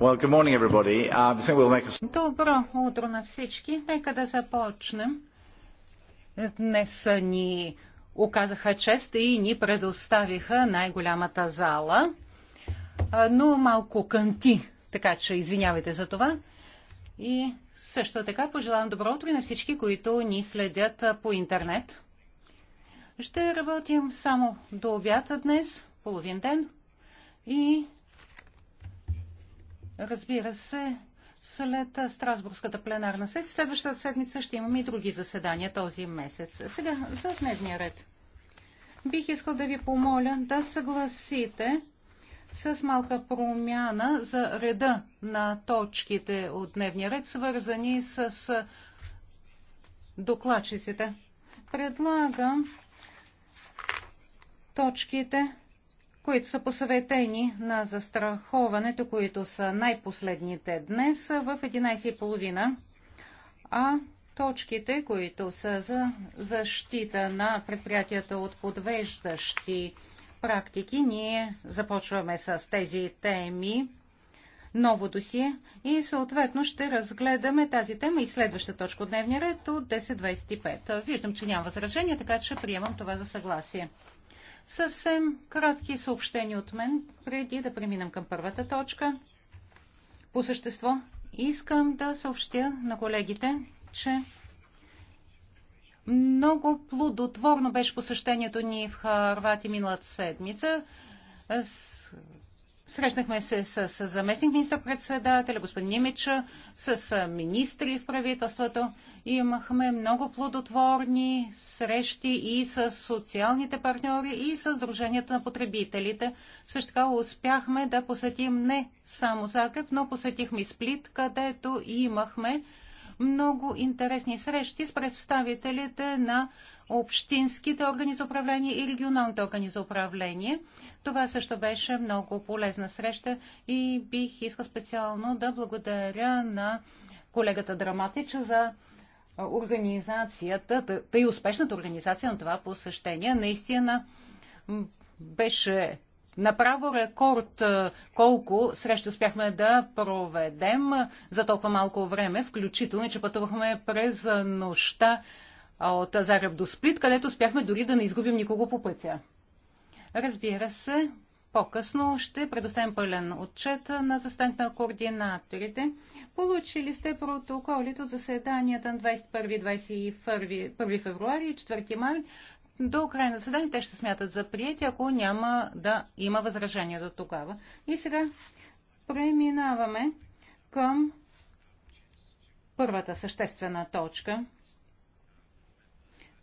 Добро утро на всички. Нека да започнем. Днес ни оказаха чест и ни предоставиха най-голямата зала, но малко кънти, така че извинявайте за това. И също така пожелавам добро утро и на всички, които ни следят по интернет. Ще работим само до обяда днес, половин ден. И Разбира се, след Страсбургската пленарна сесия, следващата седмица ще имаме и други заседания този месец. Сега за дневния ред. Бих искал да ви помоля да съгласите с малка промяна за реда на точките от дневния ред, свързани с докладчиците. Предлагам точките които са посъветени на застраховането, които са най-последните днес в 11.30, а точките, които са за защита на предприятията от подвеждащи практики, ние започваме с тези теми ново досие и съответно ще разгледаме тази тема и следваща точка от дневния ред от 10.25. Виждам, че няма възражение, така че приемам това за съгласие. Съвсем кратки съобщения от мен, преди да преминем към първата точка. По същество искам да съобщя на колегите, че много плодотворно беше посещението ни в Харвати миналата седмица. Срещнахме се с, с заместник министър-председателя, господин Нимича, с министри в правителството. Имахме много плодотворни срещи и с социалните партньори, и с дружението на потребителите. Също така успяхме да посетим не само Загреб, но посетихме Сплит, където имахме много интересни срещи с представителите на общинските органи за управление и регионалните органи за управление. Това също беше много полезна среща и бих искал специално да благодаря на колегата Драматич за организацията, тъй успешната организация на това посещение наистина беше направо рекорд колко срещи успяхме да проведем за толкова малко време, включително, че пътувахме през нощта от Зареб до Сплит, където успяхме дори да не изгубим никого по пътя. Разбира се, по-късно ще предоставим пълен отчет на застанк на координаторите. Получили сте протоколите от заседанията на 21-21 февруари и 4 март. До края на заседанието те ще смятат за прияти, ако няма да има възражения до тогава. И сега преминаваме към първата съществена точка.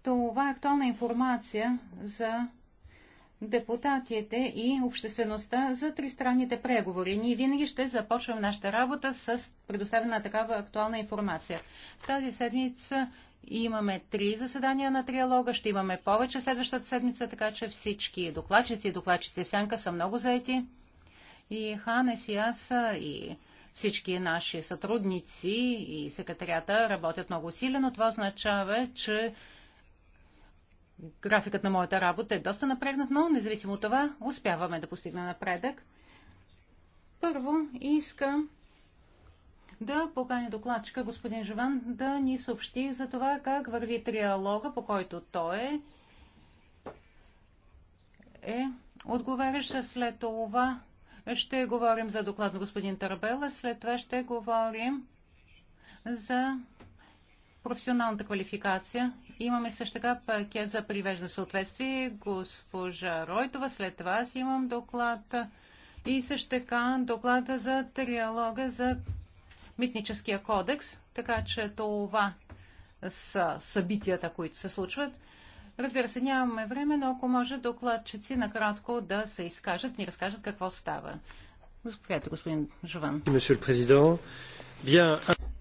Това е актуална информация за депутатите и обществеността за тристранните преговори. Ние винаги ще започвам нашата работа с предоставена такава актуална информация. Тази седмица имаме три заседания на триалога, ще имаме повече следващата седмица, така че всички докладчици и докладчици в сянка са много заети. И Ханес и аз и всички наши сътрудници и секретарята работят много усилено. Това означава, че графикът на моята работа е доста напрегнат, но независимо от това успяваме да постигнем напредък. Първо искам да поканя докладчика господин Живан да ни съобщи за това как върви триалога, по който той е, е отговарящ след това. Ще говорим за доклад на господин Тарабела, след това ще говорим за професионалната квалификация. Имаме също така пакет за привежда съответствие. Госпожа Ройтова, след това аз имам доклад и също така доклада за триалога за митническия кодекс, така че това са събитията, които се случват. Разбира се, нямаме време, но ако може докладчици накратко да се изкажат, ни разкажат какво става. Заповядайте, господин Жован.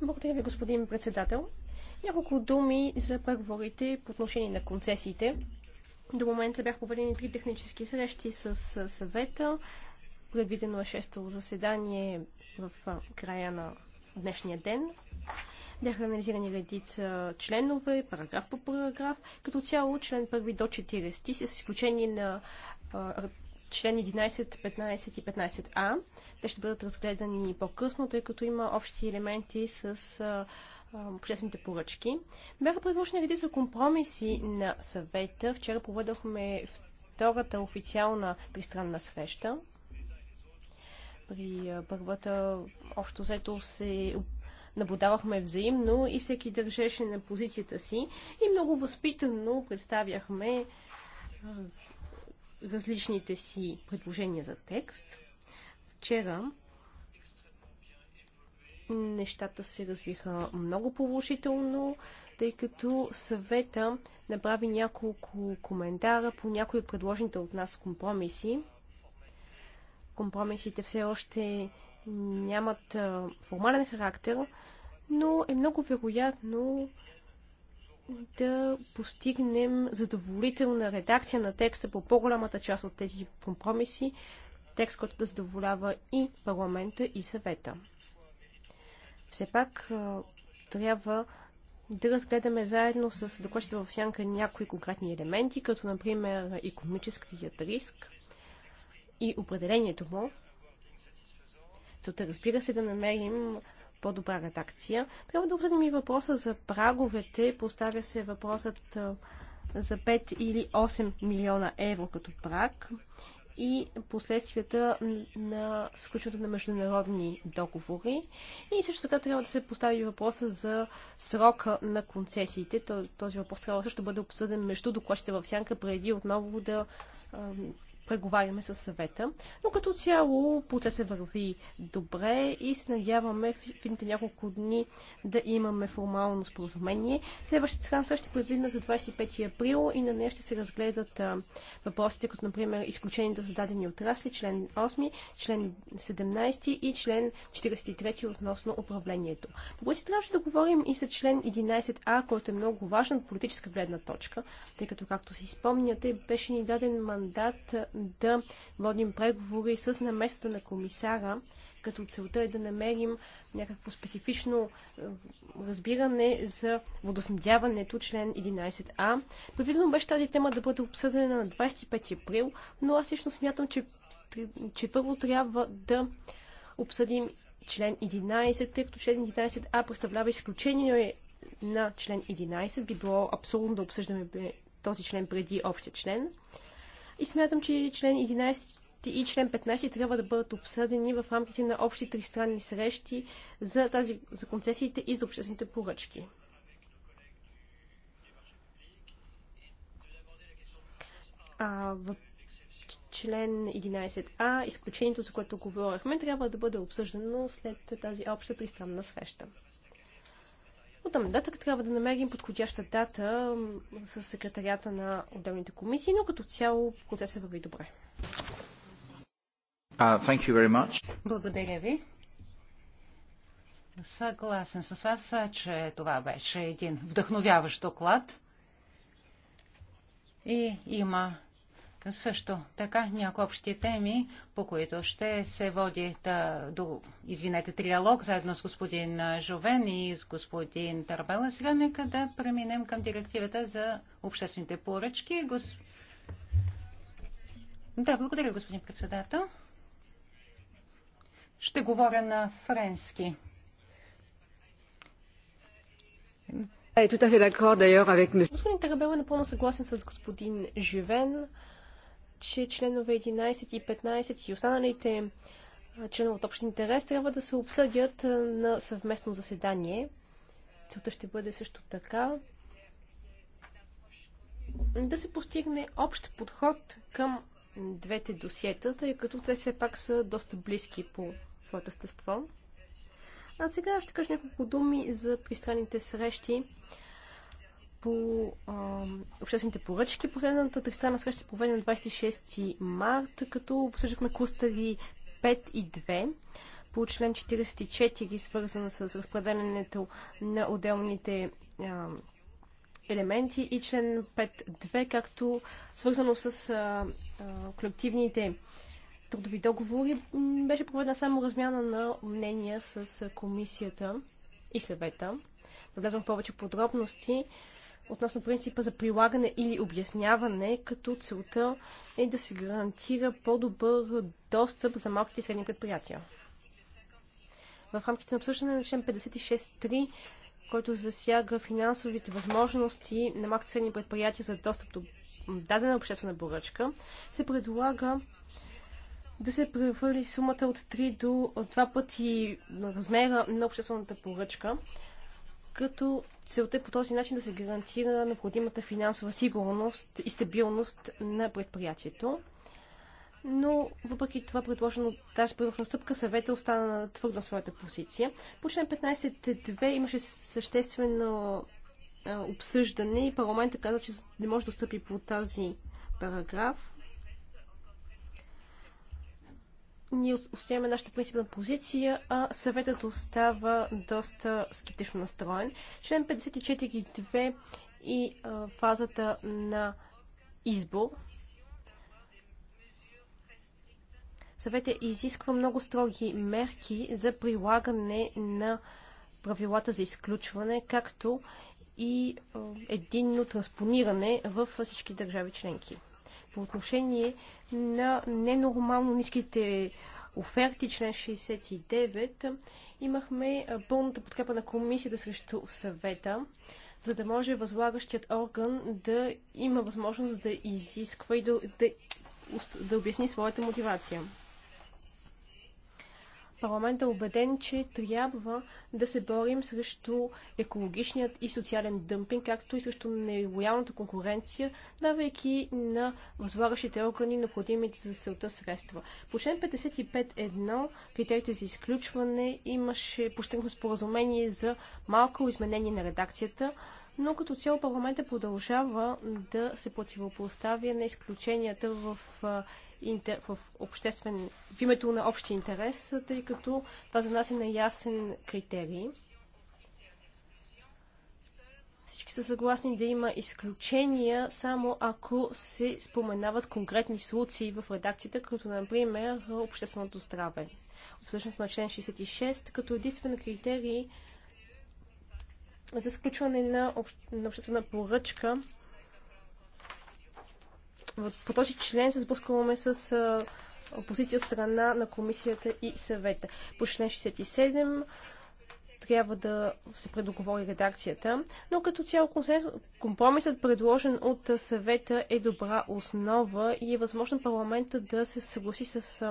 Благодаря ви, господин председател. Няколко думи за преговорите по отношение на концесиите. До момента бях проведени три технически срещи с съвета. Предвидено е шесто заседание в края на днешния ден. Бяха анализирани редица членове, параграф по параграф. Като цяло член 1 до 40, с изключение на член 11, 15 и 15а. Те ще бъдат разгледани по-късно, тъй като има общи елементи с а, обществените поръчки. Бяха предложени реди за компромиси на съвета. Вчера проведохме втората официална тристранна среща. При първата общо взето се наблюдавахме взаимно и всеки държеше на позицията си и много възпитано представяхме различните си предложения за текст. Вчера нещата се развиха много положително, тъй като съвета направи няколко коментара по някои от предложените от нас компромиси. Компромисите все още нямат формален характер, но е много вероятно да постигнем задоволителна редакция на текста по по-голямата част от тези компромиси, текст, който да задоволява и парламента, и съвета все пак трябва да разгледаме заедно с докладчите в сянка някои конкретни елементи, като например економическият риск и определението му. Целта разбира се е да намерим по-добра редакция. Трябва да обсъдим и въпроса за праговете. Поставя се въпросът за 5 или 8 милиона евро като праг и последствията на сключването на международни договори. И също така трябва да се постави въпроса за срока на концесиите. Този въпрос трябва също да бъде обсъден между докладчите в сянка, преди отново да преговаряме с съвета. Но като цяло процесът върви добре и се надяваме в едните няколко дни да имаме формално споразумение. Следващата също ще предвидна за 25 април и на нея ще се разгледат а, въпросите, като например изключените за дадени отрасли, член 8, член 17 и член 43 относно управлението. По си трябваше да говорим и за член 11а, който е много важен от политическа гледна точка, тъй като, както си спомняте, беше ни даден мандат да водим преговори с намесата на комисара, като целта е да намерим някакво специфично е, разбиране за водоснабдяването, член 11а. Предвидено беше тази тема да бъде обсъдена на 25 април, но аз лично смятам, че, че първо трябва да обсъдим член 11, тъй като член 11а представлява изключение на член 11. Би било абсурдно да обсъждаме този член преди общия член. И смятам, че член 11 и член 15 трябва да бъдат обсъдени в рамките на общи тристранни срещи за, тази, за концесиите и за обществените поръчки. А, в член 11а, изключението, за което говорихме, трябва да бъде обсъждано след тази обща тристранна среща там нататък трябва да намерим подходяща дата с секретарията на отделните комисии, но като цяло процесът върви добре. Uh, Благодаря ви. Съгласен с вас, че това беше един вдъхновяващ доклад. И има също така някои общи теми, по които ще се води да, до, извинете, триалог заедно с господин Жовен и с господин Тарбела. Сега нека да преминем към директивата за обществените поръчки. Гос... Да, благодаря, господин председател. Ще говоря на френски. Е, господин Тарабел е напълно съгласен с господин Живен че членове 11 и 15 и останалите членове от общ интерес трябва да се обсъдят на съвместно заседание. Целта ще бъде също така да се постигне общ подход към двете досиета, тъй като те все пак са доста близки по своето естество. А сега ще кажа няколко думи за тристранните срещи, по а, обществените поръчки. Последната тристранна среща се проведе на 26 март, като обсъждахме кустари 5 и 2 по член 44, свързана с разпределянето на отделните а, елементи и член 5.2, както свързано с а, а, колективните трудови договори, беше проведена само размяна на мнения с комисията и съвета. Влязвам в повече подробности относно принципа за прилагане или обясняване, като целта е да се гарантира по-добър достъп за малките и средни предприятия. В рамките на обсъждане на член 56.3, който засяга финансовите възможности на малките и средни предприятия за достъп до дадена обществена поръчка, се предлага да се превърли сумата от 3 до 2 пъти размера на обществената поръчка, като целта е по този начин да се гарантира необходимата финансова сигурност и стабилност на предприятието. Но въпреки това предложено, тази предложена стъпка съвета остана твърдо на своята позиция. По член 15.2 имаше съществено обсъждане и парламентът каза, че не може да стъпи по тази параграф. ние устояваме нашата принципна позиция, а съветът остава доста скептично настроен. Член 54.2 и а, фазата на избор. Съветът изисква много строги мерки за прилагане на правилата за изключване, както и единно транспониране в всички държави членки по отношение на ненормално ниските оферти, член 69, имахме пълната подкрепа на комисията срещу съвета, за да може възлагащият орган да има възможност да изисква и да, да, да обясни своята мотивация парламент е убеден, че трябва да се борим срещу екологичният и социален дъмпинг, както и срещу нелоялната конкуренция, давайки на възлагащите органи необходимите за целта средства. По член 55.1 критериите за изключване имаше постигнато споразумение за малко изменение на редакцията, но като цяло парламентът продължава да се противопоставя на изключенията в в, обществен... в името на общи интерес, тъй като това за нас е ясен критерий. Всички са съгласни да има изключения, само ако се споменават конкретни случаи в редакцията, като например общественото здраве. обсъщност на член 66, като единствен критерий за сключване на, на обществена поръчка по този член се сблъскваме с позиция от страна на комисията и съвета. По член 67 трябва да се предоговори редакцията, но като цяло компромисът, предложен от съвета, е добра основа и е възможно парламента да се съгласи с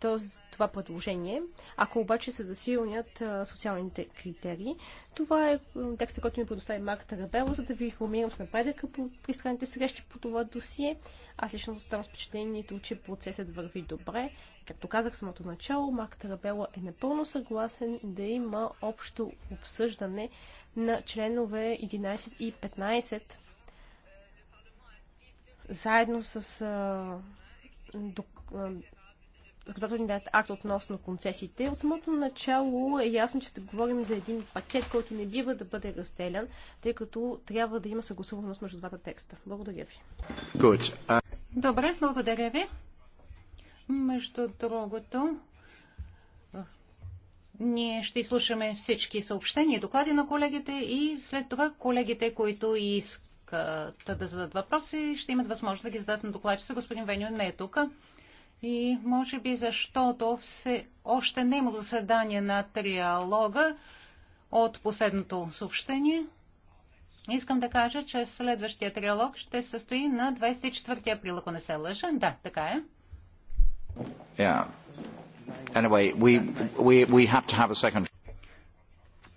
този, това предложение. Ако обаче се засилнят а, социалните критерии, това е текста, който ми предостави Марк Рабела, за да ви информирам с напредъка по пристранните срещи по това досие. Аз лично оставам с впечатлението, че процесът върви добре. Както казах в самото начало, Марк Рабела е напълно съгласен да има общо обсъждане на членове 11 и 15 заедно с а, до, а, законодателният акт относно концесиите. От самото начало е ясно, че ще говорим за един пакет, който не бива да бъде разделян, тъй като трябва да има съгласуваност между двата текста. Благодаря ви. Добре, благодаря ви. Между другото, ние ще изслушаме всички съобщения и доклади на колегите и след това колегите, които искат да зададат въпроси, ще имат възможност да ги зададат на докладчица. Господин Веню не е тук. И може би защото все още не има заседание на триалога от последното съобщение. Искам да кажа, че следващия триалог ще състои на 24 април, ако не се лъжа. Да, така е. Yeah. Anyway, we, we, we have to have a second...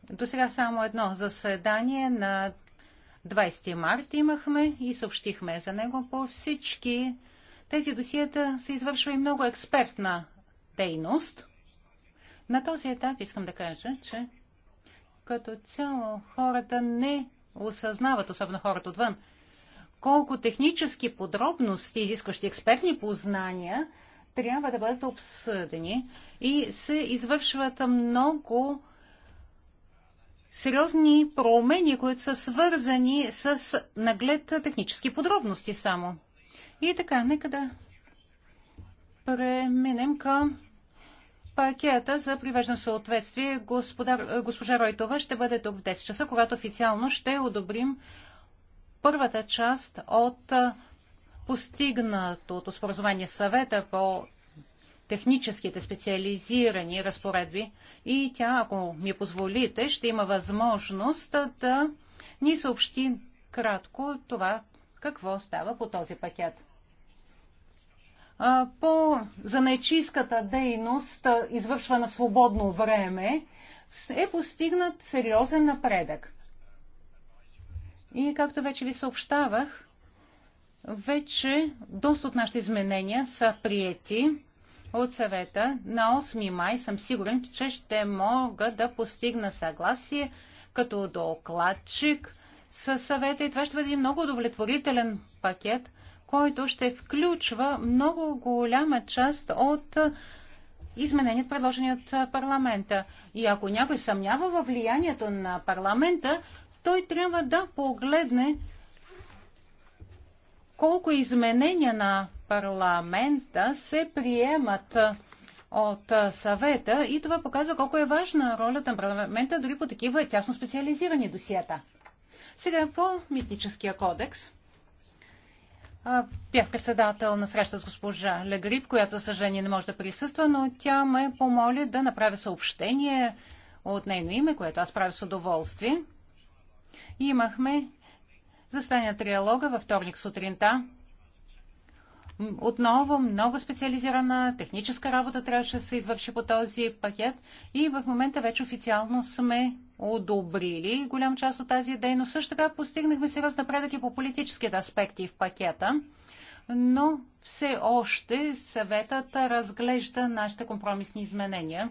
До сега само едно заседание на 20 март имахме и съобщихме за него по всички тези досиета се извършва и много експертна дейност. На този етап искам да кажа, че като цяло хората не осъзнават, особено хората отвън, колко технически подробности, изискващи експертни познания, трябва да бъдат обсъдени и се извършват много сериозни промени, които са свързани с наглед технически подробности само. И така, нека да преминем към пакета за привеждане в съответствие. Господа, госпожа Ройтова ще бъде тук в 10 часа, когато официално ще одобрим първата част от постигнатото споразумение съвета по техническите специализирани разпоредби. И тя, ако ми позволите, ще има възможност да ни съобщи кратко това, какво става по този пакет по занайчийската дейност, извършвана в свободно време, е постигнат сериозен напредък. И както вече ви съобщавах, вече доста от нашите изменения са приети от съвета. На 8 май съм сигурен, че ще мога да постигна съгласие като докладчик с съвета и това ще бъде много удовлетворителен пакет – който ще включва много голяма част от измененият предложени от парламента. И ако някой съмнява във влиянието на парламента, той трябва да погледне колко изменения на парламента се приемат от съвета и това показва колко е важна ролята на парламента дори по такива тясно специализирани досиета. Сега по митническия кодекс – Бях председател на среща с госпожа Легрип, която, за съжаление, не може да присъства, но тя ме помоли да направя съобщение от нейно име, което аз правя с удоволствие. И имахме застане на триалога във вторник сутринта. Отново много специализирана техническа работа трябваше да се извърши по този пакет и в момента вече официално сме одобрили голям част от тази дейност. Също така постигнахме сериозен напредък и по политическите аспекти в пакета, но все още съветът разглежда нашите компромисни изменения.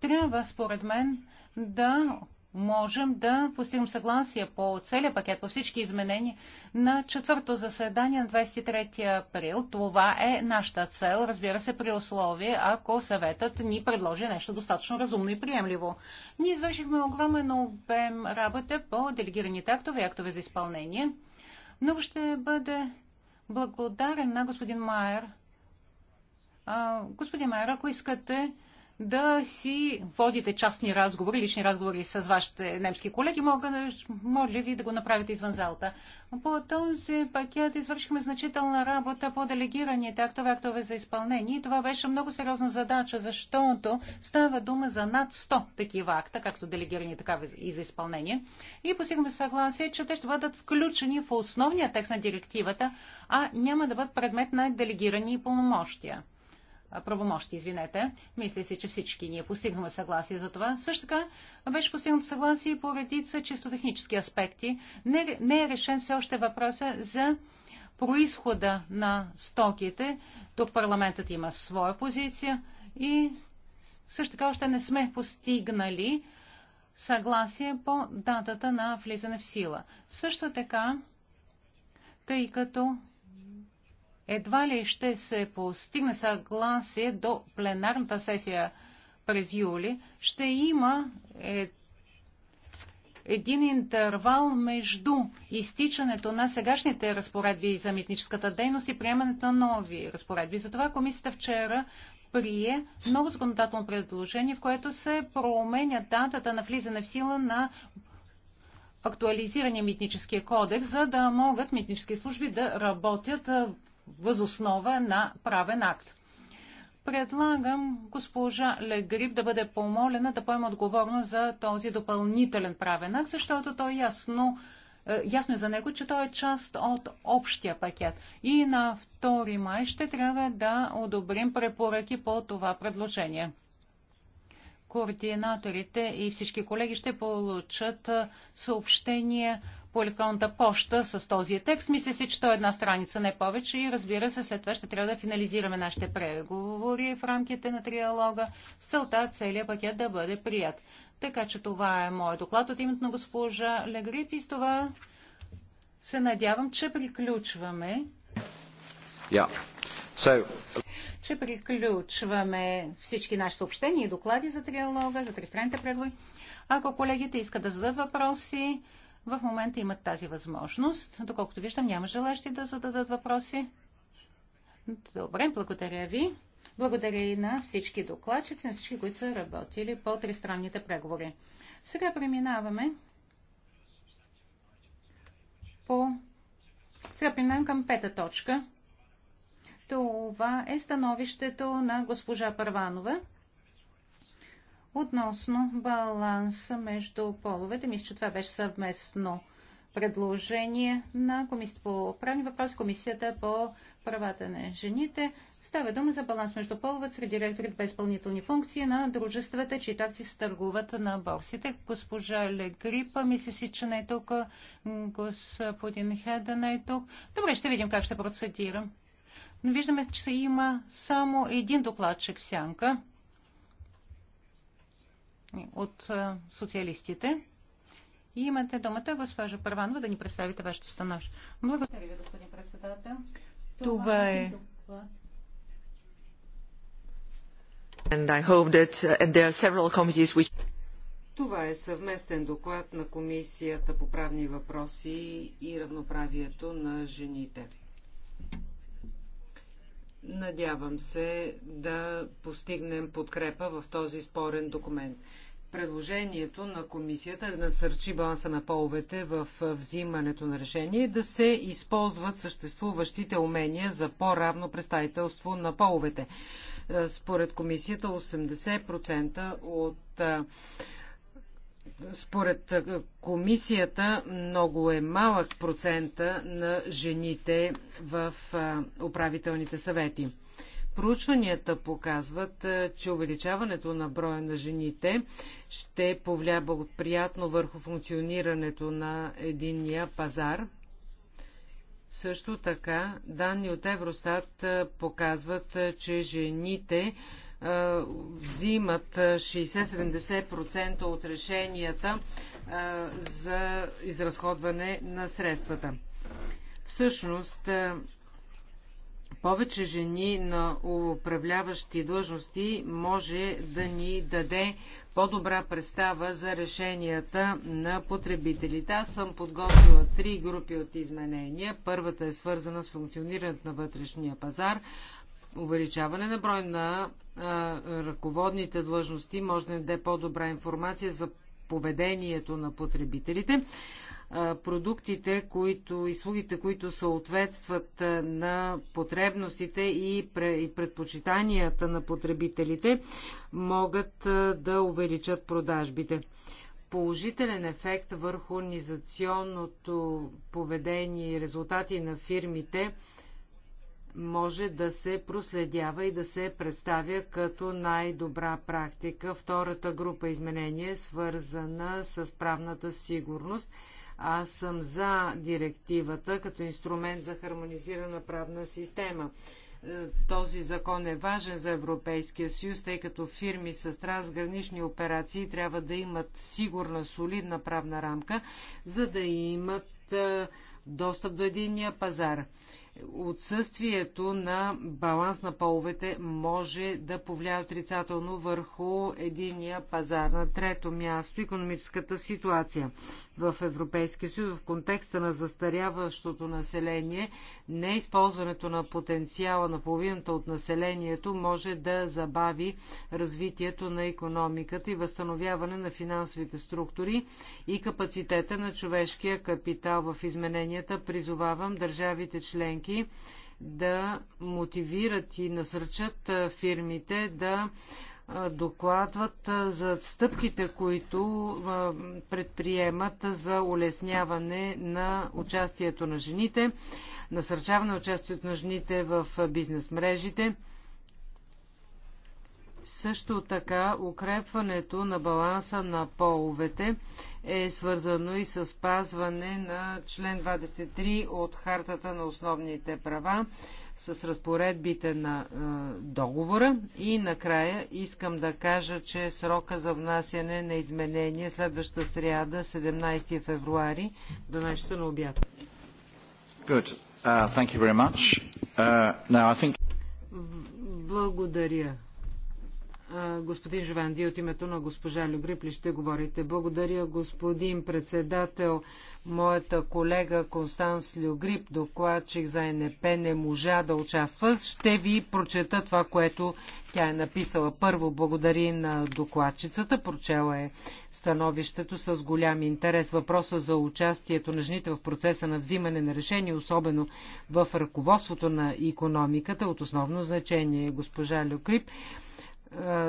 Трябва, според мен, да можем да постигнем съгласие по целия пакет, по всички изменения на четвърто заседание на 23 април. Това е нашата цел, разбира се, при условие, ако съветът ни предложи нещо достатъчно разумно и приемливо. Ние извършихме огромен обем работа по делегираните актове и актове за изпълнение. Много ще бъде благодарен на господин Майер. А, господин Майер, ако искате да си водите частни разговори, лични разговори с вашите немски колеги. Мога, може ли ви да го направите извън залата? По този пакет извършихме значителна работа по делегираните актове, актове за изпълнение. И това беше много сериозна задача, защото става дума за над 100 такива акта, както делегирани, така и за изпълнение. И постигаме съгласие, че те ще бъдат включени в основния текст на директивата, а няма да бъдат предмет на делегирани пълномощия правомощи, извинете. Мисля си, че всички ние постигнахме съгласие за това. Също така беше постигнато съгласие по редица чисто технически аспекти. Не, не е решен все още въпроса за происхода на стоките. Тук парламентът има своя позиция и също така още не сме постигнали съгласие по датата на влизане в сила. Също така, тъй като едва ли ще се постигне съгласие до пленарната сесия през юли, ще има е, един интервал между изтичането на сегашните разпоредби за митническата дейност и приемането на нови разпоредби. Затова комисията вчера прие ново законодателно предложение, в което се променя датата на влизане в сила на актуализирания митническия кодекс, за да могат митнически служби да работят възоснова на правен акт. Предлагам госпожа Легрип да бъде помолена да поема отговорност за този допълнителен правен акт, защото той ясно е, ясно е за него, че той е част от общия пакет. И на 2 май ще трябва да одобрим препоръки по това предложение координаторите и всички колеги ще получат съобщение по електронната почта с този текст. Мисля си, че то е една страница, не повече. И разбира се, след това ще трябва да финализираме нашите преговори в рамките на триалога с целта целият пакет да бъде прият. Така че това е моят доклад от името на госпожа Легрип и с това се надявам, че приключваме. Yeah. So че приключваме всички наши съобщения и доклади за триалога, за тристранните преговори. Ако колегите искат да зададат въпроси, в момента имат тази възможност. Доколкото виждам, няма желащи да зададат въпроси. Добре, благодаря ви. Благодаря и на всички докладчици, на всички, които са работили по тристранните преговори. Сега преминаваме по... Сега преминавам към пета точка. Това е становището на госпожа Парванова относно баланса между половете. Мисля, че това беше съвместно предложение на Комисията по правни въпроси, Комисията по правата на жените. Става дума за баланс между половете сред директорите без изпълнителни функции на дружествата, чието акции се търгуват на борсите. Госпожа Легрипа, мисля си, че не е тук. Господин Хеда не е тук. Добре, ще видим как ще процедирам. Но виждаме, че има само един докладчик в сянка от социалистите. И имате думата, госпожа Първанова, да ни представите вашето становище. Благодаря ви, господин председател. Това, Това е. е and I hope that uh, and there are several committees which това е съвместен доклад на Комисията по правни въпроси и равноправието на жените. Надявам се да постигнем подкрепа в този спорен документ. Предложението на комисията е да насърчи баланса на половете в взимането на решение и да се използват съществуващите умения за по-равно представителство на половете. Е, според комисията 80% от е, според е, комисията много е малък процента на жените в е, управителните съвети. Проучванията показват, е, че увеличаването на броя на жените ще повлия благоприятно върху функционирането на единния пазар. Също така, данни от Евростат показват, че жените е, взимат 60-70% от решенията е, за изразходване на средствата. Всъщност, е, повече жени на управляващи длъжности може да ни даде по-добра представа за решенията на потребителите. Аз съм подготвила три групи от изменения. Първата е свързана с функционирането на вътрешния пазар, увеличаване на брой на а, ръководните длъжности може да даде по-добра информация за поведението на потребителите. А, продуктите, които, услугите, които съответстват на потребностите и, и предпочитанията на потребителите, могат да увеличат продажбите положителен ефект върху организационното поведение и резултати на фирмите може да се проследява и да се представя като най-добра практика. Втората група изменения е свързана с правната сигурност. Аз съм за директивата като инструмент за хармонизирана правна система. Е, този закон е важен за Европейския съюз, тъй като фирми с трансгранични операции трябва да имат сигурна, солидна правна рамка, за да имат е, достъп до единния пазар отсъствието на баланс на половете може да повлияе отрицателно върху единия пазар. На трето място економическата ситуация в Европейския съюз в контекста на застаряващото население, не използването на потенциала на половината от населението може да забави развитието на економиката и възстановяване на финансовите структури и капацитета на човешкия капитал в измененията. Призовавам държавите членки да мотивират и насърчат фирмите да докладват за стъпките, които предприемат за улесняване на участието на жените, насърчаване на участието на жените в бизнес мрежите. Също така, укрепването на баланса на половете е свързано и с пазване на член 23 от Хартата на основните права с разпоредбите на е, договора. И накрая искам да кажа, че срока за внасяне на изменение следваща сряда, 17 февруари, до часа на обяд. Good. Uh, thank you very much. Uh, now I think... Благодаря. Господин Жован, вие от името на госпожа Люгрип ли ще говорите? Благодаря, господин председател. Моята колега Констанс Люгрип, докладчик за НП, не можа да участва. Ще ви прочета това, което тя е написала. Първо, благодари на докладчицата. Прочела е становището с голям интерес. Въпроса за участието на жените в процеса на взимане на решения, особено в ръководството на економиката, от основно значение. Госпожа Люкрип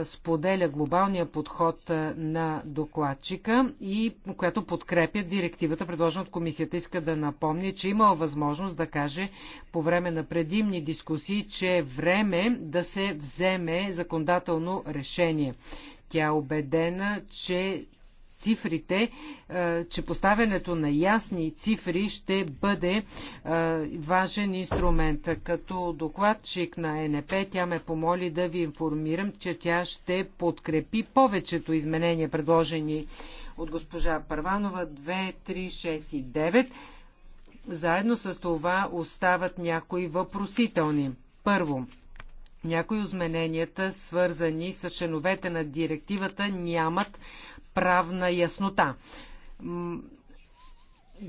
е, споделя глобалния подход е, на докладчика и която подкрепя директивата, предложена от комисията. Иска да напомня, че е има възможност да каже по време на предимни дискусии, че е време да се вземе законодателно решение. Тя е убедена, че цифрите, е, че поставянето на ясни цифри ще бъде е, важен инструмент. Като докладчик на НП, тя ме помоли да ви информирам, че тя ще подкрепи повечето изменения, предложени от госпожа Първанова 2, 3, 6 и 9. Заедно с това остават някои въпросителни. Първо, някои измененията, свързани с членовете на директивата, нямат правна яснота.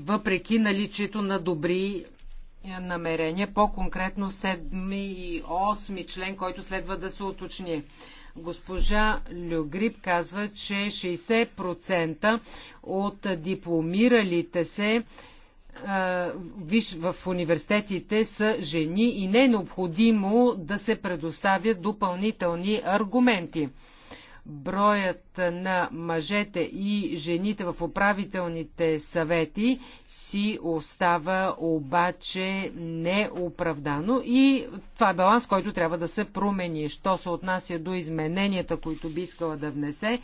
Въпреки наличието на добри е, намерения, по-конкретно 7 и 8 член, който следва да се уточни. Госпожа Люгрип казва, че 60% от дипломиралите се е, виж, в университетите са жени и не е необходимо да се предоставят допълнителни аргументи броят на мъжете и жените в управителните съвети си остава обаче неоправдано и това е баланс, който трябва да се промени. Що се отнася до измененията, които би искала да внесе,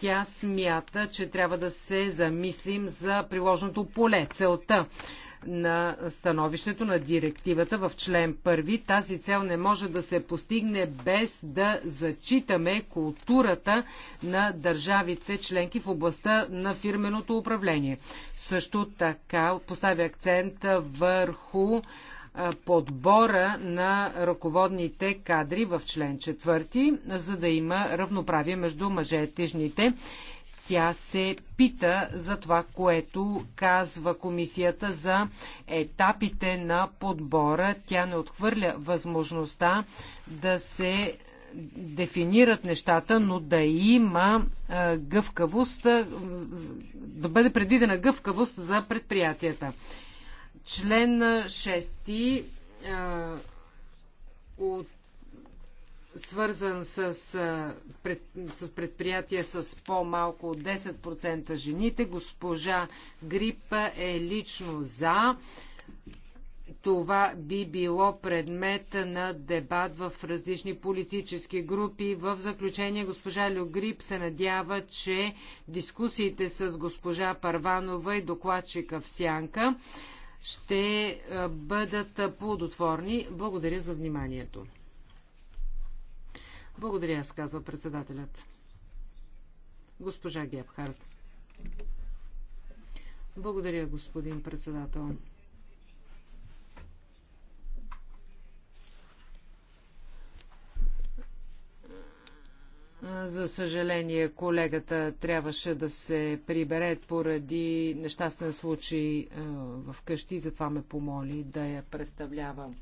тя смята, че трябва да се замислим за приложното поле, целта на становището на директивата в член 1. Тази цел не може да се постигне без да зачитаме културата на държавите членки в областта на фирменото управление. Също така поставя акцент върху подбора на ръководните кадри в член 4, за да има равноправие между мъжете и жените. Тя се пита за това, което казва комисията за етапите на подбора. Тя не отхвърля възможността да се дефинират нещата, но да има гъвкавост, да бъде предвидена гъвкавост за предприятията. Член 6 от свързан с, пред, с предприятие с по-малко от 10% жените. Госпожа Грипа е лично за. Това би било предмет на дебат в различни политически групи. В заключение госпожа Люгрип се надява, че дискусиите с госпожа Парванова и докладчика в Сянка ще бъдат плодотворни. Благодаря за вниманието. Благодаря, аз казва председателят. Госпожа Гебхард. Благодаря, господин председател. За съжаление, колегата трябваше да се прибере поради нещастен случай в къщи, затова ме помоли да я представлявам.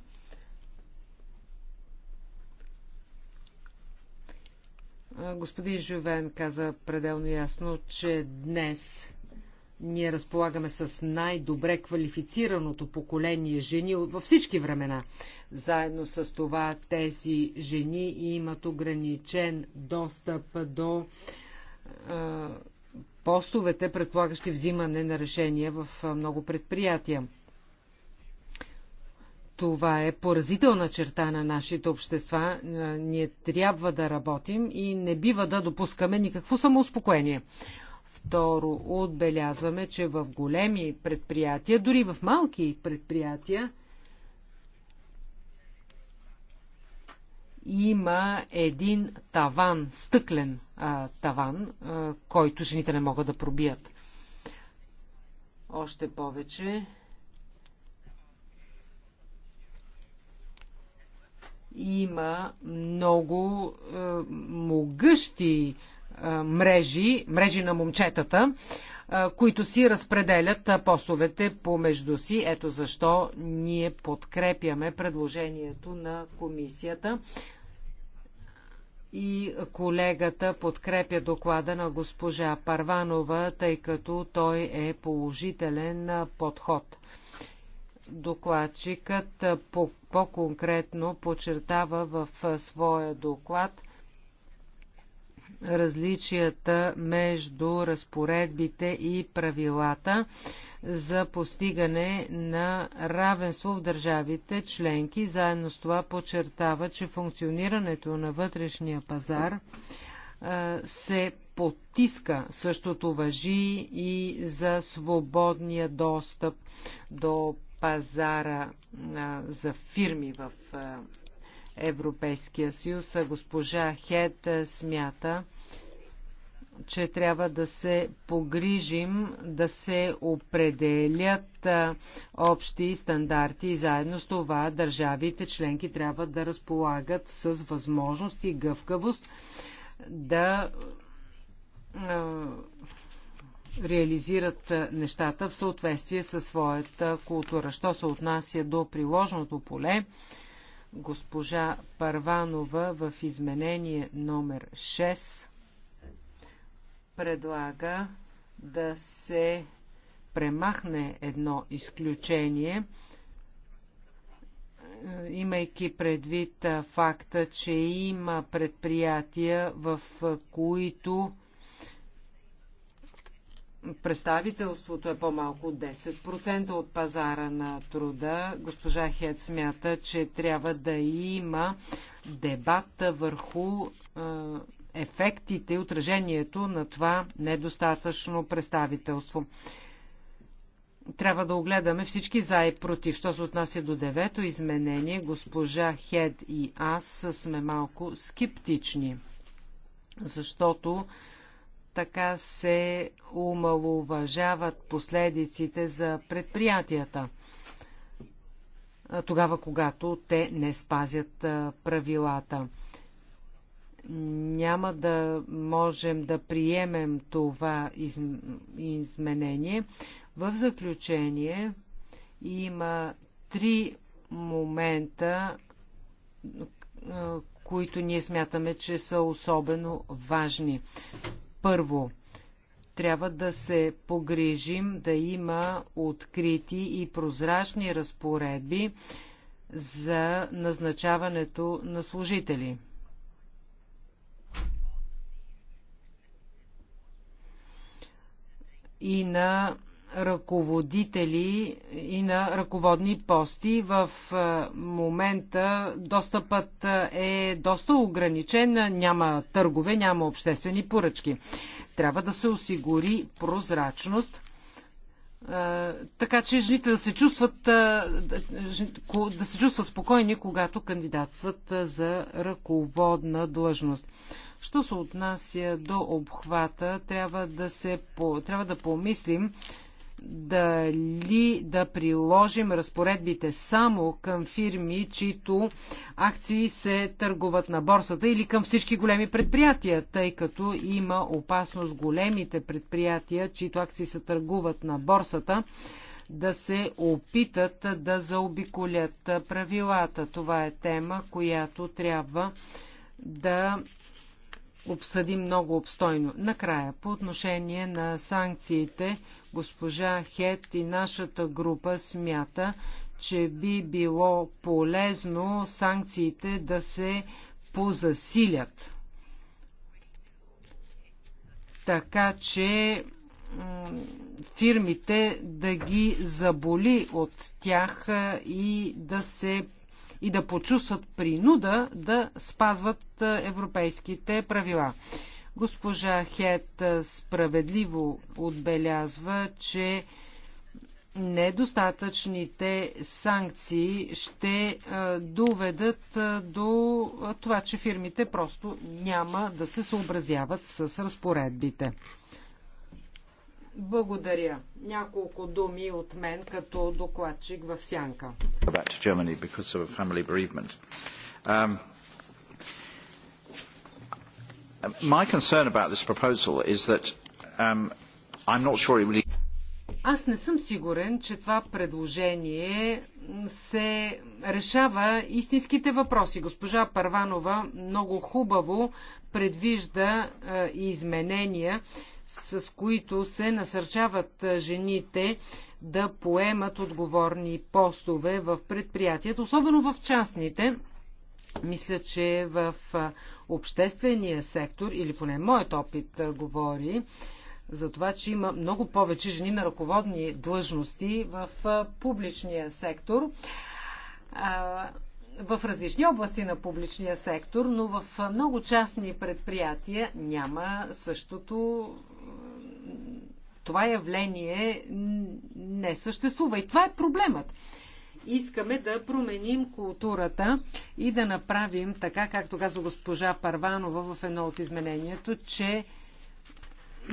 Господин Жовен каза пределно ясно, че днес ние разполагаме с най-добре квалифицираното поколение жени във всички времена. Заедно с това тези жени имат ограничен достъп до постовете, предполагащи взимане на решения в много предприятия. Това е поразителна черта на нашите общества. Ние трябва да работим и не бива да допускаме никакво самоуспокоение. Второ, отбелязваме, че в големи предприятия, дори в малки предприятия, има един таван, стъклен а, таван, а, който жените не могат да пробият. Още повече, има много е, могъщи е, мрежи, мрежи на момчетата, е, които си разпределят е, постовете помежду си. Ето защо ние подкрепяме предложението на комисията. И колегата подкрепя доклада на госпожа Парванова, тъй като той е положителен е, подход. Докладчикът по-конкретно по подчертава в своя доклад различията между разпоредбите и правилата за постигане на равенство в държавите членки. Заедно с това подчертава, че функционирането на вътрешния пазар се потиска. Същото въжи и за свободния достъп до пазара за фирми в Европейския съюз. Госпожа Хед смята, че трябва да се погрижим да се определят общи стандарти и заедно с това държавите членки трябва да разполагат с възможност и гъвкавост да реализират нещата в съответствие със своята култура. Що се отнася до приложното поле, госпожа Парванова в изменение номер 6 предлага да се премахне едно изключение, имайки предвид факта, че има предприятия, в които представителството е по-малко от 10% от пазара на труда. Госпожа Хед смята, че трябва да има дебат върху ефектите и отражението на това недостатъчно представителство. Трябва да огледаме всички за и против. Що се отнася до девето изменение, госпожа Хед и аз сме малко скептични, защото така се умалуважават последиците за предприятията, тогава когато те не спазят правилата. Няма да можем да приемем това изменение. В заключение има три момента, които ние смятаме, че са особено важни. Първо, трябва да се погрижим да има открити и прозрачни разпоредби за назначаването на служители. и на ръководители и на ръководни пости. В момента достъпът е доста ограничен, няма търгове, няма обществени поръчки. Трябва да се осигури прозрачност, така че жените да се чувстват, да се чувстват спокойни, когато кандидатстват за ръководна длъжност. Що се отнася до обхвата, трябва да, се, трябва да помислим дали да приложим разпоредбите само към фирми, чието акции се търгуват на борсата или към всички големи предприятия, тъй като има опасност големите предприятия, чието акции се търгуват на борсата, да се опитат да заобиколят правилата. Това е тема, която трябва да обсъдим много обстойно. Накрая, по отношение на санкциите, Госпожа Хет и нашата група смята, че би било полезно санкциите да се позасилят. Така че фирмите да ги заболи от тях и да се и да почувстват принуда да спазват европейските правила. Госпожа Хет справедливо отбелязва, че недостатъчните санкции ще доведат до това, че фирмите просто няма да се съобразяват с разпоредбите. Благодаря. Няколко думи от мен като докладчик в Сянка. Um, my concern about this proposal is that um, I'm not sure it really... Аз не съм сигурен, че това предложение се решава истинските въпроси. Госпожа Парванова много хубаво предвижда изменения, с които се насърчават жените да поемат отговорни постове в предприятията, особено в частните мисля, че в обществения сектор, или поне моят опит говори, за това, че има много повече жени на ръководни длъжности в публичния сектор в различни области на публичния сектор, но в много частни предприятия няма същото. Това явление не съществува. И това е проблемът. Искаме да променим културата и да направим така, както каза госпожа Парванова в едно от изменението, че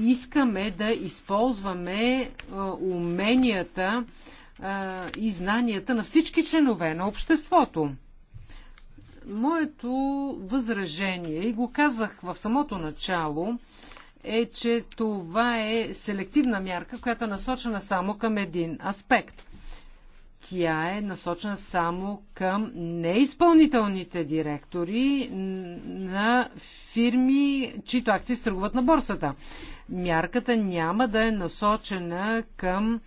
искаме да използваме уменията и знанията на всички членове на обществото. Моето възражение, и го казах в самото начало, е, че това е селективна мярка, която е насочена само към един аспект тя е насочена само към неизпълнителните директори на фирми, чието акции стръгват на борсата. Мярката няма да е насочена към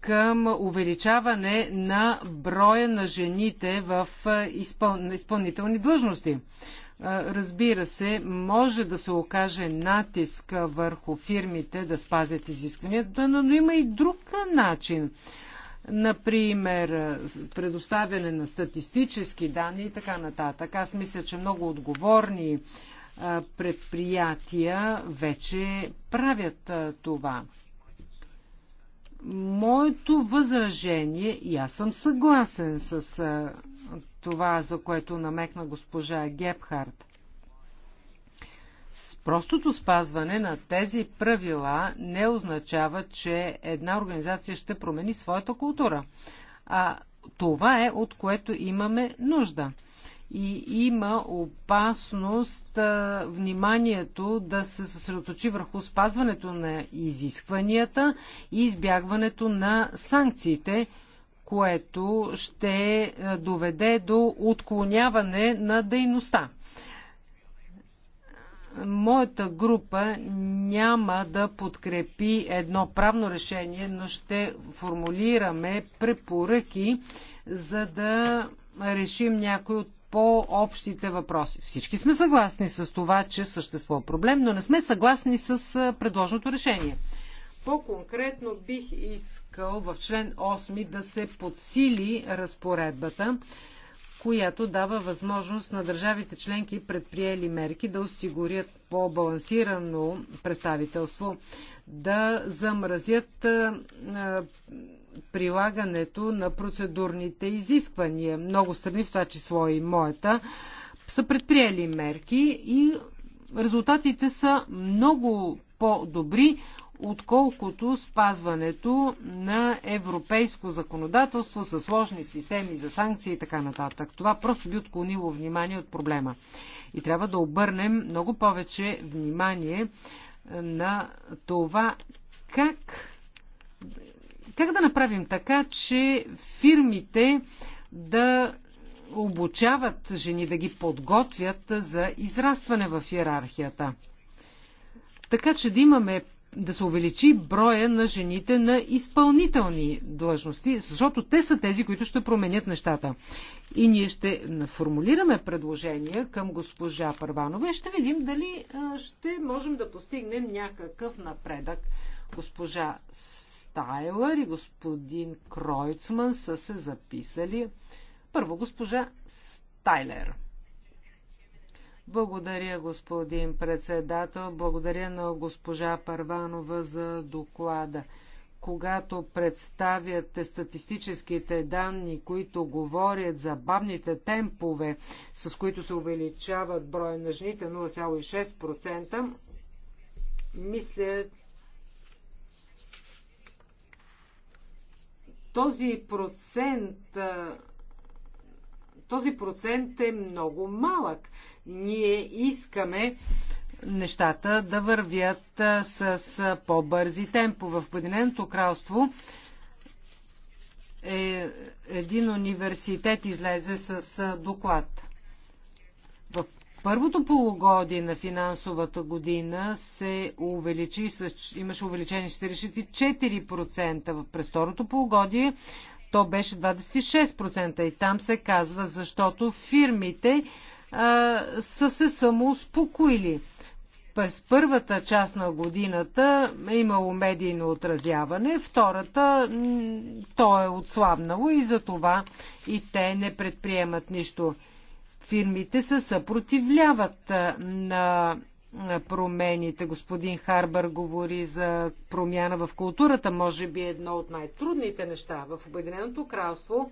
към увеличаване на броя на жените в изпъл... изпълнителни длъжности. Разбира се, може да се окаже натиск върху фирмите да спазят изискванията, но, има и друг начин. Например, предоставяне на статистически данни и така нататък. Аз мисля, че много отговорни предприятия вече правят това. Моето възражение, и аз съм съгласен с това, за което намекна госпожа Гепхард. Простото спазване на тези правила не означава, че една организация ще промени своята култура. А това е от което имаме нужда. И има опасност а, вниманието да се съсредоточи върху спазването на изискванията и избягването на санкциите, което ще е, доведе до отклоняване на дейността. Моята група няма да подкрепи едно правно решение, но ще формулираме препоръки, за да решим някои от по-общите въпроси. Всички сме съгласни с това, че съществува проблем, но не сме съгласни с е, предложеното решение. По-конкретно бих искал в член 8 да се подсили разпоредбата, която дава възможност на държавите членки предприели мерки да осигурят по-балансирано представителство, да замразят прилагането на процедурните изисквания. Много страни, в това число и моята, са предприели мерки и резултатите са много по-добри отколкото спазването на европейско законодателство със сложни системи за санкции и така нататък. Това просто би отклонило внимание от проблема. И трябва да обърнем много повече внимание на това как, как да направим така, че фирмите да обучават жени, да ги подготвят за израстване в иерархията. Така че да имаме да се увеличи броя на жените на изпълнителни длъжности, защото те са тези, които ще променят нещата. И ние ще формулираме предложения към госпожа Първанова и ще видим дали ще можем да постигнем някакъв напредък. Госпожа Стайлър и господин Кройцман са се записали. Първо госпожа Стайлер. Благодаря, господин председател. Благодаря на госпожа Парванова за доклада. Когато представяте статистическите данни, които говорят за бавните темпове, с които се увеличават броя на жените 0,6%, мисля, този процент, този процент е много малък. Ние искаме нещата да вървят с по-бързи темпо. В Обединеното кралство е, един университет излезе с доклад. В първото полугодие на финансовата година се увеличи, с, имаше увеличение 44%. През второто полугодие то беше 26% и там се казва, защото фирмите а, са се самоуспокоили. През първата част на годината е имало медийно отразяване, втората то е отслабнало и за това и те не предприемат нищо. Фирмите се съпротивляват на промените. Господин Харбър говори за промяна в културата, може би е едно от най-трудните неща. В Обединеното кралство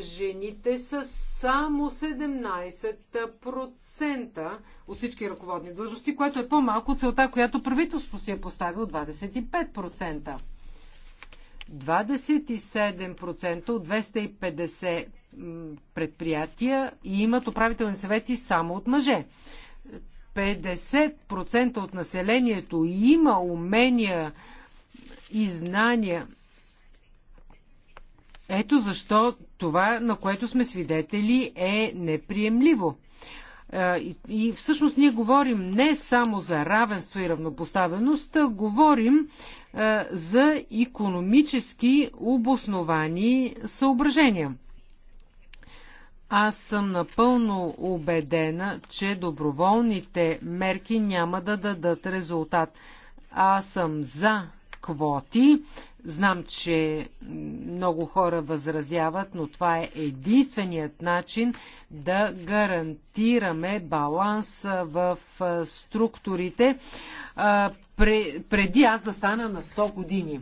жените са само 17% от всички ръководни длъжности, което е по-малко от целта, която правителството си е поставило 25%. 27% от 250 предприятия имат управителни съвети само от мъже. 50% от населението има умения и знания ето защо това, на което сме свидетели, е неприемливо. И, всъщност ние говорим не само за равенство и равнопоставеност, а говорим за економически обосновани съображения. Аз съм напълно убедена, че доброволните мерки няма да дадат резултат. Аз съм за квоти. Знам, че много хора възразяват, но това е единственият начин да гарантираме баланс в структурите преди аз да стана на 100 години.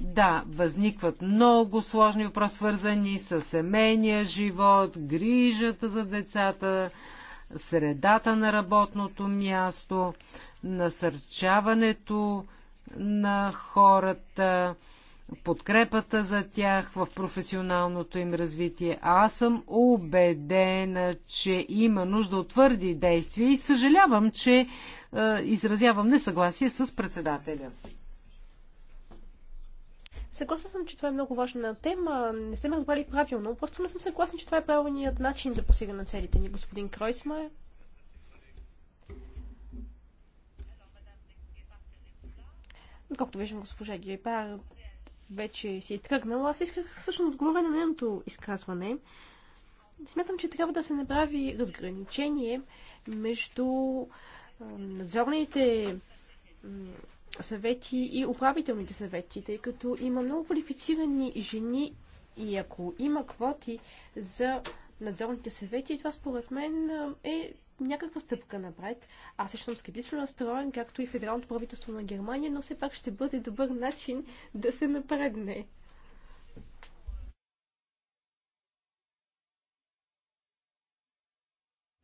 Да, възникват много сложни въпроси, свързани с семейния живот, грижата за децата, средата на работното място, насърчаването на хората, подкрепата за тях в професионалното им развитие. Аз съм убедена, че има нужда от твърди действия и съжалявам, че е, изразявам несъгласие с председателя. Съгласна съм, че това е много важна тема. Не ме разбрали правилно. Просто не съм съгласна, че това е правилният начин за постигане на целите ни, господин Кройсмайер. Както виждам, госпожа Гейпар вече си е тръгнала. Аз исках всъщност отговоря на нейното изказване. Смятам, че трябва да се направи разграничение между надзорните съвети и управителните съвети, тъй като има много квалифицирани жени и ако има квоти за надзорните съвети, това според мен е някаква стъпка напред. Аз също съм скептично настроен, както и федералното правителство на Германия, но все пак ще бъде добър начин да се напредне.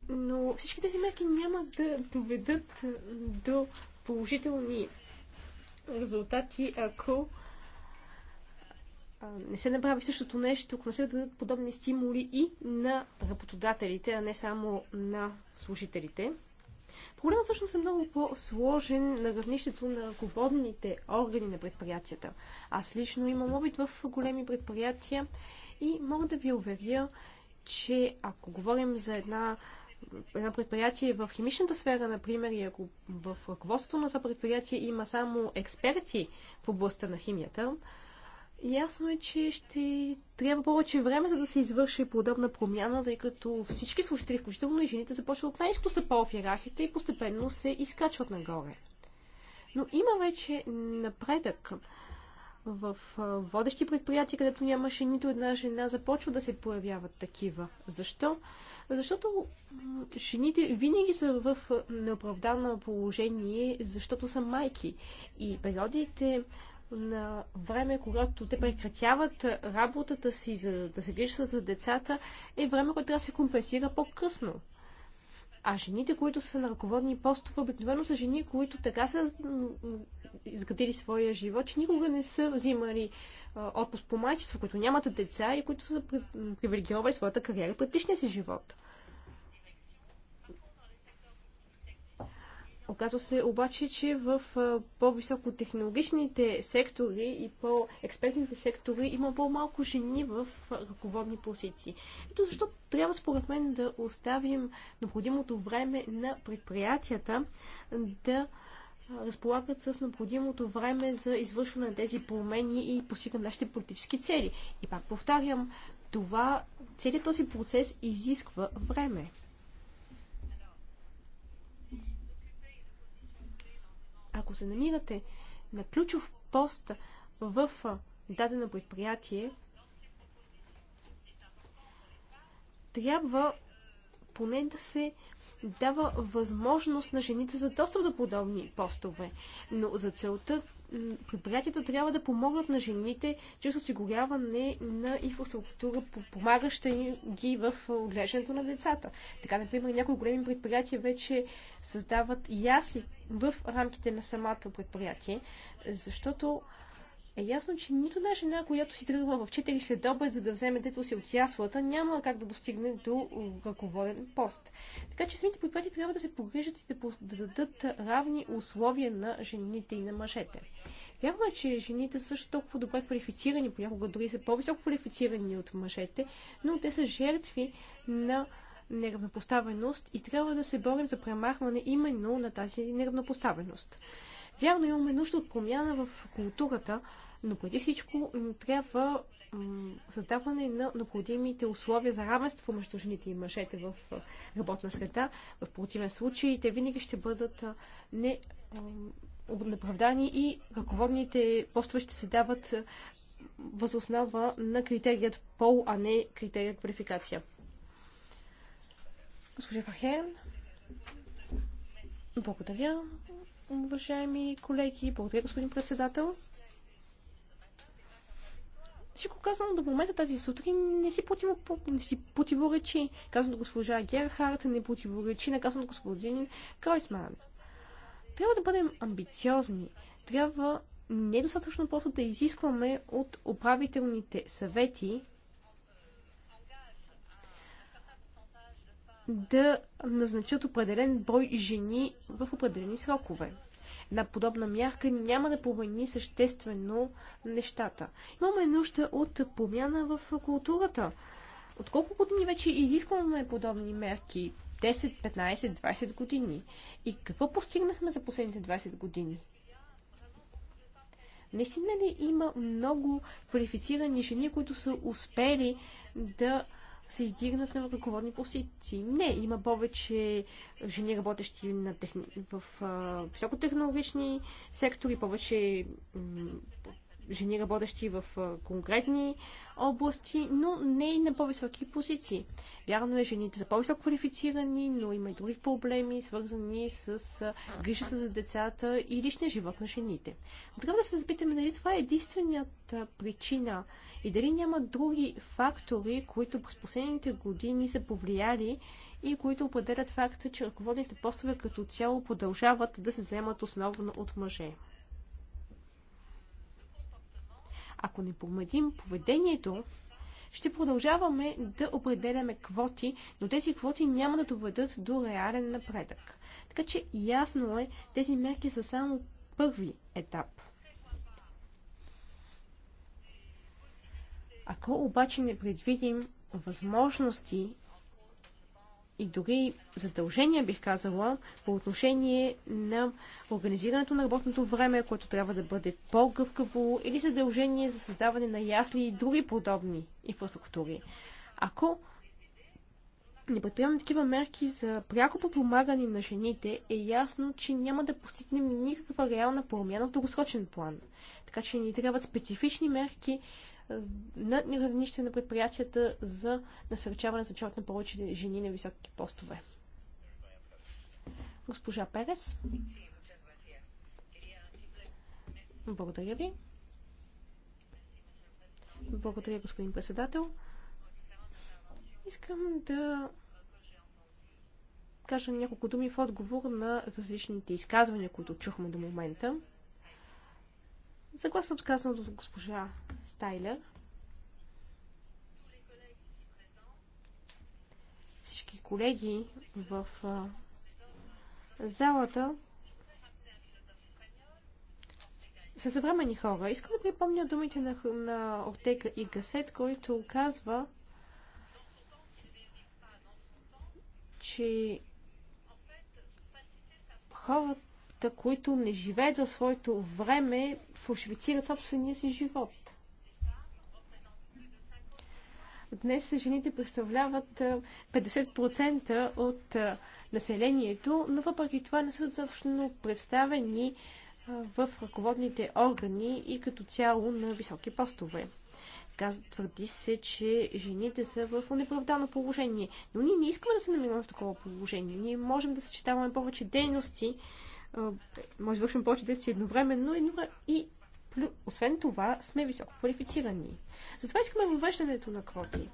Но всички тези мерки няма да доведат до положителни резултати, ако не се направи същото нещо, ако не се дадат подобни стимули и на работодателите, а не само на служителите. Проблемът всъщност е много по-сложен на равнището на ръководните органи на предприятията. Аз лично имам опит в големи предприятия и мога да ви уверя, че ако говорим за една едно предприятие в химичната сфера, например, и ако в ръководството на това предприятие има само експерти в областта на химията, ясно е, че ще трябва повече време, за да се извърши подобна промяна, тъй като всички служители, включително и жените, започват от най низкото стъпало в иерархията и постепенно се изкачват нагоре. Но има вече напредък в водещи предприятия, където нямаше нито една жена, започва да се появяват такива. Защо? Защото жените винаги са в неоправдано положение, защото са майки. И периодите на време, когато те прекратяват работата си, за да се грижат за децата, е време, което трябва да се компенсира по-късно. А жените, които са на ръководни постове, обикновено са жени, които така са изградили своя живот, че никога не са взимали отпуск по майчество, които нямат деца и които са привилегировали своята кариера в личния си живот. Оказва се обаче, че в по-високотехнологичните сектори и по-експертните сектори има по-малко жени в ръководни позиции. Ето защо трябва според мен да оставим необходимото време на предприятията да разполагат с необходимото време за извършване на тези промени и постигане на нашите политически цели. И пак повтарям, това, целият този процес изисква време. ако се намирате на ключов пост в дадено предприятие, трябва поне да се дава възможност на жените за достъп до подобни постове. Но за целта предприятията трябва да помогнат на жените чрез осигуряване на инфраструктура, помагаща ги в отглеждането на децата. Така, например, някои големи предприятия вече създават ясли в рамките на самата предприятие, защото е ясно, че нито една жена, която си тръгва в 4 след обед, за да вземе дето си от яслата, няма как да достигне до ръководен пост. Така че самите предприятия трябва да се погрижат и да, да дадат равни условия на жените и на мъжете. Вярно е, че жените са също толкова добре квалифицирани, понякога дори са по-високо квалифицирани от мъжете, но те са жертви на неравнопоставеност и трябва да се борим за премахване именно на тази неравнопоставеност. Вярно, имаме нужда от промяна в културата, но преди всичко трябва създаване на необходимите условия за равенство между жените и мъжете в работна среда. В противен случай те винаги ще бъдат не неправдани и ръководните постове ще се дават възоснова на критерият пол, а не критерият квалификация. Госпожа Фахен, благодаря, уважаеми колеги, благодаря, господин председател. Всичко казано до момента тази сутрин не си, противо, не си противоречи. до госпожа Герхард не противоречи на до господин Кройсман. Трябва да бъдем амбициозни. Трябва недостатъчно просто да изискваме от управителните съвети да назначат определен брой жени в определени срокове една подобна мярка няма да промени съществено нещата. Имаме нужда от промяна в културата. От колко години вече изискваме подобни мерки? 10, 15, 20 години. И какво постигнахме за последните 20 години? Наистина ли има много квалифицирани жени, които са успели да се издигнат на ръководни позиции. Не, има повече жени работещи на техни... в а, високотехнологични сектори, повече жени работещи в конкретни области, но не и на по-високи позиции. Вярно е, жените са по-високо квалифицирани, но има и други проблеми, свързани с грижата за децата и личния живот на жените. Но трябва да се запитаме дали това е единствената причина и дали няма други фактори, които през последните години са повлияли и които определят факта, че ръководните постове като цяло продължават да се вземат основно от мъже. Ако не помедим поведението, ще продължаваме да определяме квоти, но тези квоти няма да доведат до реален напредък. Така че ясно е, тези мерки са само първи етап. Ако обаче не предвидим възможности и дори задължения, бих казала, по отношение на организирането на работното време, което трябва да бъде по-гъвкаво или задължение за създаване на ясли и други подобни инфраструктури. Ако не предприемаме такива мерки за пряко подпомагане на жените, е ясно, че няма да постигнем никаква реална промяна в дългосрочен план. Така че ни трябват специфични мерки на равнище на предприятията за насърчаване за черт на повече жени на високи постове. Госпожа Перес. Благодаря ви. Благодаря, господин председател. Искам да кажа няколко думи в отговор на различните изказвания, които чухме до момента. Съгласна с казаното от госпожа Стайлер. Всички колеги в залата са съвремени хора. Искам да припомня думите на, на Ортега и Гасет, който казва, че хората хората, които не живеят в своето време, фалшифицират собствения си живот. Днес жените представляват 50% от населението, но въпреки това не са достатъчно представени в ръководните органи и като цяло на високи постове. Каз, твърди се, че жените са в неправдано положение. Но ние не искаме да се намираме в такова положение. Ние можем да съчетаваме повече дейности може да вършим повече действия едновременно, едновременно и освен това сме високо квалифицирани. Затова искаме въвеждането на квоти.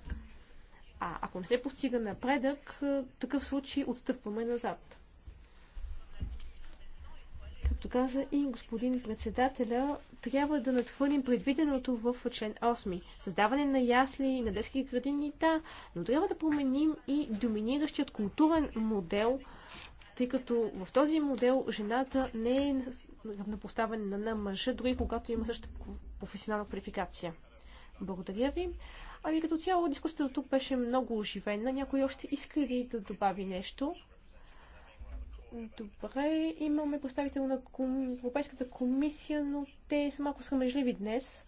А ако не се постига напредък, в такъв случай отстъпваме назад. Както каза и господин председателя, трябва да надхвърлим предвиденото в член 8. Създаване на ясли и на детски градини, да, но трябва да променим и доминиращият културен модел – тъй като в този модел жената не е равнопоставена на мъжа, дори когато има същата професионална квалификация. Благодаря ви. Ами като цяло дискусията до тук беше много оживена. Някой още иска ли да добави нещо? Добре, имаме представител на ком... Европейската комисия, но те са малко срамежливи днес.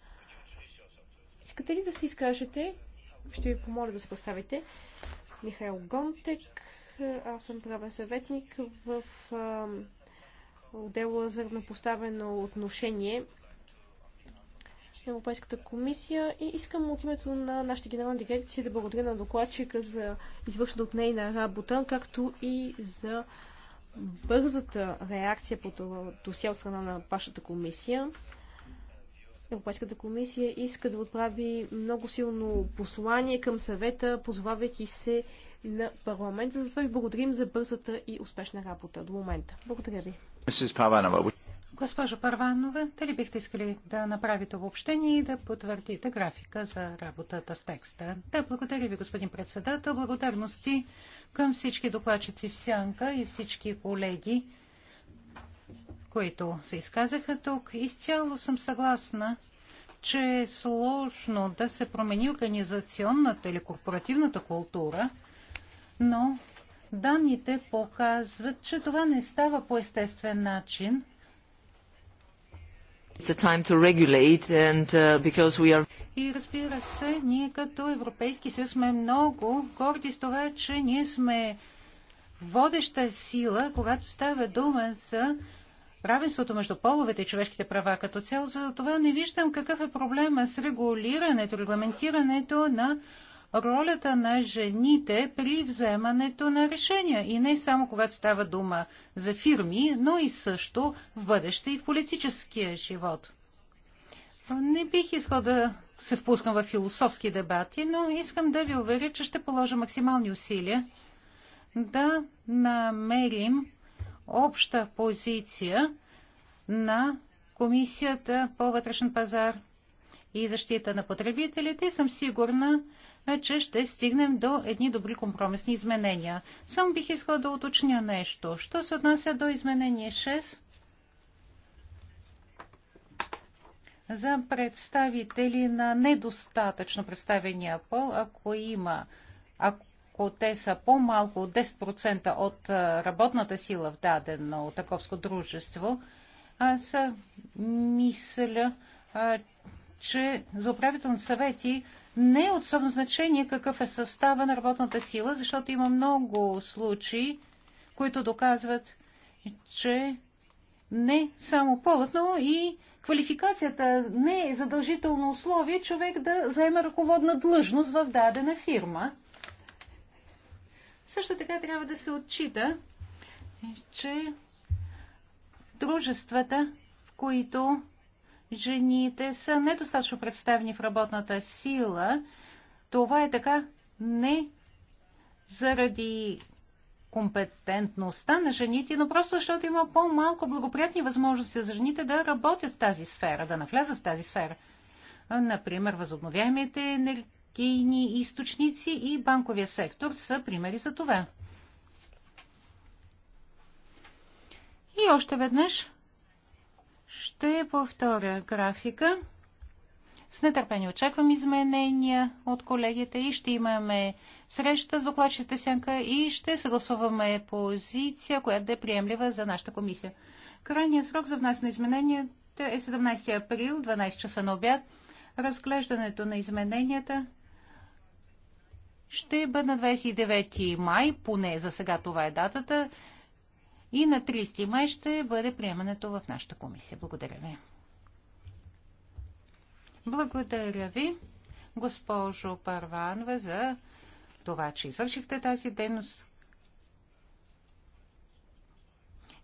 Искате ли да се изкажете? Ще ви помоля да се представите. Михаил Гонтек, аз съм правен съветник в отдела за равнопоставено отношение на Европейската комисия и искам от името на нашата генерална дирекция да благодаря на докладчика за извършена от нейна работа, както и за бързата реакция по досия от страна на вашата комисия. Европейската комисия иска да отправи много силно послание към съвета, позовавайки се на парламента. това ви благодарим за бързата и успешна работа до момента. Благодаря ви. Госпожо Парванова, дали бихте искали да направите обобщение и да потвърдите графика за работата с текста? Да, благодаря ви, господин председател. Благодарности към всички докладчици в Сянка и всички колеги, които се изказаха тук. Изцяло съм съгласна, че е сложно да се промени организационната или корпоративната култура – но данните показват, че това не става по естествен начин. And, uh, are... И разбира се, ние като Европейски съюз сме много горди с това, че ние сме водеща сила, когато става дума за равенството между половете и човешките права като цяло. За това не виждам какъв е проблема с регулирането, регламентирането на ролята на жените при вземането на решения. И не само когато става дума за фирми, но и също в бъдеще и в политическия живот. Не бих искал да се впускам в философски дебати, но искам да ви уверя, че ще положа максимални усилия да намерим обща позиция на Комисията по вътрешен пазар и защита на потребителите. И съм сигурна, е, че ще стигнем до едни добри компромисни изменения. Само бих искала да уточня нещо. Що се отнася до изменение 6 за представители на недостатъчно представения пол, ако има, ако ако те са по-малко от 10% от работната сила в дадено таковско дружество, аз мисля, че за управителни съвети не е от особено значение какъв е състава на работната сила, защото има много случаи, които доказват, че не само полът, но и квалификацията не е задължително условие човек да заема ръководна длъжност в дадена фирма. Също така трябва да се отчита, че дружествата, в които жените са недостатъчно представени в работната сила. Това е така не заради компетентността на жените, но просто защото има по-малко благоприятни възможности за жените да работят в тази сфера, да навлязат в тази сфера. Например, възобновяемите енергийни източници и банковия сектор са примери за това. И още веднъж ще повторя графика. С нетърпение очаквам изменения от колегите и ще имаме среща с докладчите сянка и ще съгласуваме позиция, която да е приемлива за нашата комисия. Крайният срок за внасяне на измененията е 17 април, 12 часа на обяд. Разглеждането на измененията ще бъде на 29 май, поне за сега това е датата и на 30 май ще бъде приемането в нашата комисия. Благодаря ви. Благодаря ви, госпожо Парванва, за това, че извършихте тази дейност.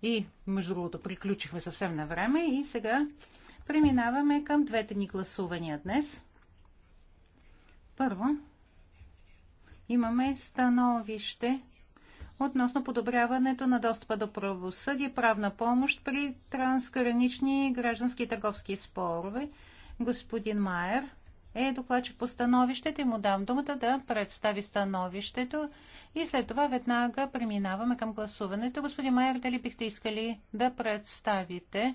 И, между другото, приключихме съвсем на време и сега преминаваме към двете ни гласувания днес. Първо, имаме становище относно подобряването на достъпа до правосъдие, правна помощ при трансгранични граждански и търговски спорове. Господин Майер е докладчик по становището и му дам думата да представи становището и след това веднага преминаваме към гласуването. Господин Майер, дали бихте искали да представите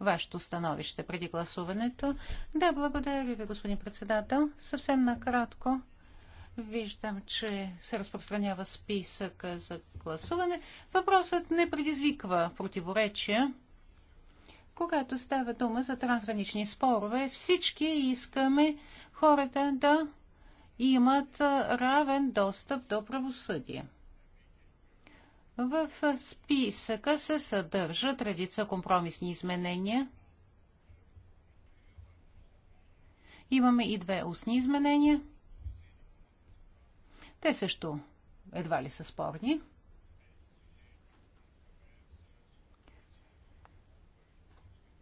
вашето становище преди гласуването? Да, благодаря ви, господин председател. Съвсем накратко Виждам, че се разпространява списък за гласуване. Въпросът не предизвиква противоречия. Когато става дума за трансгранични спорове, всички искаме хората да имат равен достъп до правосъдие. В списъка се съдържат редица компромисни изменения. Имаме и две устни изменения – те също едва ли са спорни.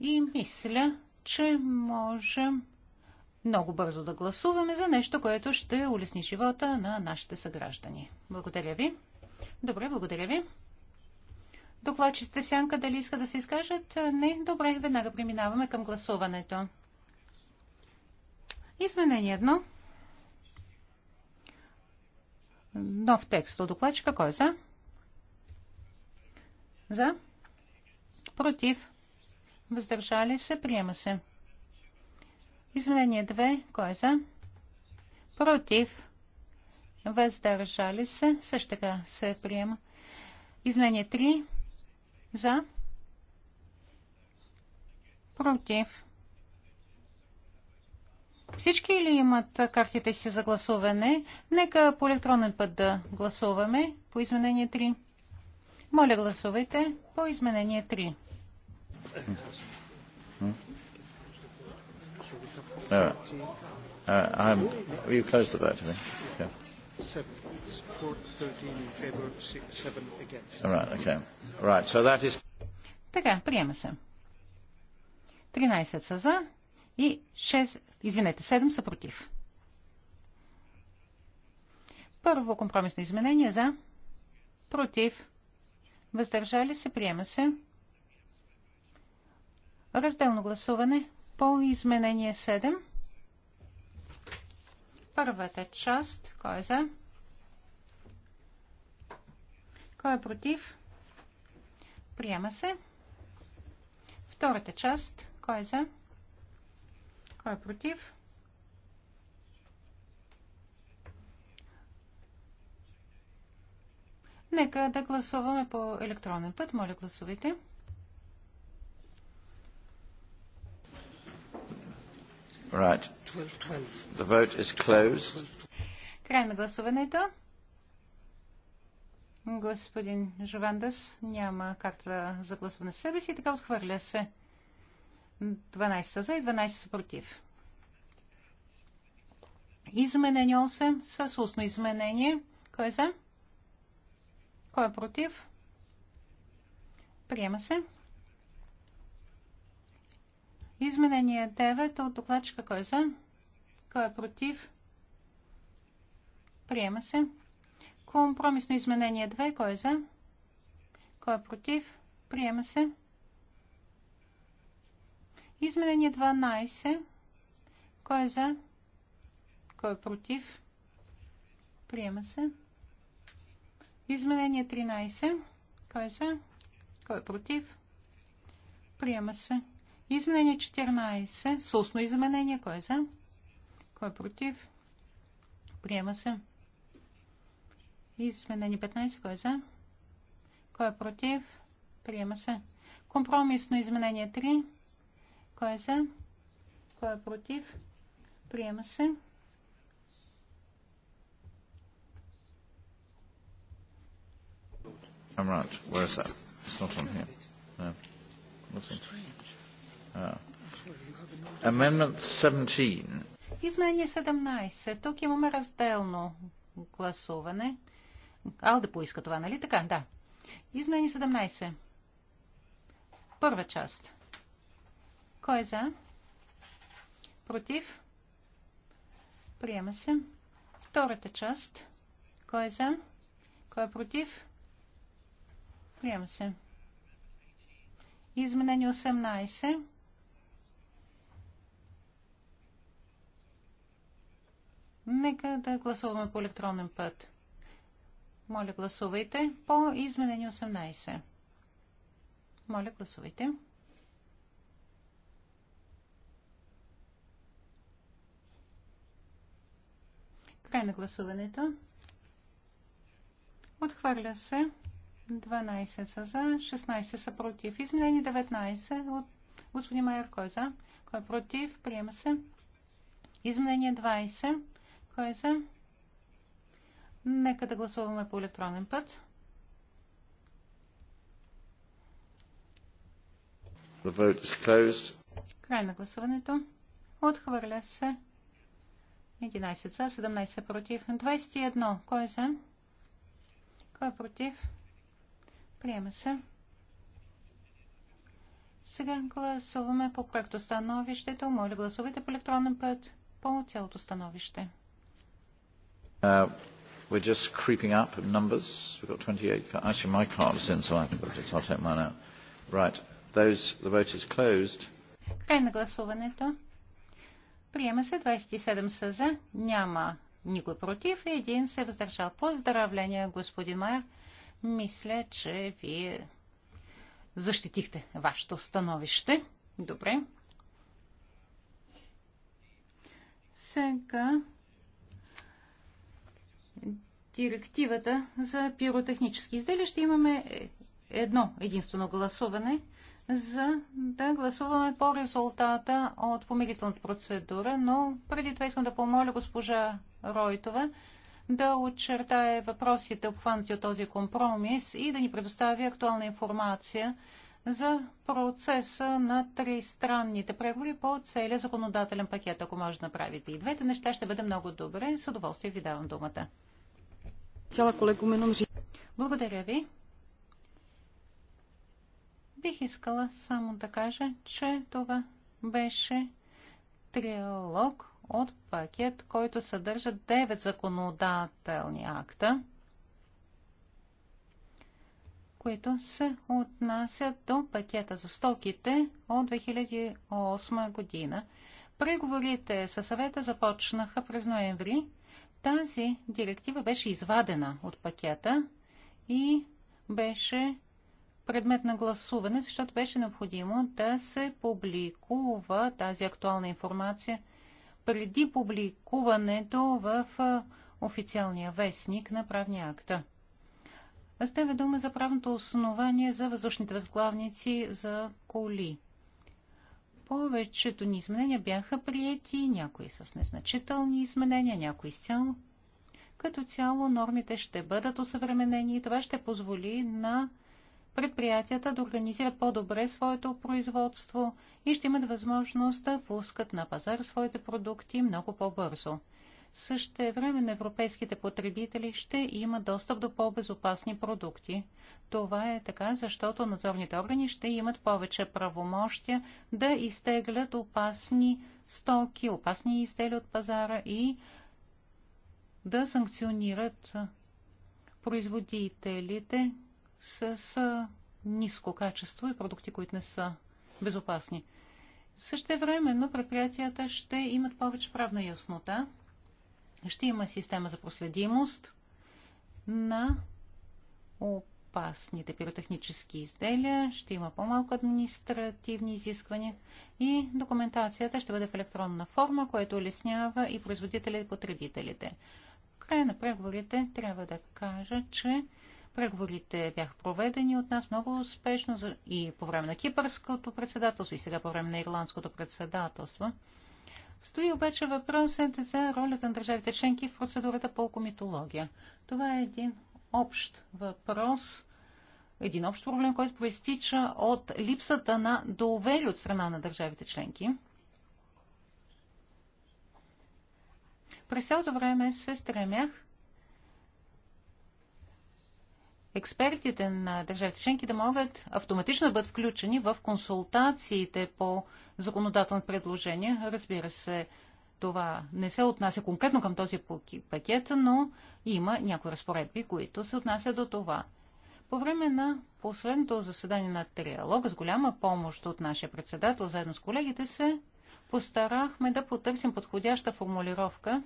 И мисля, че можем много бързо да гласуваме за нещо, което ще улесни живота на нашите съграждани. Благодаря ви. Добре, благодаря ви. Докладчиците сянка дали иска да се изкажат? Не. Добре, веднага преминаваме към гласуването. Изменение едно. Нов текст от докладчика. Кой е за? За? Против? Въздържали се? Приема се. Изменение 2. Кой е за? Против? Въздържали се? Също така се приема. Изменение 3. За? Против? Всички ли имат картите си за гласуване? Нека по електронен път да гласуваме по изменение 3. Моля, гласувайте по изменение 3. Uh, така, приема се. 13 са за, и 6, извинете, 7 са против. Първо компромисно изменение за против. Въздържали се, приема се. Разделно гласуване по изменение 7. Първата част. Кой е за? Кой е против? Приема се. Втората част. Кой е за? Кой е против? Нека да гласуваме по електронен път. Моля, гласувайте. Right. 12, 12. Край на гласуването. Господин Жовандас няма карта за гласуване себе си и така отхвърля се. 12 са за и 12 са против. Изменение 8 с устно изменение. Кой е за? Кой е против? Приема се. Изменение 9 от докладчика. Кой е за? Кой е против? Приема се. Компромисно изменение 2. Кой е за? Кой е против? Приема се. Изменение 12. Кой е за? Кой е против? Приема се. Изменение 13. Кой е за? Кой е против? Приема се. Изменение 14. Сусно изменение. Кой е за? Кой е против? Приема се. Изменение 15. Кой е за? Кой е против? Приема се. Компромисно изменение 3. Кой е за? Кой е против? Приема се. I'm right. Where is that? It's not on here. No. Nothing. Uh. Amendment 17. Изменение 17. Тук имаме разделно гласуване. Алда поиска това, нали така? Да. Изменение 17. Първа част. Кой е за? Против? Приема се. Втората част. Кой е за? Кой е против? Приема се. Изменение 18. Нека да гласуваме по електронен път. Моля, гласувайте по изменение 18. Моля, гласувайте. Край на гласуването. Отхвърля се. 12 са за, 16 са против. Изменение 19 от господин Майер. Кой е за? Кой е против? Приема се. Изменение 20. Кой е за? Нека да гласуваме по електронен път. The vote is closed. Край на гласуването. Отхвърля се. 11 за, 17 против. 21. Кой е за? Кой е против? Приема се. Сега гласуваме по проекто становището. Моля, гласувайте по електронен път по цялото становище. Uh, we're just creeping up in numbers. We've got 28. Actually, my card is in, so I can put it. I'll take mine out. Right. Those, the vote is closed. Край на гласуването. Приема се 27 са за, няма никой против и един се е въздържал. Поздравления, господин Майер. Мисля, че вие защитихте вашето становище. Добре. Сега директивата за пиротехнически изделия ще имаме едно единствено гласуване – за да гласуваме по резултата от помирителната процедура, но преди това искам да помоля госпожа Ройтова да очертае въпросите, обхванати от този компромис и да ни предостави актуална информация за процеса на тристранните преговори по целия законодателен пакет. Ако може да направите и двете неща, ще бъде много добре. С удоволствие ви давам думата. Е Благодаря ви. Бих искала само да кажа, че това беше трилог от пакет, който съдържа 9 законодателни акта, които се отнасят до пакета за стоките от 2008 година. Преговорите със съвета започнаха през ноември. Тази директива беше извадена от пакета и беше предмет на гласуване, защото беше необходимо да се публикува тази актуална информация преди публикуването в официалния вестник на правния акта. Става дума за правното основание за въздушните възглавници за коли. Повечето ни изменения бяха приети, някои с незначителни изменения, някои с цяло, Като цяло нормите ще бъдат осъвременени и това ще позволи на предприятията да организират по-добре своето производство и ще имат възможност да пускат на пазар своите продукти много по-бързо. Също време на европейските потребители ще има достъп до по-безопасни продукти. Това е така, защото надзорните органи ще имат повече правомощия да изтеглят опасни стоки, опасни изделия от пазара и да санкционират производителите, с ниско качество и продукти, които не са безопасни. Също но предприятията ще имат повече правна яснота, ще има система за проследимост на опасните пиротехнически изделия, ще има по-малко административни изисквания и документацията ще бъде в електронна форма, което улеснява и производителите и потребителите. В края на преговорите трябва да кажа, че Преговорите бяха проведени от нас много успешно и по време на кипърското председателство, и сега по време на ирландското председателство. Стои обаче въпросът за ролята на държавите членки в процедурата по комитология. Това е един общ въпрос, един общ проблем, който проистича от липсата на доверие от страна на държавите членки. През цялото време се стремях експертите на държавите членки да могат автоматично да бъдат включени в консултациите по законодателни предложения. Разбира се, това не се отнася конкретно към този пакет, но има някои разпоредби, които се отнасят до това. По време на последното заседание на триалога с голяма помощ от нашия председател, заедно с колегите се постарахме да потърсим подходяща формулировка,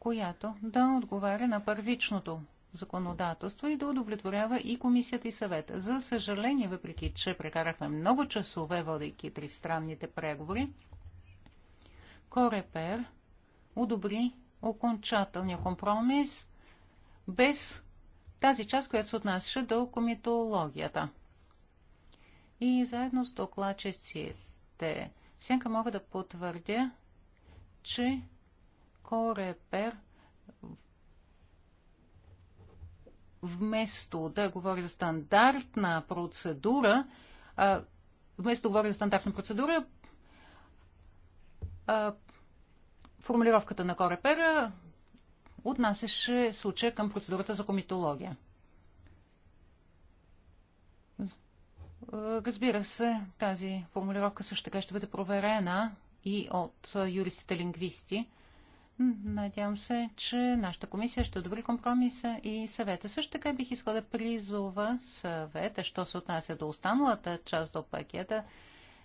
която да отговаря на първичното законодателство и да удовлетворява и комисията и съвета. За съжаление, въпреки че прекарахме много часове, водейки тристранните преговори, Корепер одобри окончателния компромис без тази част, която се отнасяше до комитологията. И заедно с докладчиците Сенка мога да потвърдя, че Корепер – вместо да говори за стандартна процедура, вместо да говори за стандартна процедура, формулировката на Корепера отнасяше случая към процедурата за комитология. Разбира се, тази формулировка също така ще бъде проверена и от юристите-лингвисти – Надявам се, че нашата комисия ще одобри компромиса и съвета. Също така бих искала да призова съвета, що се отнася до останалата част до пакета,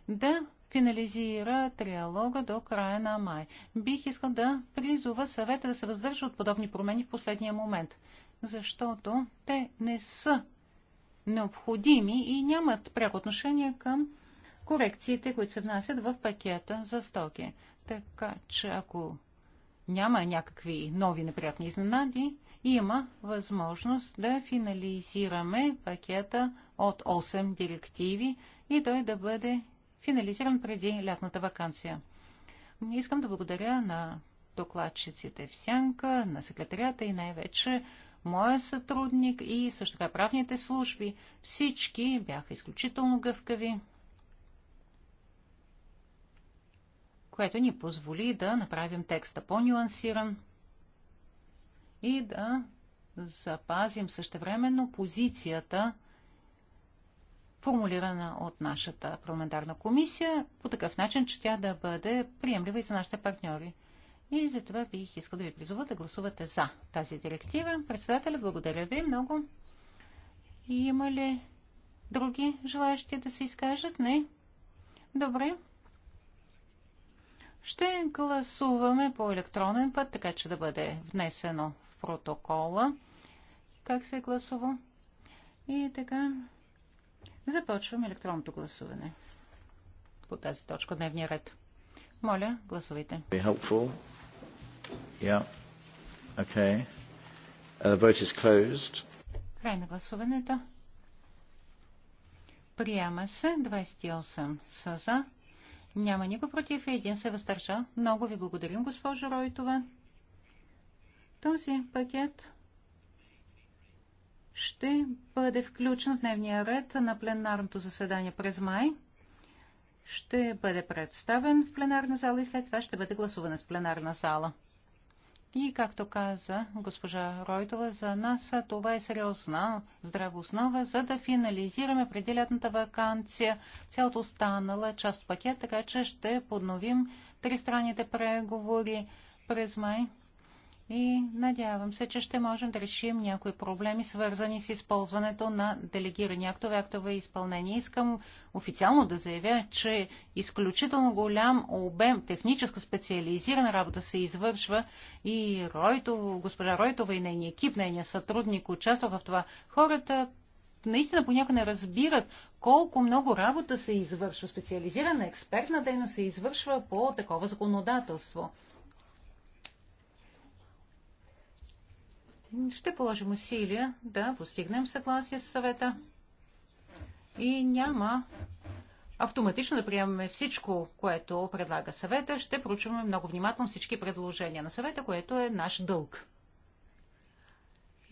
да финализира триалога до края на май. Бих искал да призова съвета да се въздържа от подобни промени в последния момент, защото те не са необходими и нямат пряко отношение към корекциите, които се внасят в пакета за стоки. Така че ако няма някакви нови неприятни изненади, има възможност да финализираме пакета от 8 директиви и той да бъде финализиран преди лятната вакансия. Искам да благодаря на докладчиците в Сянка, на секретарията и най-вече моя сътрудник и също така правните служби. Всички бяха изключително гъвкави. което ни позволи да направим текста по-нюансиран и да запазим същевременно позицията, формулирана от нашата парламентарна комисия, по такъв начин, че тя да бъде приемлива и за нашите партньори. И за това бих искал да ви призова да гласувате за тази директива. Председателя, благодаря ви много. Има ли други желаящи да се изкажат? Не. Добре. Ще гласуваме по електронен път, така че да бъде внесено в протокола. Как се е гласува? И така, започвам електронното гласуване по тази точка дневния ред. Моля, гласувайте. Yeah. Okay. Uh, Край на гласуването. Приема се 28 са за, няма никой против и един се възтържа. Много ви благодарим, госпожо Ройтова. Този пакет ще бъде включен в дневния ред на пленарното заседание през май. Ще бъде представен в пленарна зала и след това ще бъде гласуван в пленарна зала. И, както каза госпожа Ройтова, за нас това е сериозна здрава основа, за да финализираме преди лятната вакансия цялото останала е част пакет, така че ще подновим тристранните преговори през май и надявам се, че ще можем да решим някои проблеми, свързани с използването на делегирани актове, актове и изпълнение. Искам официално да заявя, че изключително голям обем техническа специализирана работа се извършва и Ройтов, госпожа Ройтова и нейния екип, нейния сътрудник участваха в това. Хората наистина понякога не разбират колко много работа се извършва, специализирана експертна дейност се извършва по такова законодателство – ще положим усилия да постигнем съгласие с съвета и няма автоматично да приемаме всичко, което предлага съвета. Ще проучваме много внимателно всички предложения на съвета, което е наш дълг.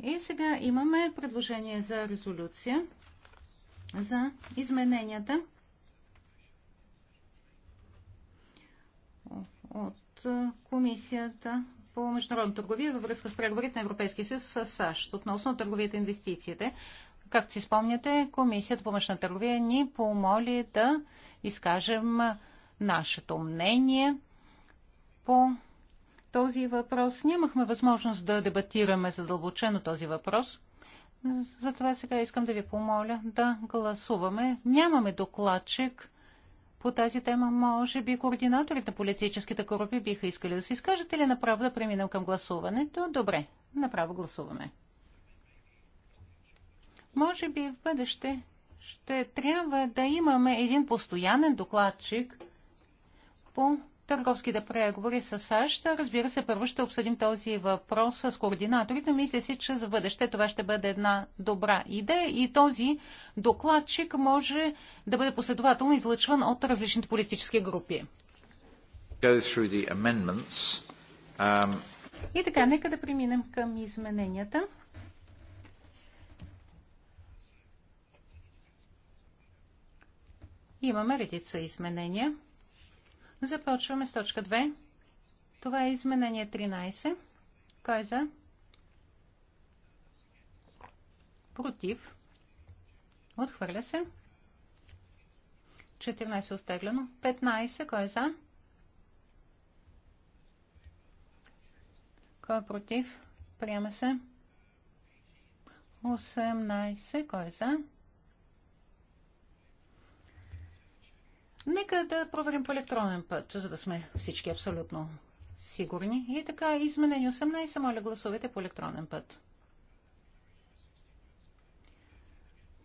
И сега имаме предложение за резолюция за измененията от комисията по международна търговия във връзка с преговорите на Европейския съюз с САЩ относно търговията и инвестициите. Както си спомняте, Комисията по външна търговия ни помоли да изкажем нашето мнение по този въпрос. Нямахме възможност да дебатираме задълбочено този въпрос. Затова сега искам да ви помоля да гласуваме. Нямаме докладчик по тази тема. Може би координаторите на политическите групи биха искали да се изкажат или направо да преминем към гласуването. Добре, направо гласуваме. Може би в бъдеще ще трябва да имаме един постоянен докладчик по търговските преговори с САЩ. Разбира се, първо ще обсъдим този въпрос с координаторите. Мисля си, че за бъдеще това ще бъде една добра идея и този докладчик може да бъде последователно излъчван от различните политически групи. Um... И така, нека да преминем към измененията. Имаме редица изменения. Започваме с точка 2. Това е изменение 13. Кой е за? Против. Отхвърля се. 14 остеглено. 15. Кой е за? Кой е против? Приема се. 18. Кой е за? Нека да проверим по електронен път, за да сме всички абсолютно сигурни. И така, изменени 18, моля гласувайте по електронен път.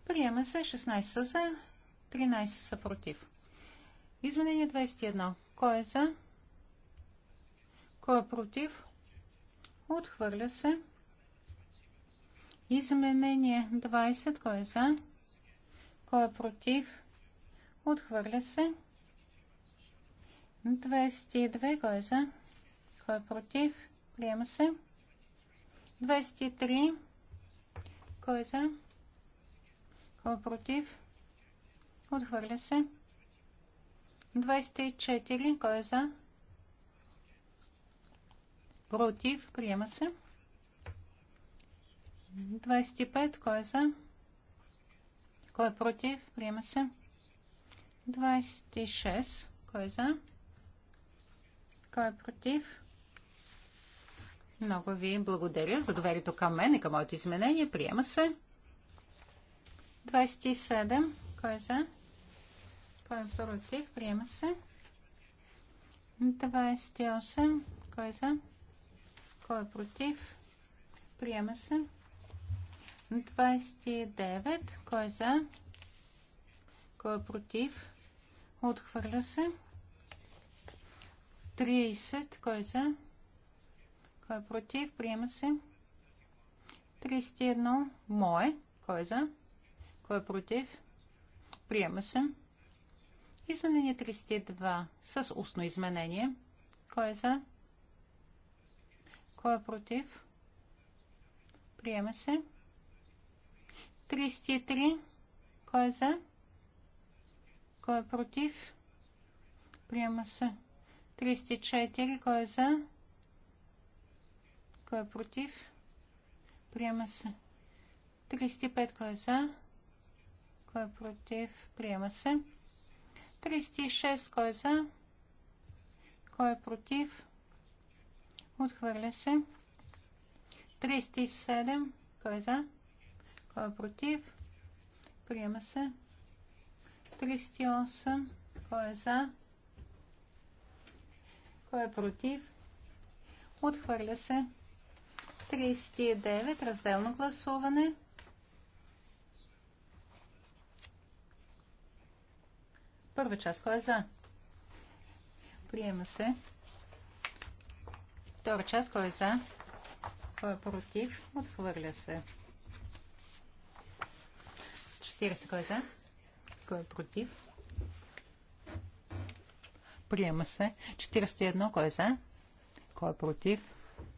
Приема се 16 са за, 13 са против. Изменение 21. Кой е за? Кой е против? Отхвърля се. Изменение 20. Кой е за? Кой е против? Отхвърля се. 22. Кой е за? Кой е против? Приема се. 23. Кой е за? Кой е против? Отхвърля се. 24. Кой е за? Против. Приема се. 25. Кой е за? Кой е против? Приема се. 26. Кой е за? Кой е против? Много ви благодаря за доверието към мен и към моето изменение. Приема се. 27. Кой е за? Кой е против? Приема се. 28. Кой е за? Кой е против? Приема се. 29. Кой е за? Кой е против? Отхвърля се. 30. Кой е за? Кой е против? Приема се. 31. Мое. Кой е за? Кой е против? Приема се. Изменение 32 с устно изменение. Кой е за? Кой е против? Приема се. 33. Кой е за? Кой е против? Приема се. 34. Кой е за? Кой е против? Приема се. 35. Кой е за? Кой е против? Приема се. 36. Кой е за? Кой е против? Отхвърля се. 37. Кой е за? Кой е против? Приема се. 38. Кой е за? Кой е против? Отхвърля се. 39. Разделно гласуване. Първа част. Кой е за? Приема се. Втора част. Кой е за? Кой е против? Отхвърля се. 40. Кой е за? Кой е против? Приема се. 41. Кой е за? Кой е против?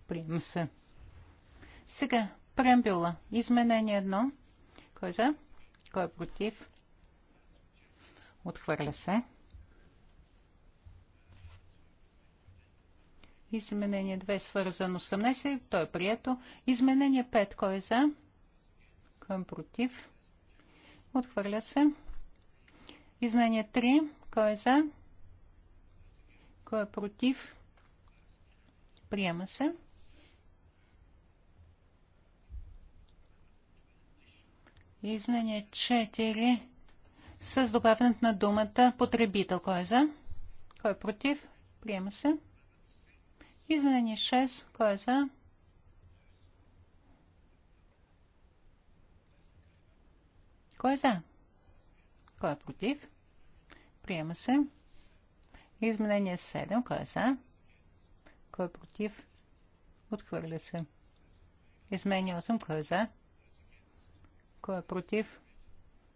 Приема се. Сега, прембюла. Изменение 1. Кой е за? Кой е против? Отхвърля се. Изменение 2 е свързано с 18. той е прието. Изменение 5. Кой е за? Кой е против? Отхвърля се. Изменение 3. Кой е за? Кой е против? Приема се. Изменение 4. С добавянето на думата потребител. Кой е за? Кой е против? Приема се. Изменение 6. Кой е за? Кой е за? Кой е против? Приема се. Изменение 7. Кой е за? Кой е против? Отхвърля се. Изменение 8. Кой е за? Кой е против?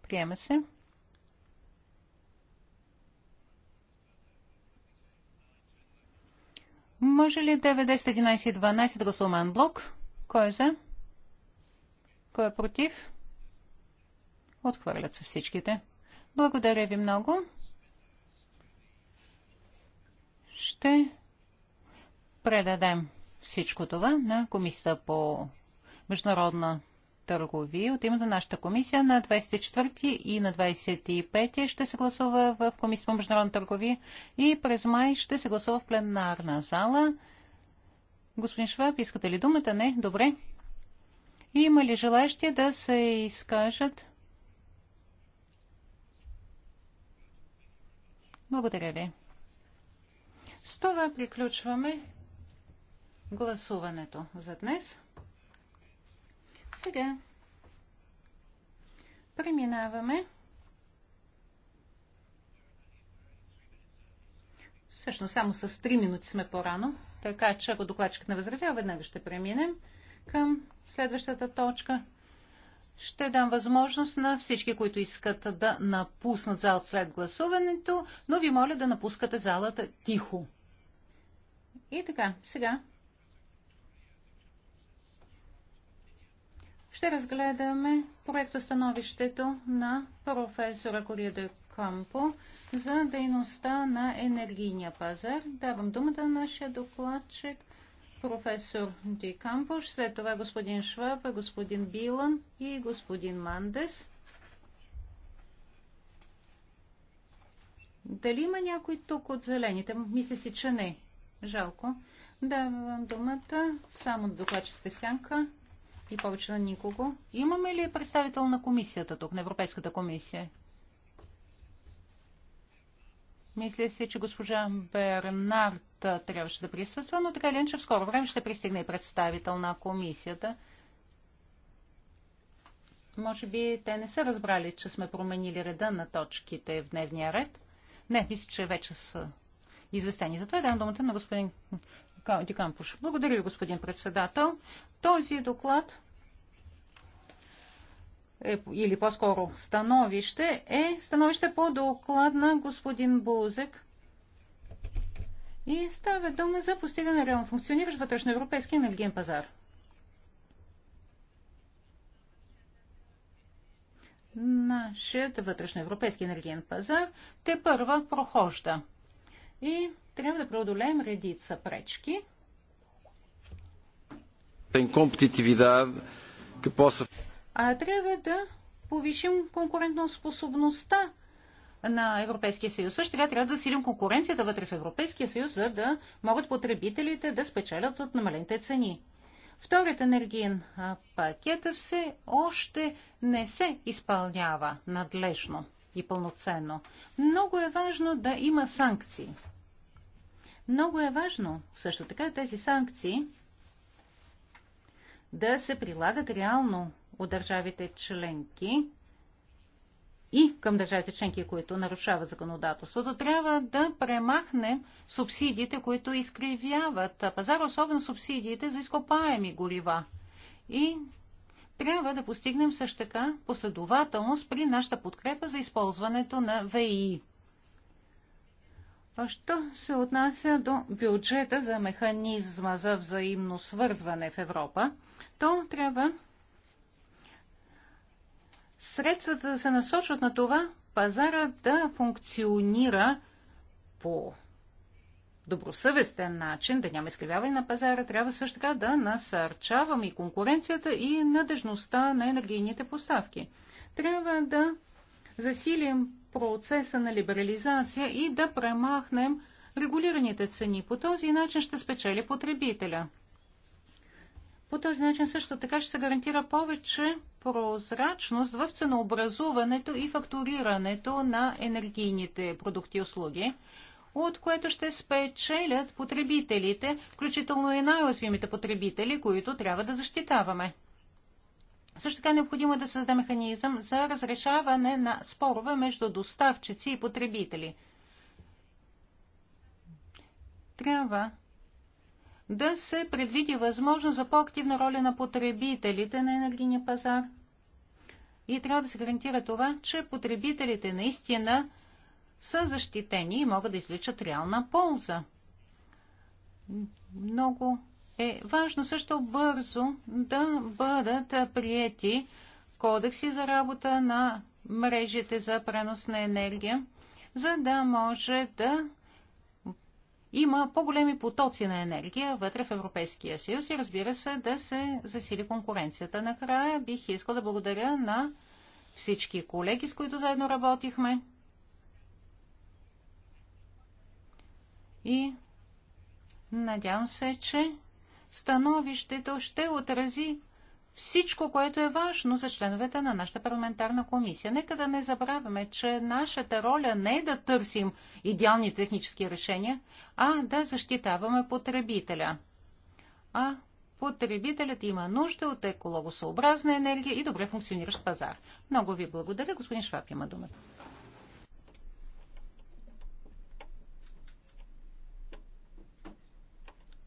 Приема се. Може ли 9, 10, 11 и 12 да блок? Кой е за? Кой е против? Отхвърлят се всичките. Благодаря ви много ще предадем всичко това на комисията по международна търговия от името на нашата комисия на 24 и на 25 ще се гласува в комисията по международна търговия и през май ще се гласува в пленарна зала. Господин Шваб, искате ли думата? Не? Добре. Има ли желащи да се изкажат? Благодаря ви. С това приключваме гласуването за днес. Сега преминаваме Всъщност само с 3 минути сме по-рано, така че ако докладчикът не възразява, веднага ще преминем към следващата точка. Ще дам възможност на всички, които искат да напуснат залата след гласуването, но ви моля да напускате залата тихо. И така, сега ще разгледаме проектостановището на професора Кория де Кампо за дейността на енергийния пазар. Давам думата на нашия докладчик професор Ди Кампош, след това господин Шваб, господин Билан и господин Мандес. Дали има някой тук от зелените? Мисля си, че не. Жалко. Давам думата само до докладчицата Сянка и повече на никого. Имаме ли представител на комисията тук, на Европейската комисия? Мисля си, че госпожа Бернард трябваше да присъства, но така или иначе в скоро време ще пристигне и представител на комисията. Може би те не са разбрали, че сме променили реда на точките в дневния ред. Не, мисля, че вече са известени. Затова давам думата на господин Дикампуш. Благодаря ви, господин председател. Този доклад е, или по-скоро становище, е становище по доклад на господин Бузек. И става дума за постигане реално функциониращ вътрешноевропейски енергиен пазар. Нашият вътрешноевропейски енергиен пазар те първа прохожда и трябва да преодолеем редица пречки. А трябва да повишим конкурентоспособността на Европейския съюз. Също така трябва да силим конкуренцията вътре в Европейския съюз, за да могат потребителите да спечелят от намалените цени. Вторият енергиен пакет все още не се изпълнява надлежно и пълноценно. Много е важно да има санкции. Много е важно също така тези санкции да се прилагат реално от държавите членки и към държавите членки, които нарушават законодателството, трябва да премахнем субсидиите, които изкривяват пазар, особено субсидиите за изкопаеми горива. И трябва да постигнем също така последователност при нашата подкрепа за използването на ВИ. Що се отнася до бюджета за механизма за взаимно свързване в Европа, то трябва средствата да се насочват на това пазара да функционира по добросъвестен начин, да няма изкривяване на пазара, трябва също така да насърчаваме и конкуренцията и надежността на енергийните поставки. Трябва да засилим процеса на либерализация и да премахнем регулираните цени. По този начин ще спечели потребителя. По този начин също така ще се гарантира повече прозрачност в ценообразуването и фактурирането на енергийните продукти и услуги от което ще спечелят потребителите, включително и най-уязвимите потребители, които трябва да защитаваме. Също така е необходимо да създаде механизъм за разрешаване на спорове между доставчици и потребители. Трябва да се предвиди възможност за по-активна роля на потребителите на енергийния пазар. И трябва да се гарантира това, че потребителите наистина са защитени и могат да извличат реална полза. Много е важно също бързо да бъдат приети кодекси за работа на мрежите за пренос на енергия, за да може да има по-големи потоци на енергия вътре в Европейския съюз и разбира се да се засили конкуренцията. Накрая бих искал да благодаря на всички колеги, с които заедно работихме. И надявам се, че становището ще отрази всичко, което е важно за членовете на нашата парламентарна комисия. Нека да не забравяме, че нашата роля не е да търсим идеални технически решения, а да защитаваме потребителя. А потребителят има нужда от екологосъобразна енергия и добре функциониращ пазар. Много ви благодаря. Господин Шваб има думата.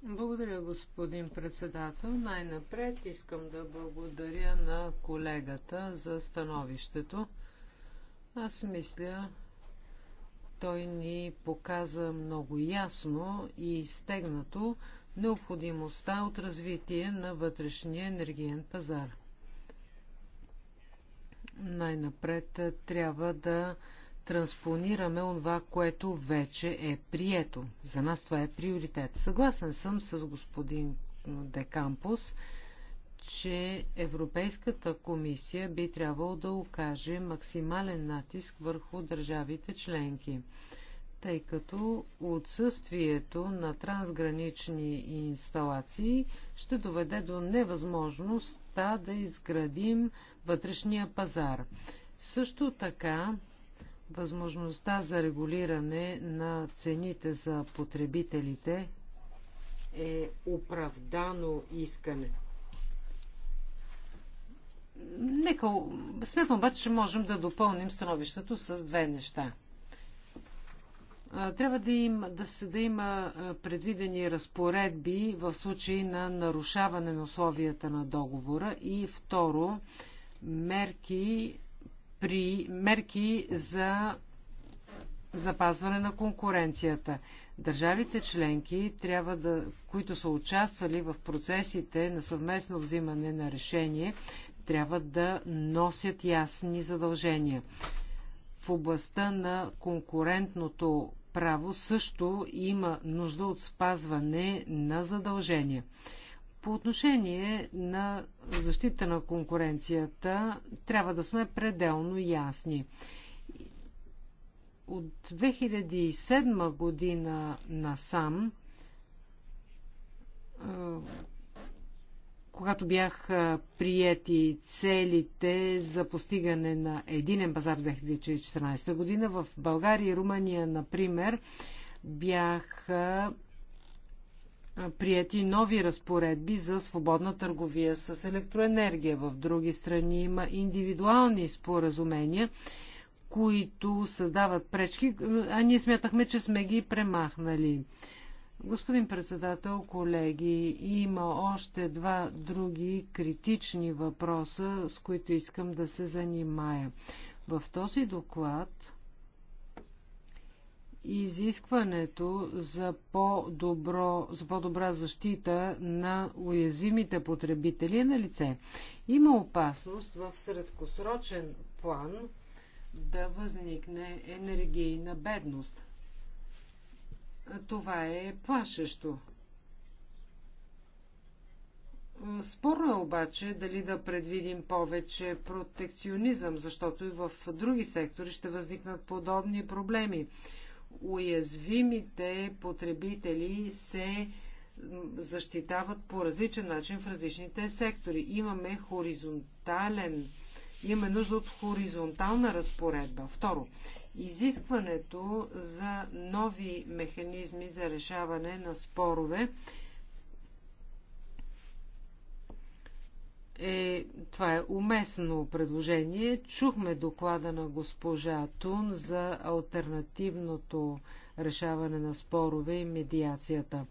Благодаря, господин председател. Най-напред искам да благодаря на колегата за становището. Аз мисля, той ни показа много ясно и изтегнато необходимостта от развитие на вътрешния енергиен пазар. Най-напред трябва да транспонираме това, което вече е прието. За нас това е приоритет. Съгласен съм с господин Декампус, че Европейската комисия би трябвало да окаже максимален натиск върху държавите членки, тъй като отсъствието на трансгранични инсталации ще доведе до невъзможността да изградим вътрешния пазар. Също така Възможността за регулиране на цените за потребителите е оправдано искане. Нека, смятам обаче, че можем да допълним становището с две неща. Трябва да, има, да, се, да има предвидени разпоредби в случай на нарушаване на условията на договора и второ, мерки при мерки за запазване на конкуренцията. Държавите членки, трябва да, които са участвали в процесите на съвместно взимане на решение, трябва да носят ясни задължения. В областта на конкурентното право също има нужда от спазване на задължения. По отношение на защита на конкуренцията, трябва да сме пределно ясни. От 2007 година насам, когато бях приети целите за постигане на единен пазар в 2014 година, в България и Румъния, например, бяха прияти нови разпоредби за свободна търговия с електроенергия. В други страни има индивидуални споразумения, които създават пречки, а ние смятахме, че сме ги премахнали. Господин председател, колеги, има още два други критични въпроса, с които искам да се занимая. В този доклад изискването за, по-добро, за по-добра защита на уязвимите потребители е на лице. Има опасност в средкосрочен план да възникне енергийна бедност. Това е плашещо. Спорно е обаче дали да предвидим повече протекционизъм, защото и в други сектори ще възникнат подобни проблеми уязвимите потребители се защитават по различен начин в различните сектори. Имаме хоризонтален, имаме нужда от хоризонтална разпоредба. Второ, изискването за нови механизми за решаване на спорове е, това е уместно предложение. Чухме доклада на госпожа Тун за альтернативното решаване на спорове и медиацията.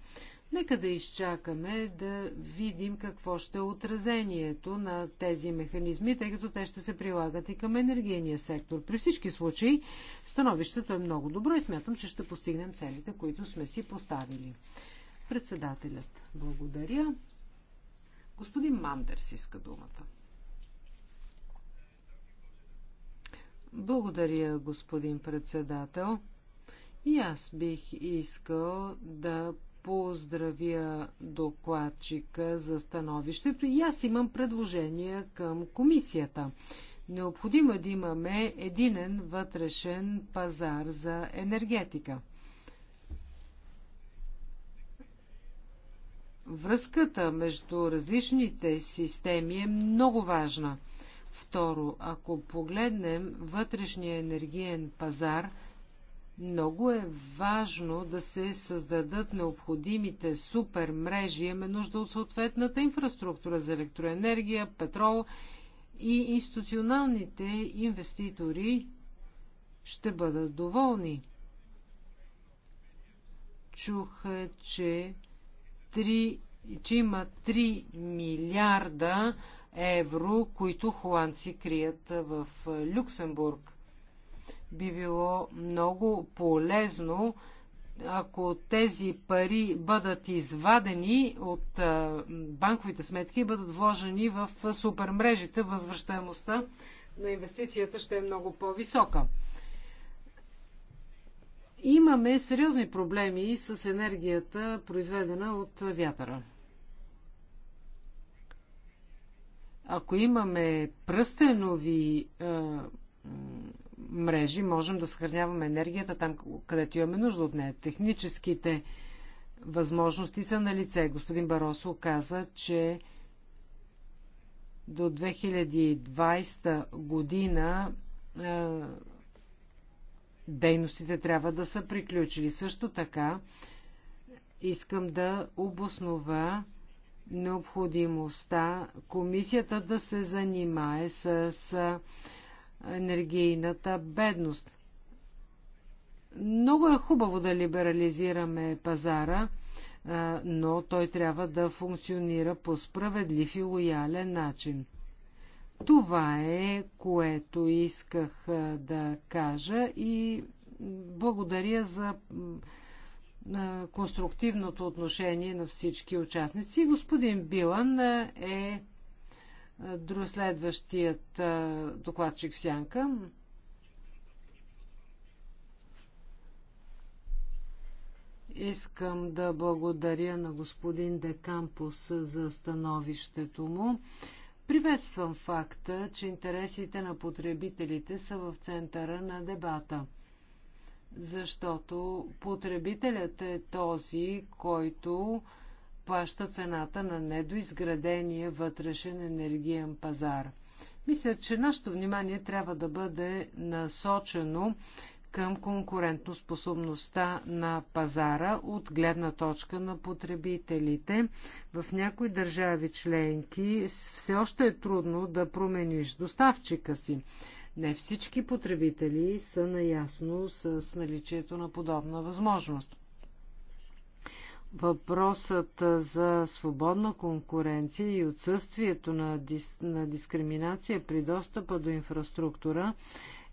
Нека да изчакаме да видим какво ще е отразението на тези механизми, тъй като те ще се прилагат и към енергийния сектор. При всички случаи становището е много добро и смятам, че ще постигнем целите, които сме си поставили. Председателят, благодаря. Господин Мандерс иска думата. Благодаря, господин председател. И аз бих искал да поздравя докладчика за становището и аз имам предложение към комисията. Необходимо е да имаме единен вътрешен пазар за енергетика – Връзката между различните системи е много важна. Второ, ако погледнем вътрешния енергиен пазар, много е важно да се създадат необходимите супер мрежи. Имаме нужда от съответната инфраструктура за електроенергия, петрол и институционалните инвеститори ще бъдат доволни. Чуха, че 3, че има 3 милиарда евро, които холандци крият в Люксембург. Би било много полезно, ако тези пари бъдат извадени от банковите сметки и бъдат вложени в супермрежите, възвръщаемостта на инвестицията ще е много по-висока. Имаме сериозни проблеми с енергията, произведена от вятъра. Ако имаме пръстенови е, мрежи, можем да съхраняваме енергията там, където имаме нужда от нея. Техническите възможности са на лице. Господин Баросо каза, че до 2020 година е, дейностите трябва да са приключили. Също така искам да обоснова необходимостта комисията да се занимае с енергийната бедност. Много е хубаво да либерализираме пазара, но той трябва да функционира по справедлив и лоялен начин. Това е, което исках да кажа и благодаря за конструктивното отношение на всички участници. Господин Билан е следващият докладчик в сянка. Искам да благодаря на господин Декампус за становището му. Приветствам факта, че интересите на потребителите са в центъра на дебата, защото потребителят е този, който плаща цената на недоизградения вътрешен енергиен пазар. Мисля, че нашето внимание трябва да бъде насочено към конкурентоспособността на пазара от гледна точка на потребителите. В някои държави членки все още е трудно да промениш доставчика си. Не всички потребители са наясно с наличието на подобна възможност. Въпросът за свободна конкуренция и отсъствието на, дис... на дискриминация при достъпа до инфраструктура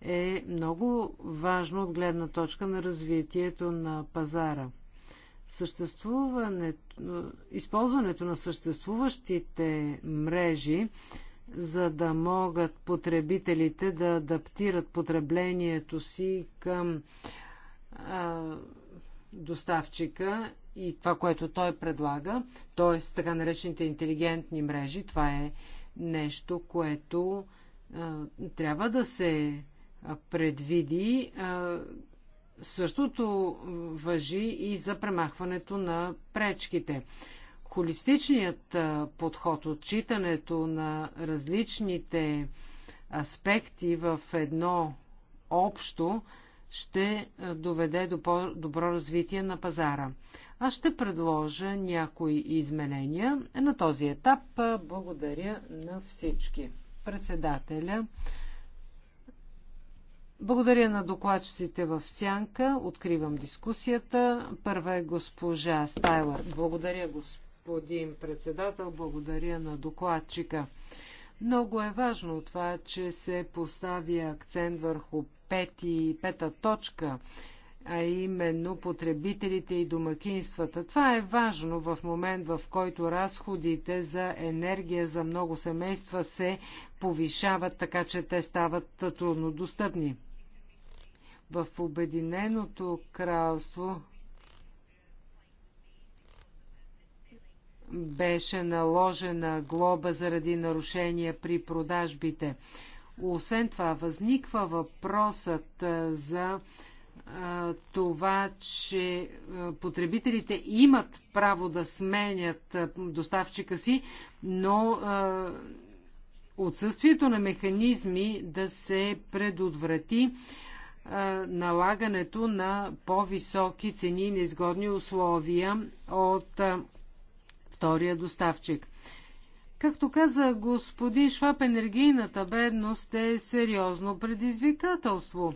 е много важно от гледна точка на развитието на пазара. Съществуването, използването на съществуващите мрежи, за да могат потребителите да адаптират потреблението си към а, доставчика и това, което той предлага, т.е. така наречените интелигентни мрежи, това е нещо, което а, трябва да се предвиди. Същото въжи и за премахването на пречките. Холистичният подход, отчитането на различните аспекти в едно общо, ще доведе до добро развитие на пазара. Аз ще предложа някои изменения. На този етап благодаря на всички. Председателя, благодаря на докладчиците в Сянка. Откривам дискусията. Първа е госпожа Стайлър. Благодаря, господин председател. Благодаря на докладчика. Много е важно това, че се постави акцент върху пети, пета точка, а именно потребителите и домакинствата. Това е важно в момент, в който разходите за енергия за много семейства се повишават, така че те стават трудно достъпни. В Обединеното кралство беше наложена глоба заради нарушения при продажбите. Освен това, възниква въпросът за това, че потребителите имат право да сменят доставчика си, но отсъствието на механизми да се предотврати налагането на по-високи цени и неизгодни условия от втория доставчик. Както каза господин Шваб, енергийната бедност е сериозно предизвикателство.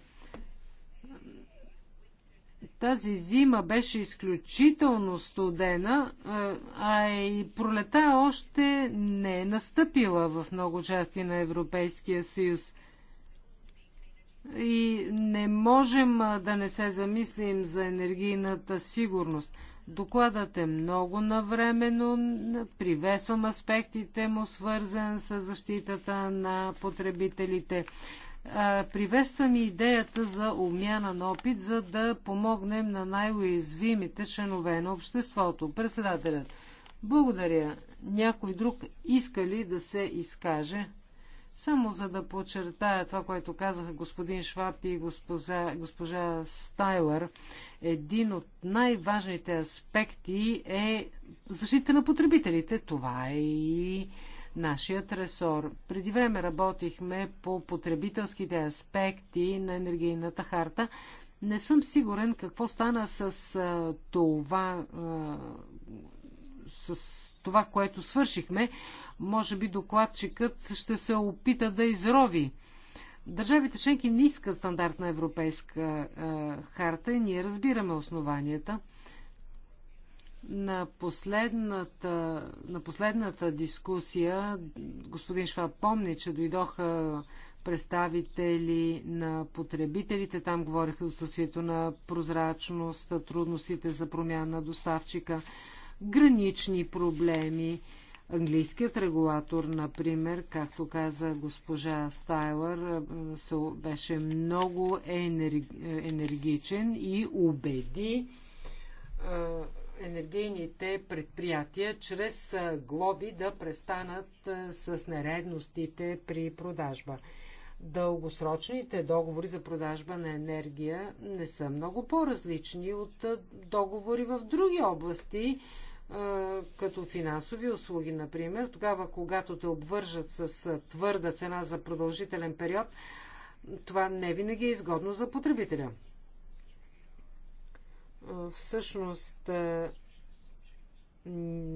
Тази зима беше изключително студена, а и пролета още не е настъпила в много части на Европейския съюз – и не можем да не се замислим за енергийната сигурност. Докладът е много навременно, привесвам аспектите му, свързан с защитата на потребителите. Приветствам и идеята за обмяна на опит, за да помогнем на най-уязвимите членове на обществото. Председателят, благодаря. Някой друг иска ли да се изкаже? Само за да подчертая това, което казаха господин Шваб и госпожа, госпожа Стайлер, един от най-важните аспекти е защита на потребителите. Това е и нашият ресор. Преди време работихме по потребителските аспекти на енергийната харта. Не съм сигурен какво стана с това, с това, което свършихме, може би докладчикът ще се опита да изрови. Държавите членки не искат стандартна европейска е, харта и ние разбираме основанията. На последната, на последната дискусия господин Шва помни, че дойдоха представители на потребителите. Там говориха съсвието на прозрачност, трудностите за промяна на доставчика, гранични проблеми Английският регулатор, например, както каза госпожа Стайлър, е, беше много енергичен и убеди е, енергийните предприятия чрез е, глоби да престанат с нередностите при продажба. Дългосрочните договори за продажба на енергия не са много по-различни от договори в други области, като финансови услуги, например, тогава, когато те обвържат с твърда цена за продължителен период, това не винаги е изгодно за потребителя. Всъщност,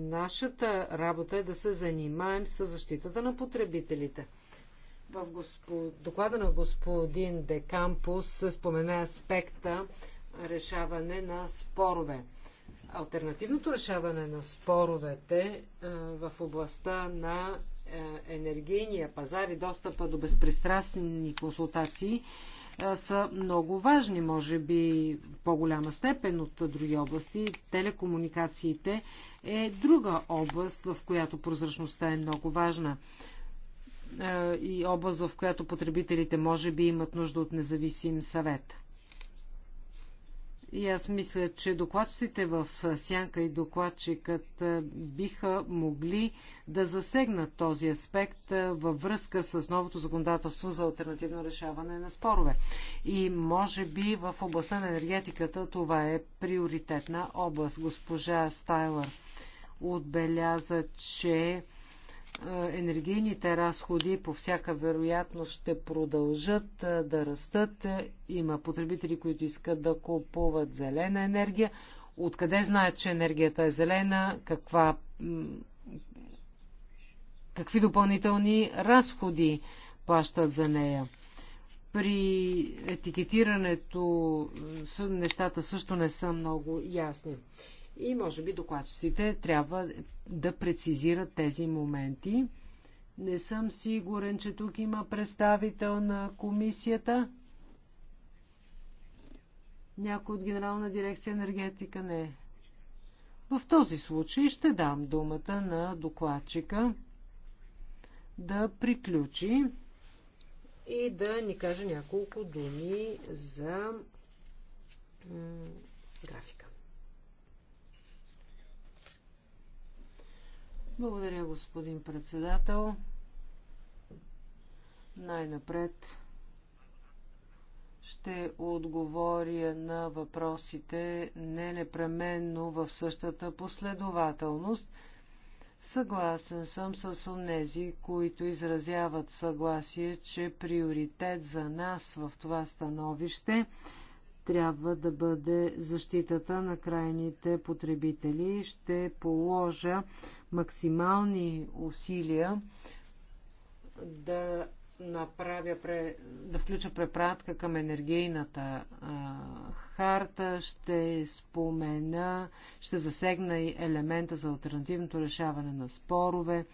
нашата работа е да се занимаем с защитата на потребителите. В доклада на господин Декампус се спомена аспекта решаване на спорове. Альтернативното решаване на споровете е, в областта на е, енергийния пазар и достъпа до безпристрастни консултации е, са много важни, може би в по-голяма степен от други области. Телекомуникациите е друга област, в която прозрачността е много важна и област, в която потребителите може би имат нужда от независим съвет. И аз мисля, че докладчиците в Сянка и докладчикът биха могли да засегнат този аспект във връзка с новото законодателство за альтернативно решаване на спорове. И може би в областта на енергетиката това е приоритетна област. Госпожа Стайлър отбеляза, че енергийните разходи по всяка вероятност ще продължат да растат. Има потребители, които искат да купуват зелена енергия. Откъде знаят, че енергията е зелена? Каква, какви допълнителни разходи плащат за нея? При етикетирането нещата също не са много ясни. И може би докладчиците трябва да прецизират тези моменти. Не съм сигурен, че тук има представител на комисията. Някой от Генерална дирекция енергетика не. В този случай ще дам думата на докладчика да приключи и да ни каже няколко думи за графика. Благодаря, господин председател. Най-напред ще отговоря на въпросите не непременно в същата последователност. Съгласен съм с онези, които изразяват съгласие, че приоритет за нас в това становище трябва да бъде защитата на крайните потребители. Ще положа максимални усилия да направя, да включа препратка към енергийната харта, ще спомена, ще засегна и елемента за альтернативното решаване на спорове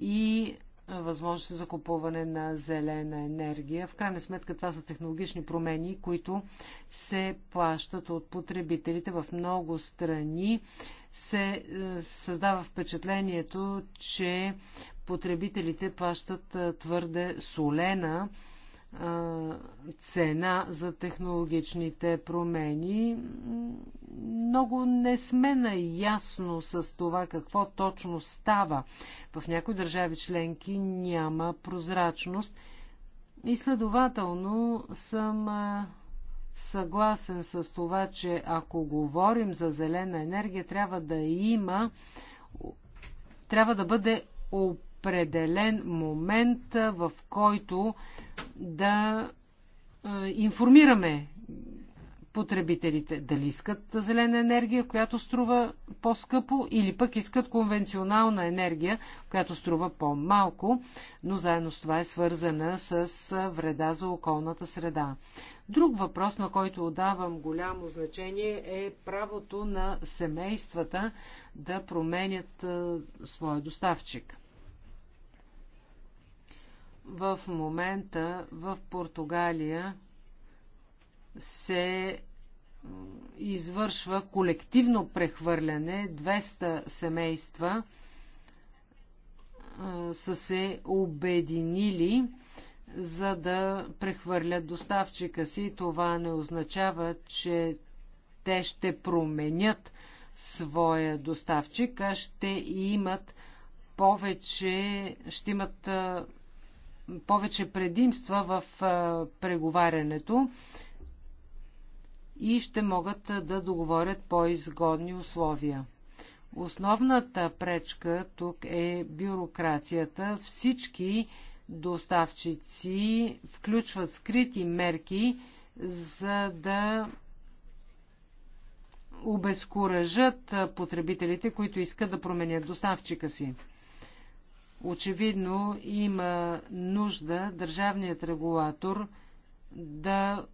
и възможности за купуване на зелена енергия. В крайна сметка това са технологични промени, които се плащат от потребителите в много страни се е, създава впечатлението, че потребителите плащат е, твърде солена е, цена за технологичните промени. Много не сме наясно с това какво точно става. В някои държави членки няма прозрачност и следователно съм съгласен с това, че ако говорим за зелена енергия, трябва да има, трябва да бъде определен момент, в който да информираме потребителите дали искат зелена енергия, която струва по-скъпо, или пък искат конвенционална енергия, която струва по-малко, но заедно с това е свързана с вреда за околната среда. Друг въпрос, на който отдавам голямо значение, е правото на семействата да променят своя доставчик. В момента в Португалия се извършва колективно прехвърляне. 200 семейства са се обединили за да прехвърлят доставчика си. Това не означава, че те ще променят своя доставчик, а ще имат повече, ще имат повече предимства в преговарянето и ще могат да договорят по-изгодни условия. Основната пречка тук е бюрокрацията. Всички доставчици включват скрити мерки, за да обезкуражат потребителите, които искат да променят доставчика си. Очевидно има нужда държавният регулатор да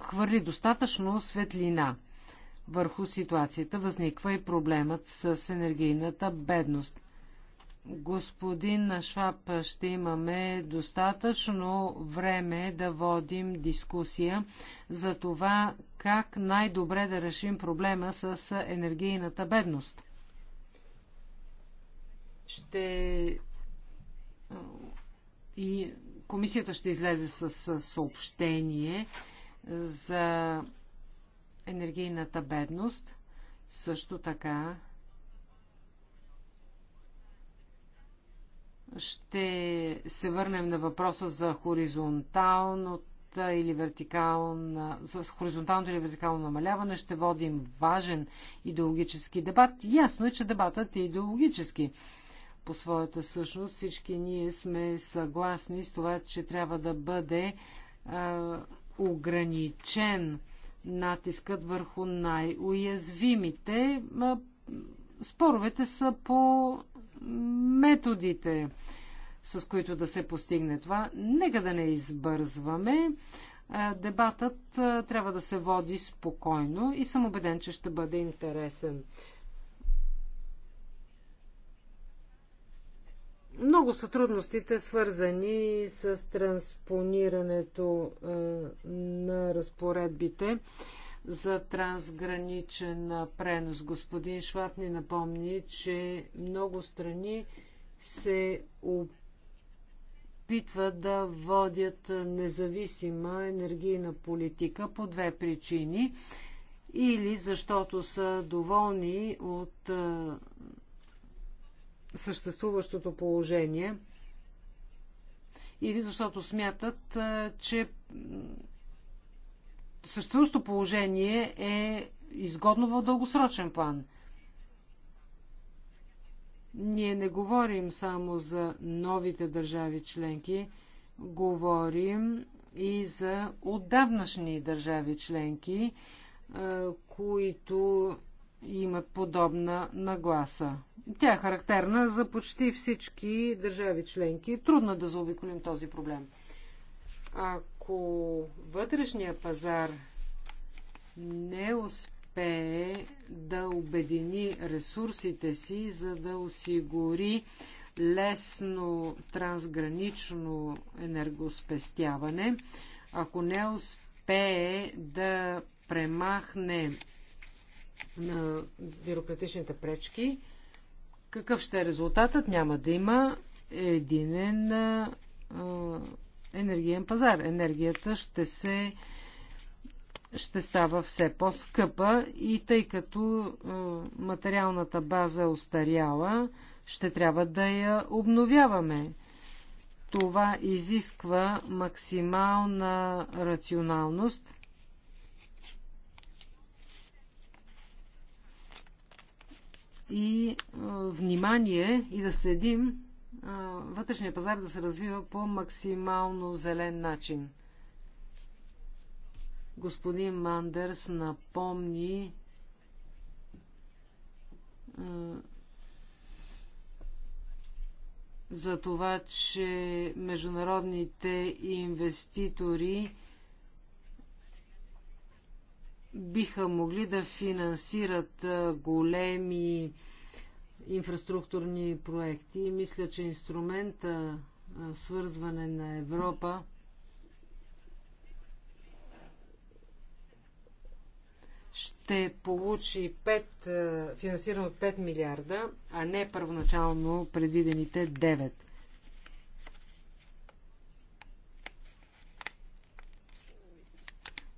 хвърли достатъчно светлина върху ситуацията. Възниква и проблемът с енергийната бедност. Господин Шваб, ще имаме достатъчно време да водим дискусия за това как най-добре да решим проблема с енергийната бедност. Ще и комисията ще излезе с съобщение за енергийната бедност. Също така ще се върнем на въпроса за хоризонталното или вертикална, за хоризонталното или вертикално намаляване ще водим важен идеологически дебат. Ясно е, че дебатът е идеологически. По своята същност всички ние сме съгласни с това, че трябва да бъде а, ограничен натискът върху най-уязвимите. Споровете са по методите, с които да се постигне това. Нека да не избързваме. Дебатът трябва да се води спокойно и съм убеден, че ще бъде интересен. Много са трудностите, свързани с транспонирането е, на разпоредбите за трансграничен пренос. Господин Шваб ни напомни, че много страни се опитват да водят независима енергийна политика по две причини. Или защото са доволни от е, съществуващото положение или защото смятат, че съществуващото положение е изгодно в дългосрочен план. Ние не говорим само за новите държави членки, говорим и за отдавнашни държави членки, които имат подобна нагласа. Тя е характерна за почти всички държави членки. Трудно е да заобиколим този проблем. Ако вътрешния пазар не успее да обедини ресурсите си, за да осигури лесно трансгранично енергоспестяване, ако не успее да премахне на бюрократичните пречки. Какъв ще е резултатът? Няма да има единен а, енергиен пазар. Енергията ще се ще става все по-скъпа и тъй като а, материалната база е устаряла, ще трябва да я обновяваме. Това изисква максимална рационалност – и е, внимание и да следим е, вътрешния пазар да се развива по максимално зелен начин. Господин Мандерс напомни е, за това, че международните инвеститори биха могли да финансират големи инфраструктурни проекти. Мисля, че инструмента свързване на Европа ще получи 5, финансирано от 5 милиарда, а не първоначално предвидените 9.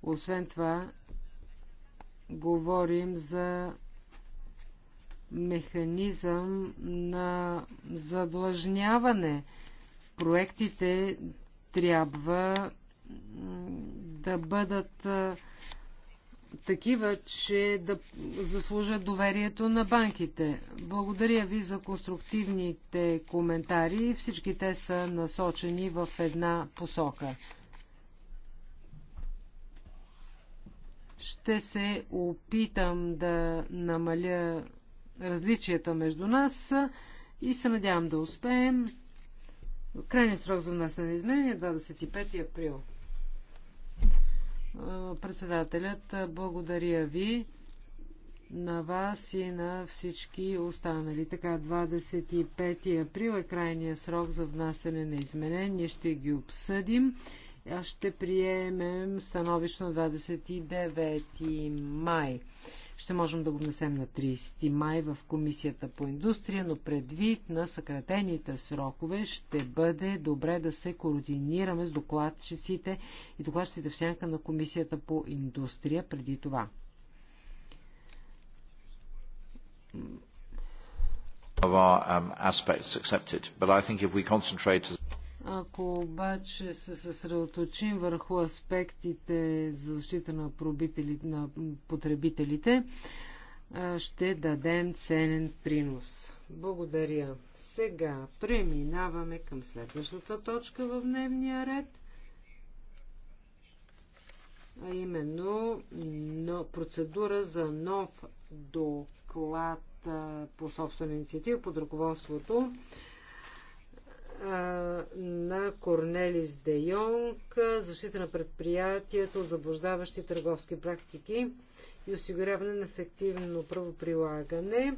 Освен това, говорим за механизъм на задлъжняване. Проектите трябва да бъдат такива, че да заслужат доверието на банките. Благодаря ви за конструктивните коментари. Всички те са насочени в една посока. Ще се опитам да намаля различията между нас и се надявам да успеем. Крайният срок за нас на изменения 25 е април. Председателят, благодаря ви на вас и на всички останали. Така, 25 април е крайният срок за внасяне на изменения. Ще ги обсъдим ще приемем становище на 29 май. Ще можем да го внесем на 30 май в Комисията по индустрия, но предвид на съкратените срокове ще бъде добре да се координираме с докладчиците и докладчиците в сянка на Комисията по индустрия преди това. Of our um, aspects accepted, but I think if we concentrate. Ако обаче се съсредоточим върху аспектите за защита на, на потребителите, ще дадем ценен принос. Благодаря. Сега преминаваме към следващата точка в дневния ред, а именно но, процедура за нов доклад по собствена инициатива под ръководството на Корнелис Де Йонг, защита на предприятието от заблуждаващи търговски практики и осигуряване на ефективно правоприлагане.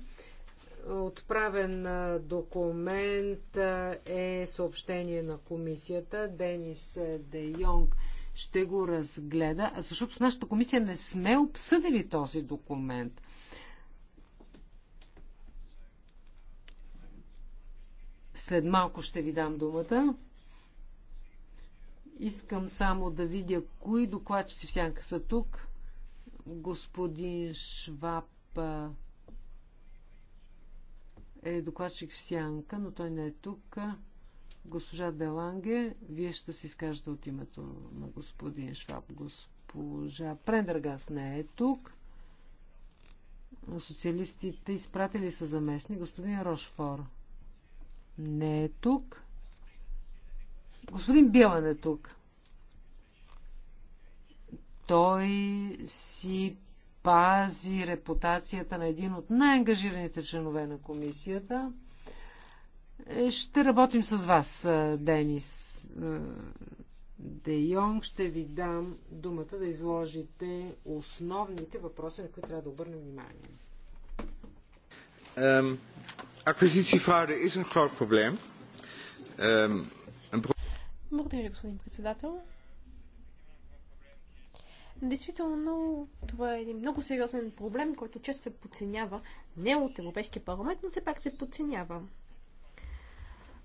Отправен документ е съобщение на комисията. Денис Де Йонг ще го разгледа, защото в нашата комисия не сме обсъдили този документ. След малко ще ви дам думата. Искам само да видя кои докладчици в сянка са тук. Господин Шваб е докладчик в сянка, но той не е тук. Госпожа Деланге, вие ще се изкажете от името на господин Шваб. Госпожа Прендъргас не е тук. Социалистите изпратили са заместни господин Рошфор не е тук. Господин Билан е тук. Той си пази репутацията на един от най-ангажираните членове на комисията. Е, ще работим с вас, е, Денис е, Де Йонг. Ще ви дам думата да изложите основните въпроси, на които трябва да обърнем внимание. Um is een groot probleem. Ehm, Благодаря господин председател. Действително, това е един много сериозен проблем, който често се подценява. Не от Европейския парламент, но все пак се подценява.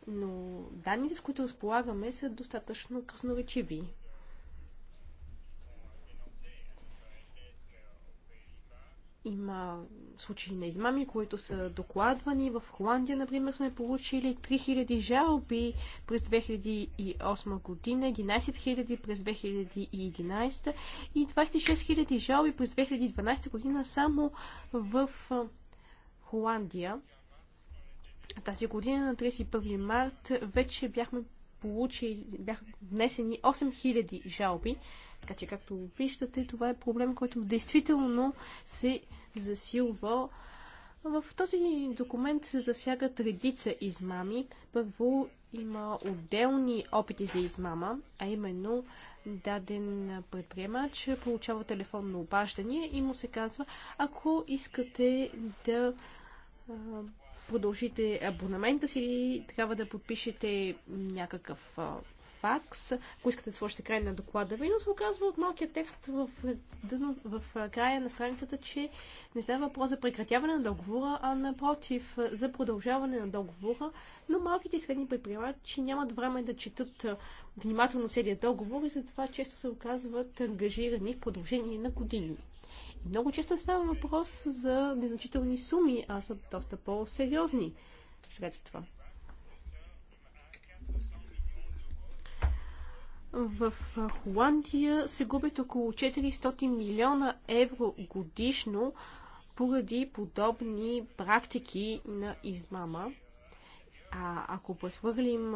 Но данните, с които разполагаме, са достатъчно красноречиви. Има случаи на измами, които са докладвани. В Холандия, например, сме получили 3000 жалби през 2008 година, 11 000 през 2011 и 26 000 жалби през 2012 година само в Холандия. Тази година на 31 март вече бяхме получили, бяха внесени 8000 жалби. Така че, както виждате, това е проблем, който действително се засилва. В този документ се засягат редица измами. Първо има отделни опити за измама, а именно даден предприемач получава телефонно обаждане и му се казва, ако искате да продължите абонамента си, трябва да подпишете някакъв факс, ако искате да сложите край на доклада ви, но се оказва от малкия текст в, дъно, в края на страницата, че не става въпрос за прекратяване на договора, а напротив за продължаване на договора, но малките и средни предприемачи нямат време да четат внимателно целият договор и затова често се оказват ангажирани в продължение на години. И много често става въпрос за незначителни суми, а са доста по-сериозни средства. В Холандия се губят около 400 милиона евро годишно поради подобни практики на измама. А ако прехвърлим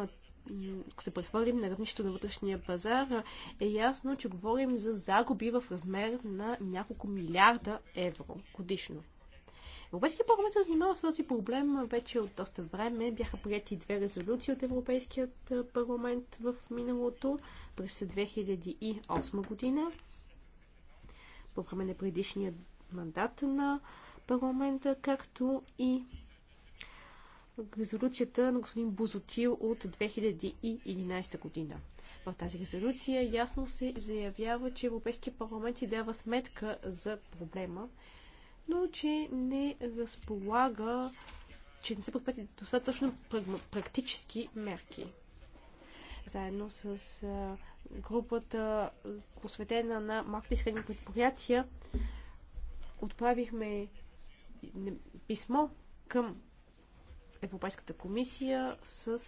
ако се прехвърлим на равнището на вътрешния пазар, е ясно, че говорим за загуби в размер на няколко милиарда евро годишно. Европейския парламент се занимава с този проблем вече от доста време. Бяха прияти две резолюции от Европейският парламент в миналото през 2008 година по време на предишния мандат на парламента, както и резолюцията на господин Бозотил от 2011 година. В тази резолюция ясно се заявява, че Европейския парламент си дава сметка за проблема но че не разполага, че не са предприяти достатъчно практически мерки. Заедно с групата, посветена на малките и средни предприятия, отправихме писмо към Европейската комисия с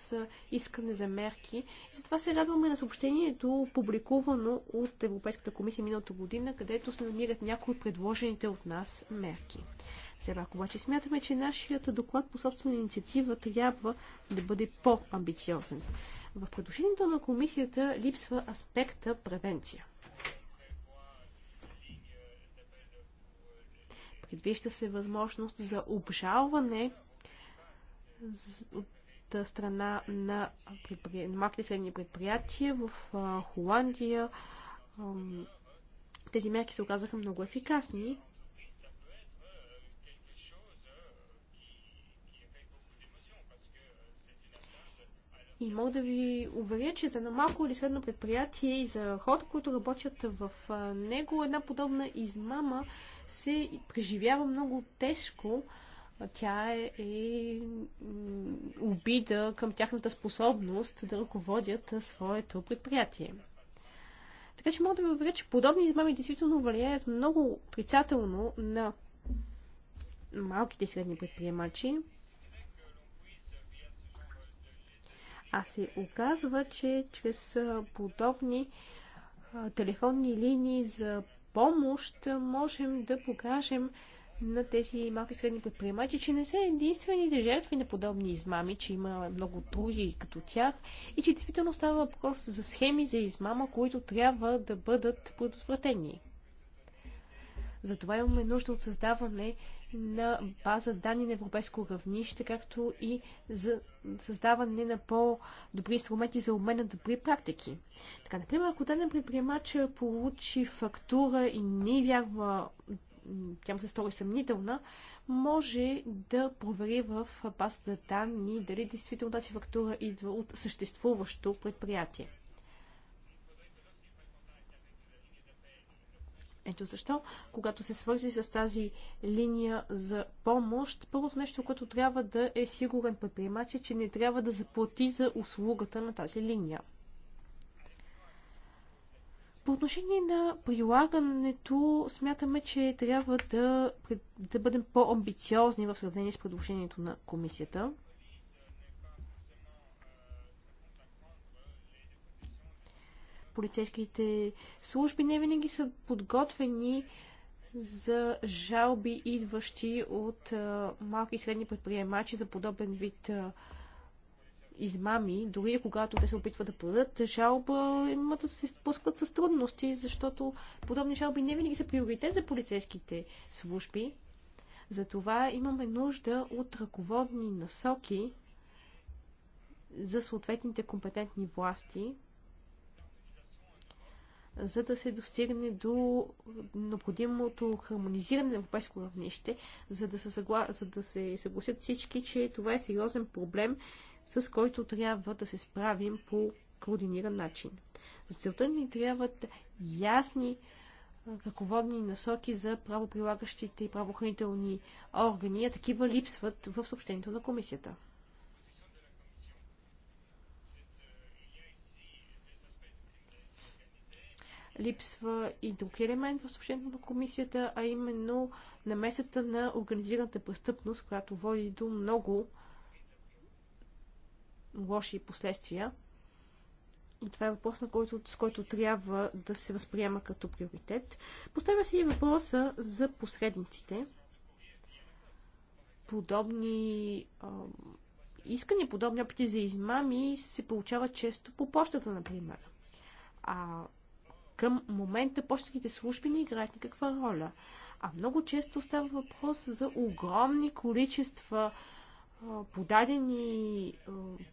искане за мерки. И Затова се радваме на съобщението, публикувано от Европейската комисия миналата година, където се намират някои от предложените от нас мерки. Сега обаче смятаме, че нашият доклад по собствена инициатива трябва да бъде по-амбициозен. В предложението на комисията липсва аспекта превенция. Предвижда се възможност за обжалване от страна на малки малките средни предприятия в Холандия. Тези мерки се оказаха много ефикасни. И мога да ви уверя, че за едно малко или средно предприятие и за хората, които работят в него, една подобна измама се преживява много тежко, тя е, е обида към тяхната способност да ръководят своето предприятие. Така че мога да ви уверя, че подобни измами действително влияят много отрицателно на малките и средни предприемачи. А се оказва, че чрез подобни телефонни линии за помощ можем да покажем на тези малки и средни предприемачи, че не са единствените жертви на подобни измами, че има много други като тях и че действително става въпрос за схеми за измама, които трябва да бъдат предотвратени. Затова имаме нужда от създаване на база данни на европейско равнище, както и за създаване на по-добри инструменти за обмен на добри практики. Така, например, ако даден предприемач получи фактура и не вярва тя му се стори съмнителна, може да провери в базата данни дали действително тази фактура идва от съществуващо предприятие. Ето защо, когато се свързи с тази линия за помощ, първото нещо, което трябва да е сигурен предприемач е, че не трябва да заплати за услугата на тази линия. По отношение на прилагането, смятаме, че трябва да, да бъдем по-амбициозни в сравнение с предложението на комисията. Полицейските служби не винаги са подготвени за жалби, идващи от а, малки и средни предприемачи за подобен вид а, измами, дори когато те се опитват да подадат жалба, имат да се спускат с трудности, защото подобни жалби не винаги са приоритет за полицейските служби. Затова имаме нужда от ръководни насоки за съответните компетентни власти, за да се достигне до необходимото хармонизиране на европейско равнище, за да, се съгла... за да се съгласят всички, че това е сериозен проблем с който трябва да се справим по координиран начин. За целта ни трябват ясни ръководни насоки за правоприлагащите и правоохранителни органи, а такива липсват в съобщението на комисията. липсва и друг елемент в съобщението на комисията, а именно намесата на организираната престъпност, която води до много лоши последствия. И това е въпрос, на който, с който трябва да се възприема като приоритет. Поставя се и въпроса за посредниците. Подобни а, искани, подобни опити за измами се получават често по почтата, например. А към момента почтските служби не играят никаква роля. А много често става въпрос за огромни количества подадени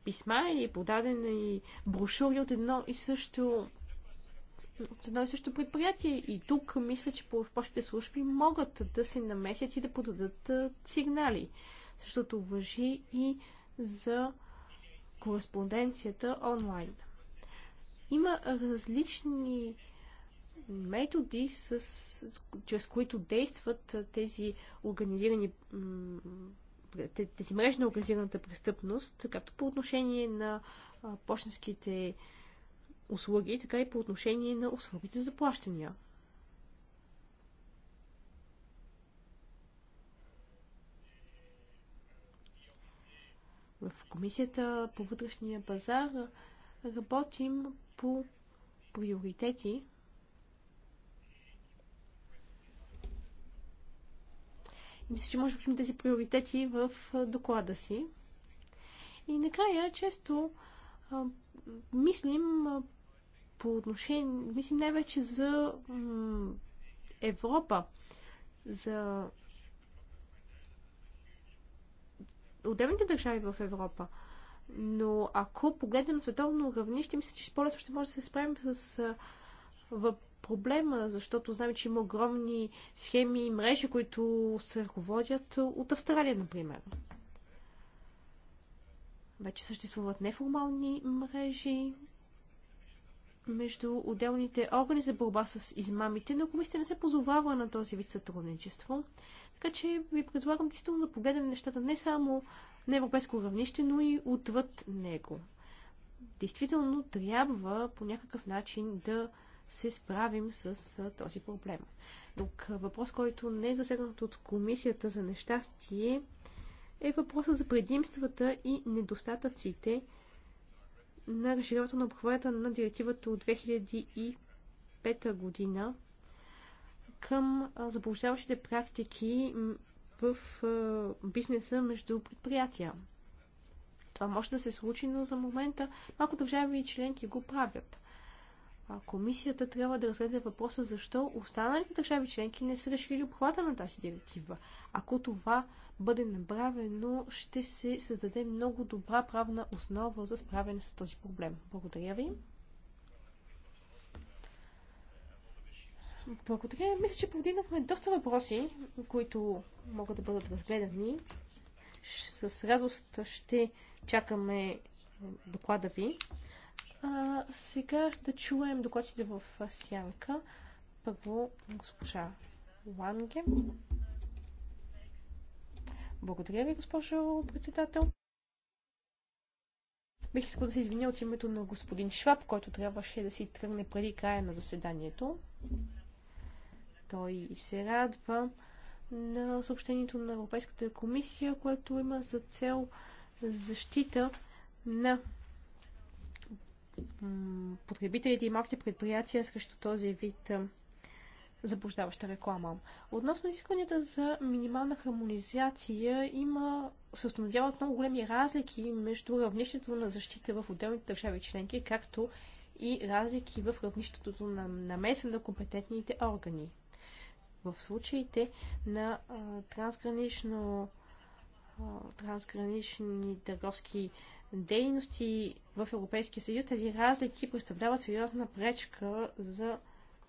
писма или подадени брошури от едно и също от едно и също предприятие. И тук мисля, че по почтите служби могат да се намесят и да подадат сигнали. Същото въжи и за кореспонденцията онлайн. Има различни методи, с, чрез които действат тези организирани тези мрежи на организираната престъпност, както по отношение на почтенските услуги, така и по отношение на услугите за плащания. В Комисията по вътрешния пазар работим по приоритети, Мисля, че може да включим тези приоритети в доклада си. И накрая често а, мислим а, по отношение, мислим най-вече за Европа, за отделните държави в Европа. Но ако погледнем световно равнище, мисля, че според ще може да се справим с въпроса проблема, защото знаем, че има огромни схеми и мрежи, които се ръководят от Австралия, например. Вече съществуват неформални мрежи между отделните органи за борба с измамите, но комисията не се позовава на този вид сътрудничество. Така че ви предлагам действително да погледнем нещата не само на европейско равнище, но и отвъд него. Действително трябва по някакъв начин да се справим с този проблем. Друг въпрос, който не е засегнат от Комисията за нещастие, е въпроса за предимствата и недостатъците на разширяването на обхвата на директивата от 2005 година към заблуждаващите практики в бизнеса между предприятия. Това може да се случи, но за момента малко държави и членки го правят комисията трябва да разгледа въпроса защо останалите държави членки не са решили обхвата на тази директива. Ако това бъде направено, ще се създаде много добра правна основа за справяне с този проблем. Благодаря ви. Благодаря. Мисля, че повдигнахме доста въпроси, които могат да бъдат разгледани. С радост ще чакаме доклада ви. А, сега да чуем докладите в сянка. Първо госпожа Ланге. Благодаря ви, госпожо председател. Бих искал да се извиня от името на господин Шваб, който трябваше да си тръгне преди края на заседанието. Той се радва на съобщението на Европейската комисия, което има за цел защита на потребителите и малките предприятия срещу този вид заблуждаваща реклама. Относно изискванията за минимална хармонизация има се установяват много големи разлики между равнището на защита в отделните държави членки, както и разлики в равнището на намеса на компетентните органи. В случаите на а, трансгранично а, трансгранични търговски дейности в Европейския съюз, тези разлики представляват сериозна пречка за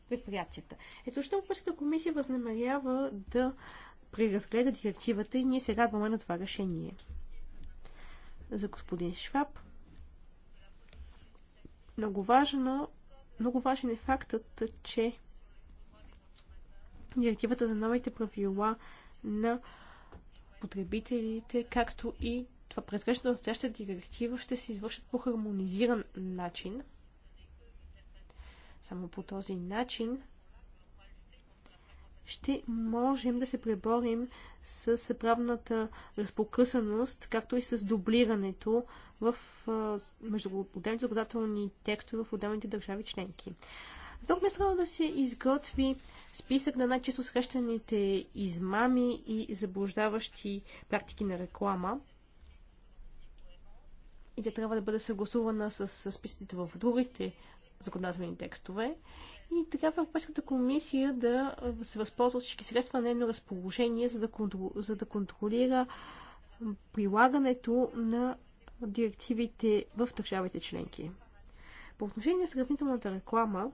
предприятията. Ето защо Европейската комисия възнамерява да преразгледа директивата и ние се радваме на това решение. За господин Шваб. Много важно, много важен е фактът, че директивата за новите правила на потребителите, както и това презгръщане на настоящата директива ще се извършат по хармонизиран начин. Само по този начин ще можем да се преборим с правната разпокъсаност, както и с дублирането в, между отделни законодателни текстове в отделните държави членки. В друг място да се изготви списък на най-често срещаните измами и заблуждаващи практики на реклама и тя трябва да бъде съгласувана с, списките списъците в другите законодателни текстове. И трябва Европейската комисия да се възползва всички средства на едно разположение, за да, контрол, за да контролира прилагането на директивите в държавите членки. По отношение на сравнителната реклама,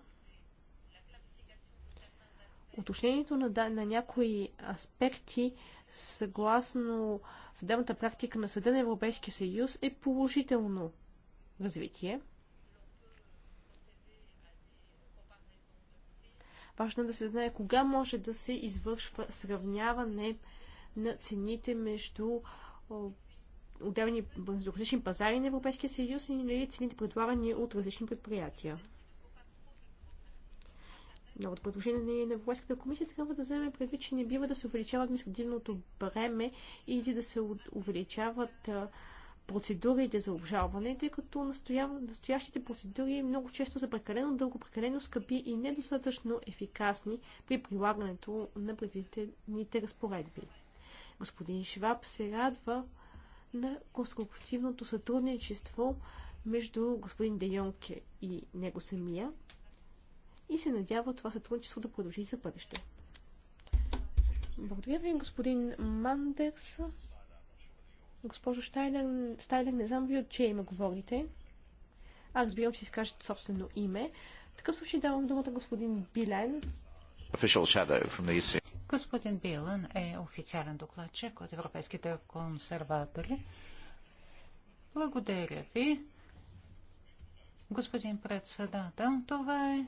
уточнението на, на някои аспекти съгласно съдебната практика на Съда на Европейския съюз е положително развитие. Важно е да се знае кога може да се извършва сравняване на цените между отделни различни пазари на Европейския съюз или цените предлагани от различни предприятия. Новото предложение на Европейската комисия трябва да вземе предвид, че не бива да се увеличава административното бреме или да се увеличават процедурите за обжалване, тъй като настоящите процедури много често са прекалено дълго, прекалено скъпи и недостатъчно ефикасни при прилагането на предвидените разпоредби. Господин Шваб се радва на конструктивното сътрудничество между господин Де Йонке и него самия, и се надява това сътрудничество да продължи за бъдеще. Благодаря ви, господин Мандерс. Госпожо Штайлер, Штайлер не знам ви от чие има говорите. А, разбирам, че си кажете собствено име. Така случай давам думата господин Билен. E господин Билен е официален докладчик от Европейските консерватори. Благодаря ви. Господин председател, това е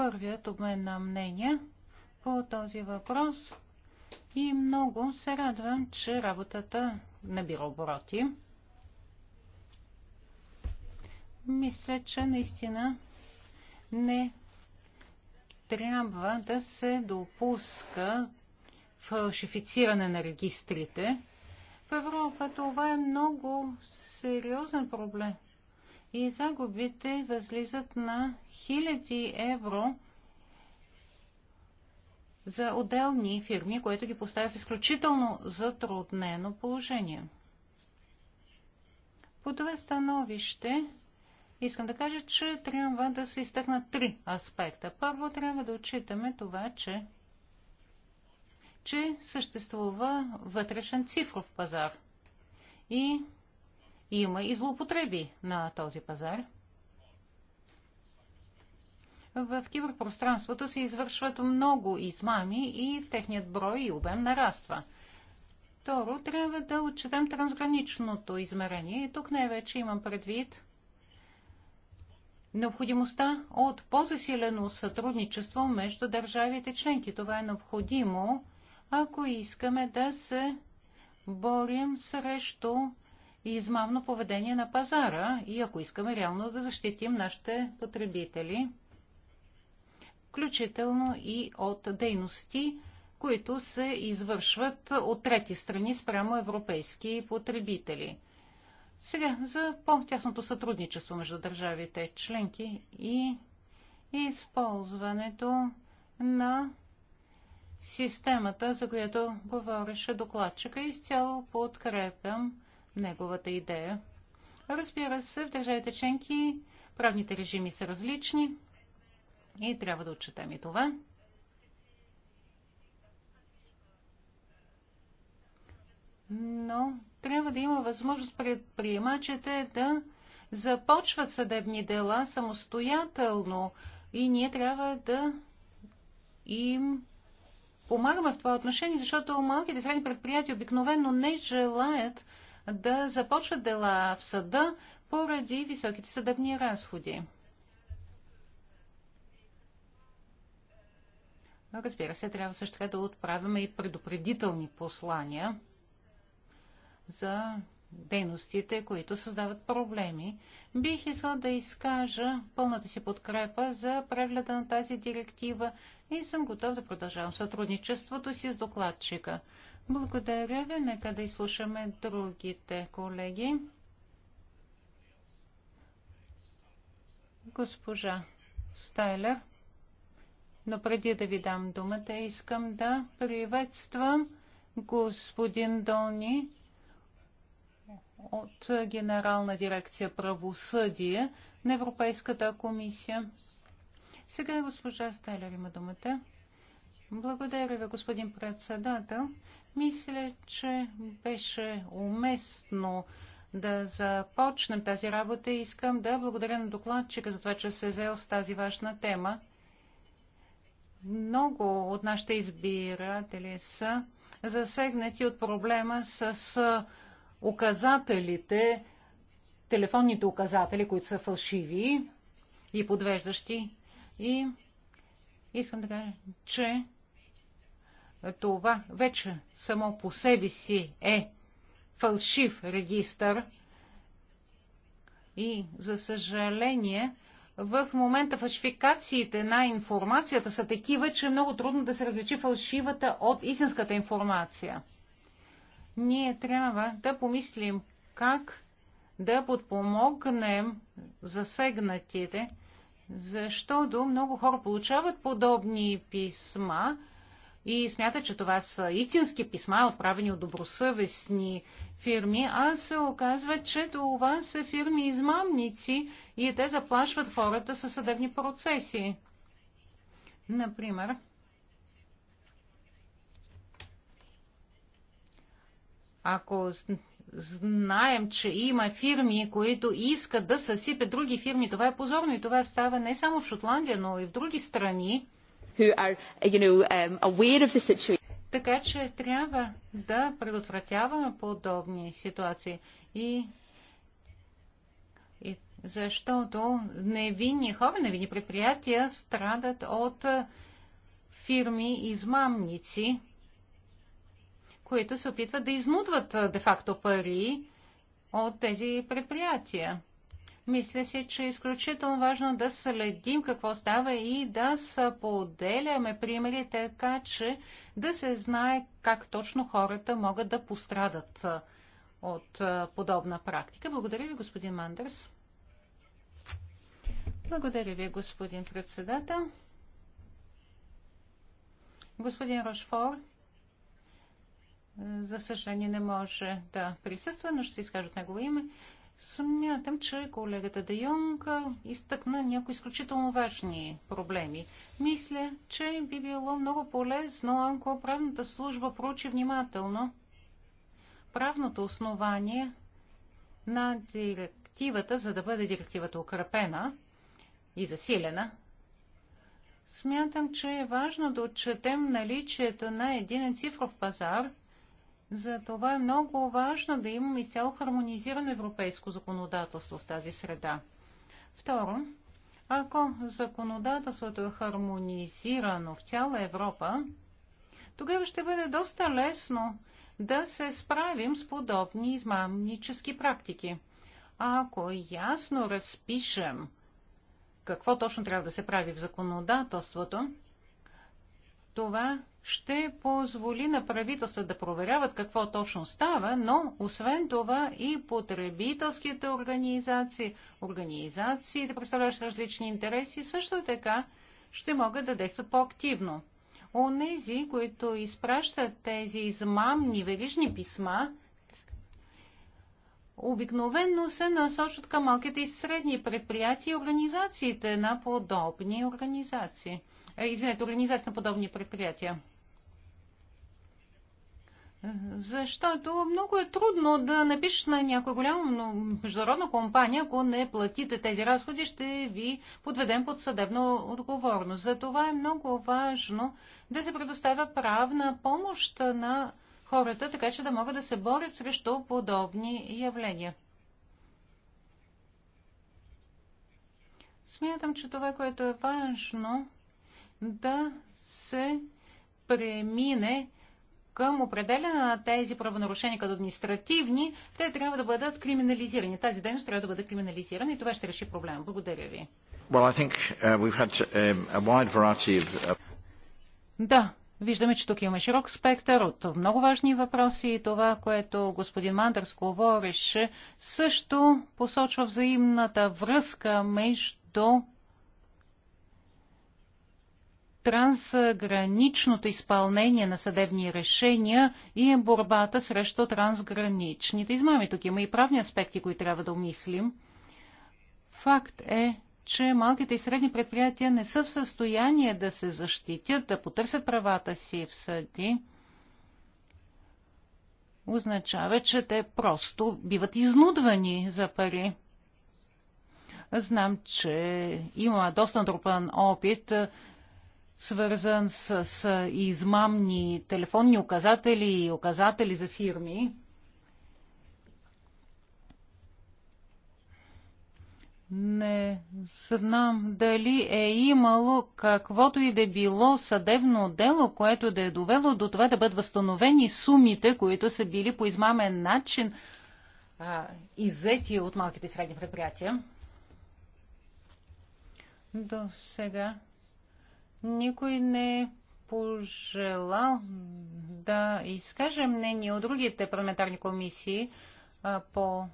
първият обмен на мнения по този въпрос и много се радвам, че работата набира обороти. Мисля, че наистина не трябва да се допуска фалшифициране на регистрите. В Европа това е много сериозен проблем и загубите възлизат на хиляди евро за отделни фирми, което ги поставя в изключително затруднено положение. По това становище искам да кажа, че трябва да се изтъкнат три аспекта. Първо трябва да отчитаме това, че, че съществува вътрешен цифров пазар. И има и злоупотреби на този пазар. В киберпространството се извършват много измами и техният брой и обем нараства. Второ, трябва да отчетем трансграничното измерение. И тук най-вече имам предвид необходимостта от по-засилено сътрудничество между държавите членки. Това е необходимо, ако искаме да се борим срещу и измамно поведение на пазара и ако искаме реално да защитим нашите потребители, включително и от дейности, които се извършват от трети страни спрямо европейски потребители. Сега за по-тясното сътрудничество между държавите членки и използването на системата, за която говореше докладчика. Изцяло подкрепям неговата идея. Разбира се, в държавите членки правните режими са различни и трябва да отчетем и това. Но трябва да има възможност предприемачите да започват съдебни дела самостоятелно и ние трябва да им помагаме в това отношение, защото малките и средни предприятия обикновено не желаят да започват дела в съда поради високите съдебни разходи. Разбира се, трябва също така да отправяме и предупредителни послания за дейностите, които създават проблеми. Бих искала да изкажа пълната си подкрепа за прегледа на тази директива и съм готов да продължавам сътрудничеството си с докладчика. Благодаря ви. Нека да изслушаме другите колеги. Госпожа Стайлер. Но преди да ви дам думата, искам да приветствам господин Дони от Генерална дирекция правосъдие на Европейската комисия. Сега госпожа Стайлер има думата. Благодаря ви, господин председател. Мисля, че беше уместно да започнем тази работа и искам да благодаря на докладчика за това, че се е взел с тази важна тема. Много от нашите избиратели са засегнати от проблема с указателите, телефонните указатели, които са фалшиви и подвеждащи. И искам да кажа, че това вече само по себе си е фалшив регистър. И, за съжаление, в момента фалшификациите на информацията са такива, че е много трудно да се различи фалшивата от истинската информация. Ние трябва да помислим как да подпомогнем засегнатите, защото много хора получават подобни писма, и смята, че това са истински писма, отправени от добросъвестни фирми, а се оказва, че това са фирми-измамници и те заплашват хората със съдебни процеси. Например, ако знаем, че има фирми, които искат да съсипят други фирми, това е позорно и това става не само в Шотландия, но и в други страни – who are, you know, um, aware of the situation. Така че трябва да предотвратяваме подобни ситуации и, и защото невинни хора, невинни предприятия страдат от фирми измамници, които се опитват да изнудват де-факто пари от тези предприятия. Мисля си, че е изключително важно да следим какво става и да споделяме примери, така че да се знае как точно хората могат да пострадат от подобна практика. Благодаря ви, господин Мандърс. Благодаря ви, господин председател. Господин Рошфор, за съжаление не може да присъства, но ще се изкажа от негово име. Смятам, че колегата Де Йонг изтъкна някои изключително важни проблеми. Мисля, че би било много полезно, ако правната служба проучи внимателно правното основание на директивата, за да бъде директивата укрепена и засилена. Смятам, че е важно да отчетем наличието на един цифров пазар – затова е много важно да имаме изцяло хармонизирано европейско законодателство в тази среда. Второ, ако законодателството е хармонизирано в цяла Европа, тогава ще бъде доста лесно да се справим с подобни измамнически практики. Ако ясно разпишем какво точно трябва да се прави в законодателството, това ще позволи на правителства да проверяват какво точно става, но освен това и потребителските организации, организациите, представляващи различни интереси, също така ще могат да действат по-активно. Онези, които изпращат тези измамни верижни писма, обикновенно се насочат към малките и средни предприятия и организациите на подобни организации. Е, извинете, организации на подобни предприятия. Защото много е трудно да напишеш на някоя голяма международна компания, ако не платите тези разходи, ще ви подведем под съдебна отговорност. Затова е много важно да се предоставя правна помощ на хората, така че да могат да се борят срещу подобни явления. Смятам, че това, което е важно, да се премине към определена на тези правонарушения като административни, те трябва да бъдат криминализирани. Тази дейност трябва да бъде криминализирана и това ще реши проблема. Благодаря ви. Well, I think, uh, we've had, uh, a wide variety of... Uh, да, виждаме, че тук имаме широк спектър от много важни въпроси и това, което господин Мандърс говореше, също посочва взаимната връзка между трансграничното изпълнение на съдебни решения и е борбата срещу трансграничните измами. Тук има и правни аспекти, които трябва да умислим. Факт е, че малките и средни предприятия не са в състояние да се защитят, да потърсят правата си в съди. Означава, че те просто биват изнудвани за пари. Знам, че има доста натрупан опит свързан с, с измамни телефонни указатели и указатели за фирми. Не знам дали е имало каквото и да било съдебно дело, което да е довело до това да бъдат възстановени сумите, които са били по измамен начин а, иззети от малките и средни предприятия. До сега никой не пожелал да изкаже мнение от другите парламентарни комисии а, по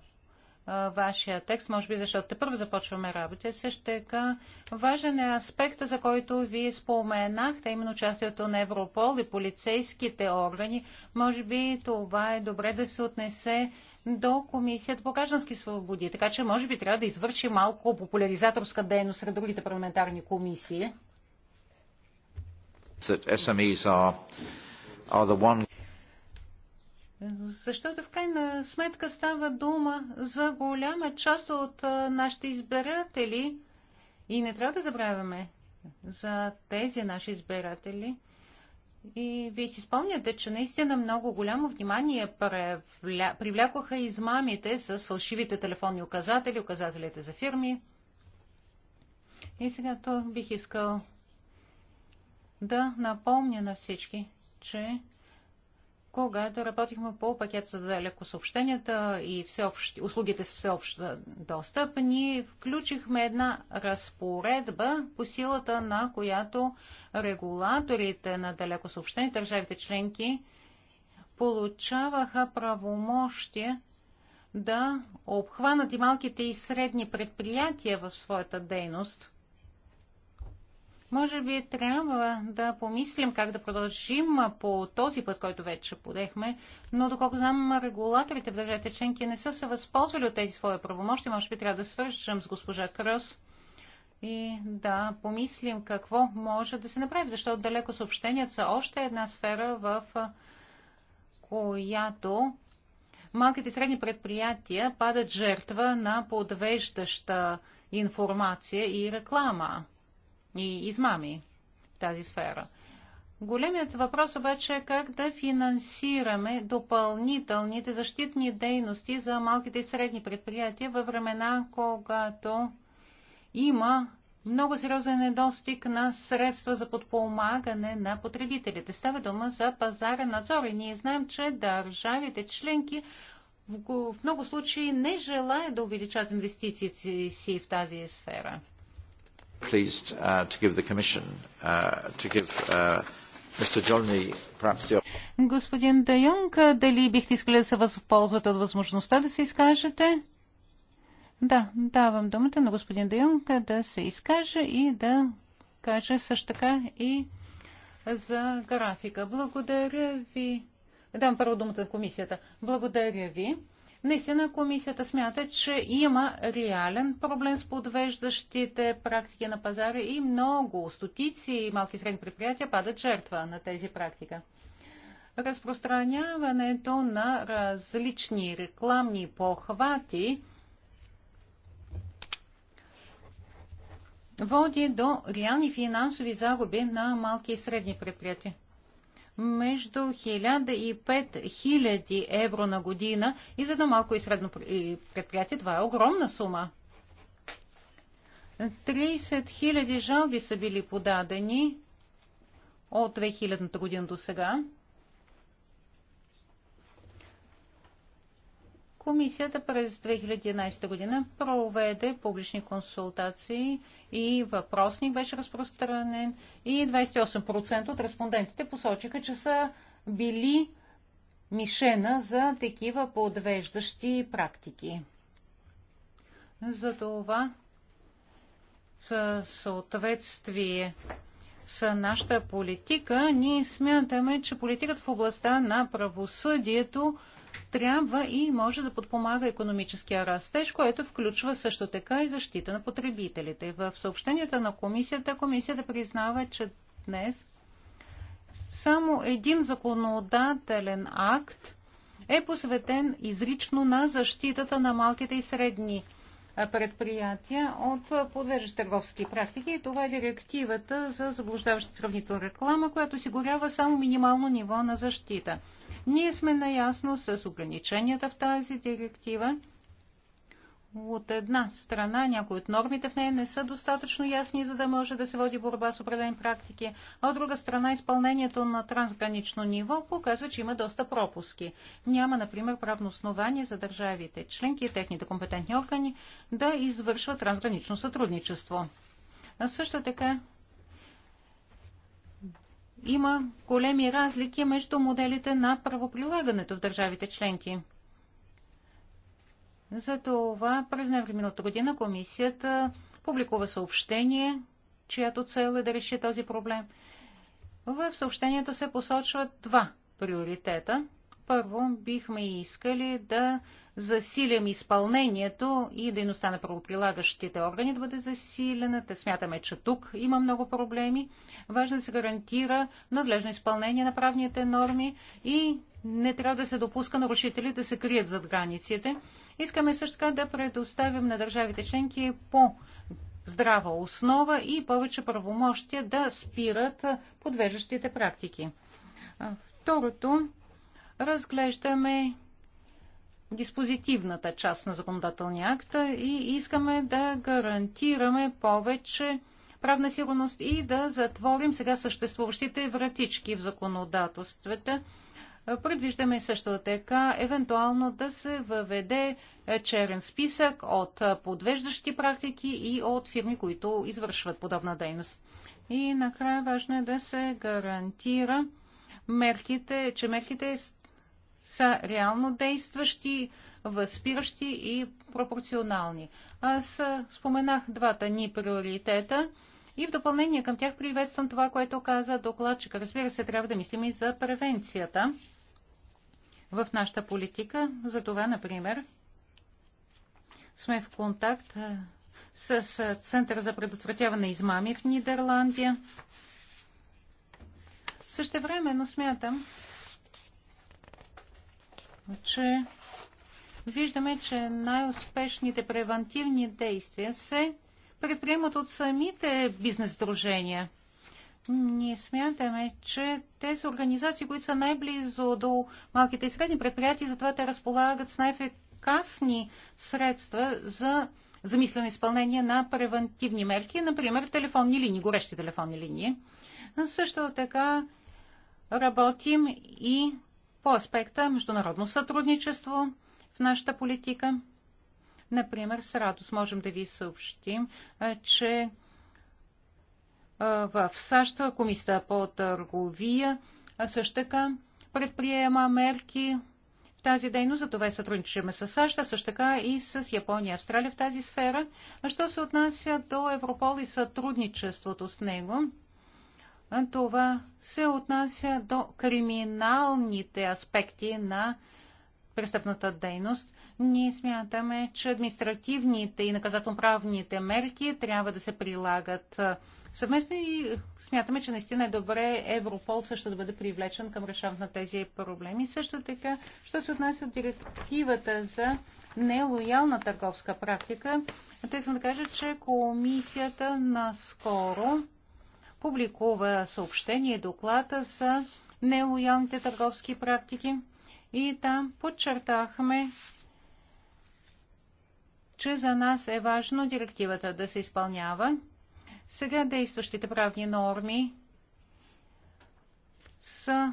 а, вашия текст, може би защото те първо започваме работа. Също така важен е аспект, за който вие споменахте, именно участието на Европол и полицейските органи. Може би това е добре да се отнесе до Комисията по граждански свободи. Така че може би трябва да извърши малко популяризаторска дейност сред другите парламентарни комисии. Are, are one... Защото в крайна сметка става дума за голяма част от нашите избиратели и не трябва да забравяме за тези наши избиратели. И вие си спомняте, че наистина много голямо внимание превля... привлякоха измамите с фалшивите телефонни указатели, указателите за фирми. И сега то бих искал да напомня на всички, че когато работихме по пакет за далеко съобщенията и всеобщ, услугите с всеобщ достъп, ние включихме една разпоредба, по силата на която регулаторите на далеко съобщение, държавите членки, получаваха правомощие да обхванат и малките и средни предприятия в своята дейност – може би трябва да помислим как да продължим по този път, който вече подехме, но доколко знам, регулаторите в държавите членки не са се възползвали от тези свои правомощи. Може би трябва да свържем с госпожа Кръс и да помислим какво може да се направи, защото далеко съобщенията са още една сфера, в която малките и средни предприятия падат жертва на подвеждаща информация и реклама и измами в тази сфера. Големият въпрос обаче е как да финансираме допълнителните защитни дейности за малките и средни предприятия във времена, когато има много сериозен недостиг на средства за подпомагане на потребителите. Става дума за пазарен надзор и ние знаем, че държавите членки в много случаи не желаят да увеличат инвестициите си в тази сфера. Pleased uh, to give the Commission uh, to give uh, Mr. Jolny perhaps the... Господин Де Йонг, дали бихте искали да се възползвате от възможността да се изкажете? Да, давам думата на господин Де Йонг да се изкаже и да каже също така и за графика. Благодаря ви. Дам първо думата на комисията. Благодаря ви. Наистина комисията смята, че има реален проблем с подвеждащите практики на пазара и много стотици малки и средни предприятия падат жертва на тези практика. Разпространяването на различни рекламни похвати води до реални финансови загуби на малки и средни предприятия между 1000 и 5000 евро на година и за едно малко и средно предприятие това е огромна сума. 30 000 жалби са били подадени от 2000 година до сега. Комисията през 2011 година проведе публични консултации и въпросник беше разпространен и 28% от респондентите посочиха, че са били мишена за такива подвеждащи практики. Затова това съответствие с нашата политика, ние смятаме, че политиката в областта на правосъдието – трябва и може да подпомага економическия растеж, което включва също така и защита на потребителите. В съобщенията на комисията, комисията признава, че днес само един законодателен акт е посветен изрично на защитата на малките и средни предприятия от подвеждащи търговски практики. И това е директивата за заблуждаваща сравнителна реклама, която осигурява само минимално ниво на защита. Ние сме наясно с ограниченията в тази директива. От една страна, някои от нормите в нея не са достатъчно ясни, за да може да се води борба с определени практики, а от друга страна, изпълнението на трансгранично ниво показва, че има доста пропуски. Няма, например, правно основание за държавите членки и техните компетентни органи да извършват трансгранично сътрудничество. А също така има големи разлики между моделите на правоприлагането в държавите членки. За това, през ноември миналата година комисията публикува съобщение, чиято цел е да реши този проблем. В съобщението се посочват два приоритета – първо, бихме искали да засилим изпълнението и дейността на правоприлагащите органи да бъде засилена. Те смятаме, че тук има много проблеми. Важно е да се гарантира надлежно изпълнение на правните норми и не трябва да се допуска нарушители да се крият зад границите. Искаме също така да предоставим на държавите членки по здрава основа и повече правомощия да спират подвеждащите практики. Второто разглеждаме диспозитивната част на законодателния акт и искаме да гарантираме повече правна сигурност и да затворим сега съществуващите вратички в законодателствата. Предвиждаме също така евентуално да се въведе черен списък от подвеждащи практики и от фирми, които извършват подобна дейност. И накрая важно е да се гарантира мерките, че мерките са реално действащи, възпиращи и пропорционални. Аз споменах двата ни приоритета и в допълнение към тях приветствам това, което каза че Разбира се, трябва да мислим и за превенцията в нашата политика. За това, например, сме в контакт с Центъра за предотвратяване измами в Нидерландия. Същевременно смятам, че виждаме, че най-успешните превентивни действия се предприемат от самите бизнес дружения. Ние смятаме, че те са организации, които са най-близо до малките и средни предприятия, затова те разполагат с най-ефикасни средства за замислено изпълнение на превентивни мерки, например телефонни линии, горещи телефонни линии. Също така работим и по аспекта международно сътрудничество в нашата политика. Например, с радост можем да ви съобщим, че в САЩ комисията по търговия също така предприема мерки в тази дейност, за това и сътрудничаме с САЩ, а също така и с Япония и Австралия в тази сфера. А що се отнася до Европол и сътрудничеството с него, това се отнася до криминалните аспекти на престъпната дейност. Ние смятаме, че административните и наказателно-правните мерки трябва да се прилагат съвместно и смятаме, че наистина е добре Европол също да бъде привлечен към решаването на тези проблеми. Също така, що се отнася от директивата за нелоялна търговска практика, те сме да кажа, че комисията наскоро публикува съобщение и доклада за нелоялните търговски практики и там подчертахме, че за нас е важно директивата да се изпълнява. Сега действащите правни норми са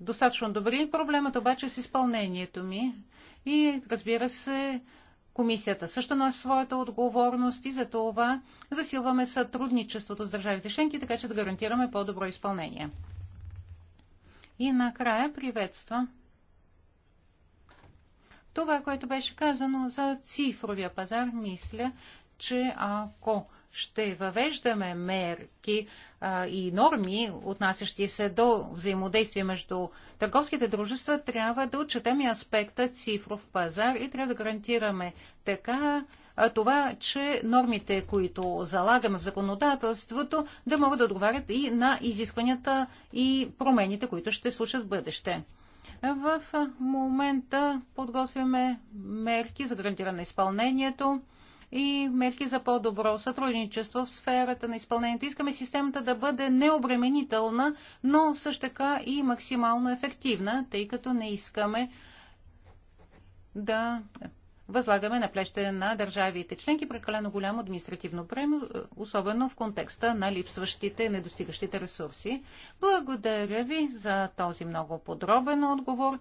достатъчно добри. Проблемът обаче с изпълнението ми и разбира се, Комисията също носи своята отговорност и за това засилваме сътрудничеството с държавите членки, така че да гарантираме по-добро изпълнение. И накрая приветства това, което беше казано за цифровия пазар. Мисля, че ако ще въвеждаме мерки и норми, отнасящи се до взаимодействие между търговските дружества, трябва да отчетем и аспекта цифров пазар и трябва да гарантираме така това, че нормите, които залагаме в законодателството, да могат да отговарят и на изискванията и промените, които ще случат в бъдеще. В момента подготвяме мерки за гарантиране на изпълнението и мерки за по-добро сътрудничество в сферата на изпълнението. Искаме системата да бъде необременителна, но също така и максимално ефективна, тъй като не искаме да възлагаме на плеще на държавите членки прекалено голямо административно бреме, особено в контекста на липсващите и недостигащите ресурси. Благодаря ви за този много подробен отговор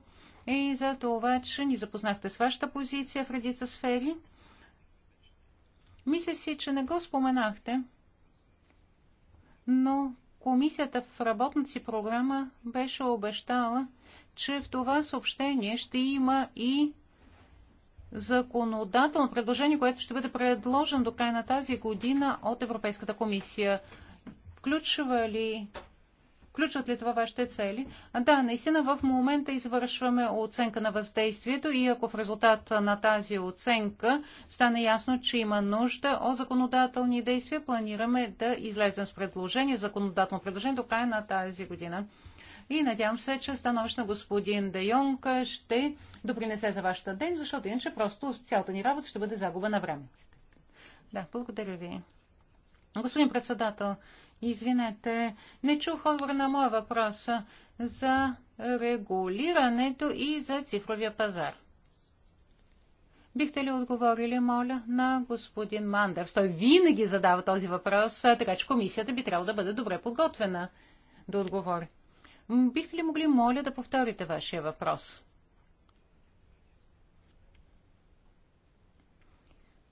и за това, че ни запознахте с вашата позиция в редица сфери. Мисля си, че не го споменахте, но комисията в работната си програма беше обещала, че в това съобщение ще има и законодателно предложение, което ще бъде предложено до края на тази година от Европейската комисия. Включва ли Включват ли това вашите цели? Да, наистина в момента извършваме оценка на въздействието и ако в резултат на тази оценка стане ясно, че има нужда от законодателни действия, планираме да излезем с предложение, законодателно предложение до края на тази година. И надявам се, че становище на господин Де Йонг ще допринесе за вашата ден, защото иначе просто цялата ни работа ще бъде загуба на време. Да, благодаря ви. Господин председател, Извинете, не чух отговор на моя въпрос за регулирането и за цифровия пазар. Бихте ли отговорили, моля, на господин Мандерс? Той винаги задава този въпрос, така че комисията би трябвало да бъде добре подготвена да отговори. Бихте ли могли, моля, да повторите вашия въпрос?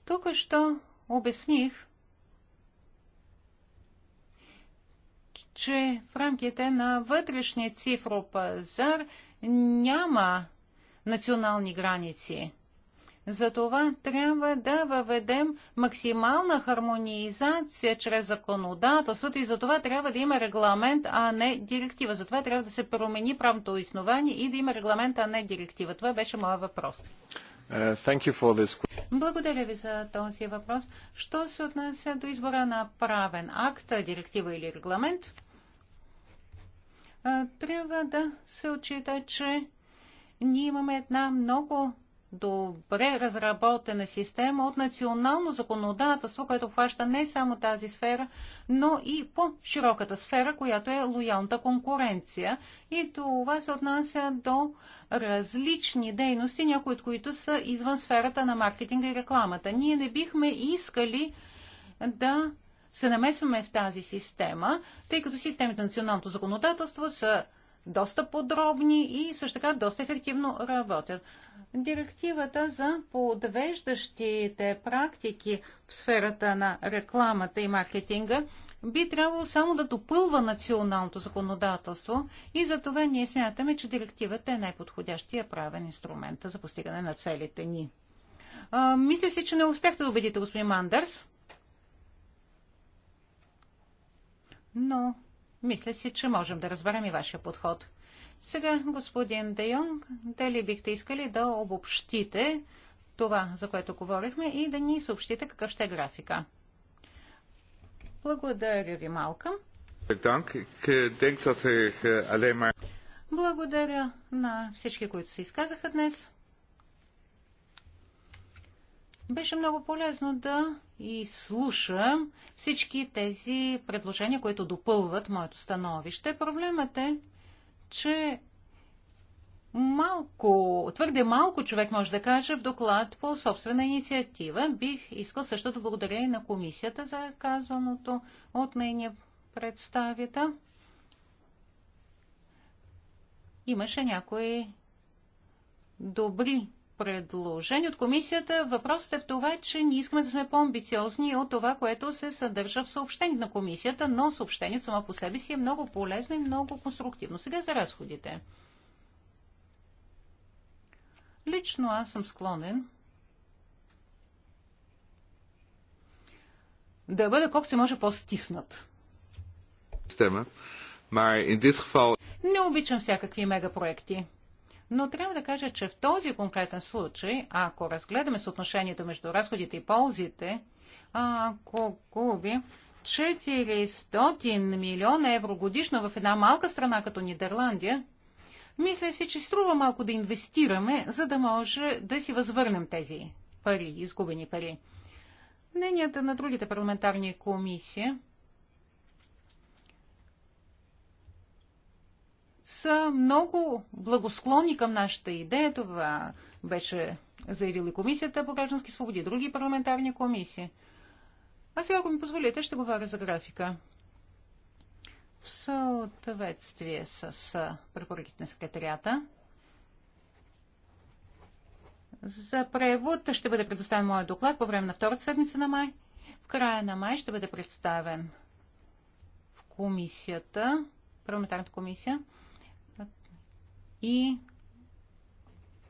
Тук що обясних, че в рамките на вътрешния цифров пазар няма национални граници. Затова трябва да въведем максимална хармонизация чрез законодателството и затова трябва да има регламент, а не директива. Затова трябва да се промени правното основание и да има регламент, а не директива. Това беше моя въпрос. Uh, Благодаря ви за този въпрос. Що се отнася до избора на правен акт, директива или регламент, трябва да се отчита, че ние имаме една много добре разработена система от национално законодателство, което хваща не само тази сфера, но и по-широката сфера, която е лоялната конкуренция. И това се отнася до различни дейности, някои от които са извън сферата на маркетинга и рекламата. Ние не бихме искали да се намесваме в тази система, тъй като системите на националното законодателство са доста подробни и също така доста ефективно работят. Директивата за подвеждащите практики в сферата на рекламата и маркетинга би трябвало само да допълва националното законодателство и за това ние смятаме, че директивата е най-подходящия правен инструмент за постигане на целите ни. А, мисля си, че не успяхте да убедите господин Мандърс. Но мисля си, че можем да разберем и вашия подход. Сега, господин Де Йонг, дали бихте искали да обобщите това, за което говорихме, и да ни съобщите какъв ще е графика? Благодаря ви, Малка. Благодаря на всички, които се изказаха днес. Беше много полезно да изслушам всички тези предложения, които допълват моето становище. Проблемът е, че малко, твърде малко човек може да каже в доклад по собствена инициатива. Бих искал също да благодаря и на комисията за казаното от нейния представител. Имаше някои добри предложение от комисията. Въпросът е в това, че ние искаме да сме по-амбициозни от това, което се съдържа в съобщението на комисията, но съобщението само по себе си е много полезно и много конструктивно. Сега за разходите. Лично аз съм склонен да бъда колко се може по-стиснат. Не обичам всякакви мегапроекти. Но трябва да кажа, че в този конкретен случай, ако разгледаме съотношението между разходите и ползите, ако губи 400 милиона евро годишно в една малка страна като Нидерландия, мисля си, че струва малко да инвестираме, за да може да си възвърнем тези пари, изгубени пари. Мненията на другите парламентарни комисии са много благосклонни към нашата идея. Това беше заявила и Комисията по граждански свободи, и други парламентарни комисии. А сега, ако ми позволите, ще говоря за графика. В съответствие с препоръките на секретарията, за превод ще бъде предоставен моят доклад по време на втората седмица на май. В края на май ще бъде представен в комисията, парламентарната комисия и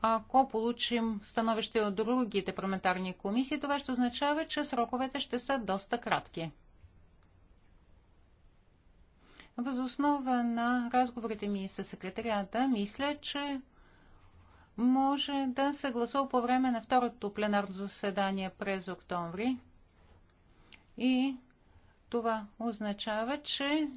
ако получим становище от другите парламентарни комисии, това ще означава, че сроковете ще са доста кратки. Възоснова на разговорите ми с секретарията, мисля, че може да се гласува по време на второто пленарно заседание през октомври. И това означава, че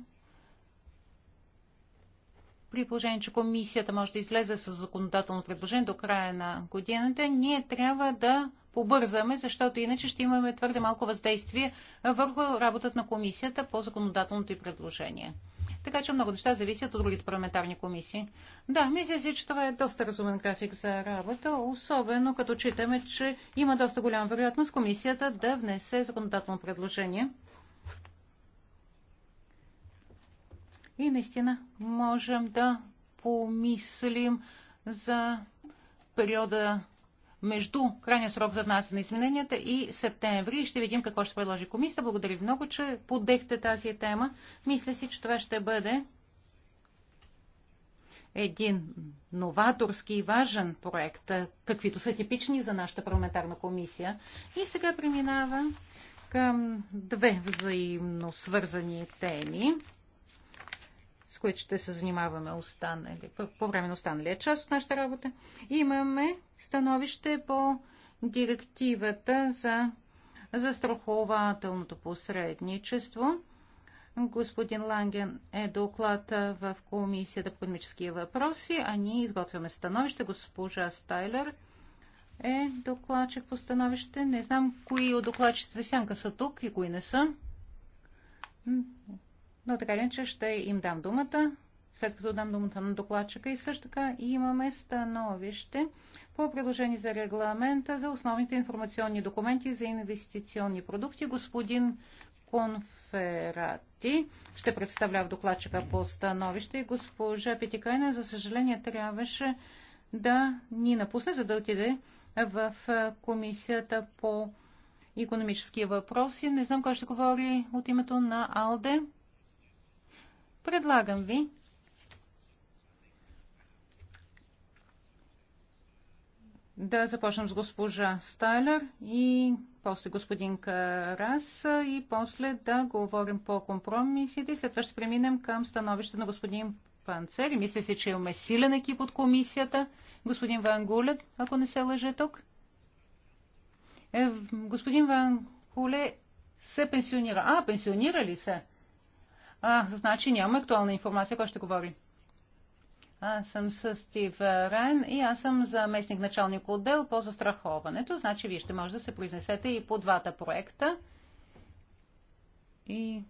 при положение, че комисията може да излезе с законодателно предложение до края на годината, ние трябва да побързаме, защото иначе ще имаме твърде малко въздействие върху работата на комисията по законодателното и предложение. Така че много неща зависят от другите парламентарни комисии. Да, мисля си, че това е доста разумен график за работа, особено като читаме, че има доста голяма вероятност комисията да внесе законодателно предложение. И наистина можем да помислим за периода между крайния срок за нас на измененията и септември. Ще видим какво ще предложи комисията. Благодаря ви много, че подехте тази тема. Мисля си, че това ще бъде един новаторски и важен проект, каквито са типични за нашата парламентарна комисия. И сега преминава към две взаимно свързани теми с които ще се занимаваме останали, по, по време на останалия част от нашата работа. Имаме становище по директивата за застрахователното посредничество. Господин Ланген е доклад в Комисията по економически въпроси, а ние изготвяме становище. Госпожа Стайлер е докладчик по становище. Не знам кои от докладчиците сянка са тук и кои не са но така ли, че ще им дам думата, след като дам думата на докладчика и също така имаме становище по предложение за регламента за основните информационни документи за инвестиционни продукти. Господин Конферати ще представлява докладчика по становище и госпожа Петикайна, за съжаление, трябваше да ни напусне, за да отиде в комисията по економически въпроси. Не знам кой ще говори от името на Алде. Предлагам ви да започнем с госпожа Стайлер и после господин Карас и после да говорим по компромисите и след това ще преминем към становище на господин Панцер. И мисля си, че имаме силен екип от комисията. Господин Ван Гулет, ако не се лъже тук. Е, господин Ван Гуле се пенсионира. А, пенсионира ли се? А, значи няма актуална информация. Кой ще говори? Аз съм с Стив Райан и аз съм заместник началник отдел по застраховането. Значи вие ще може да се произнесете и по двата проекта. И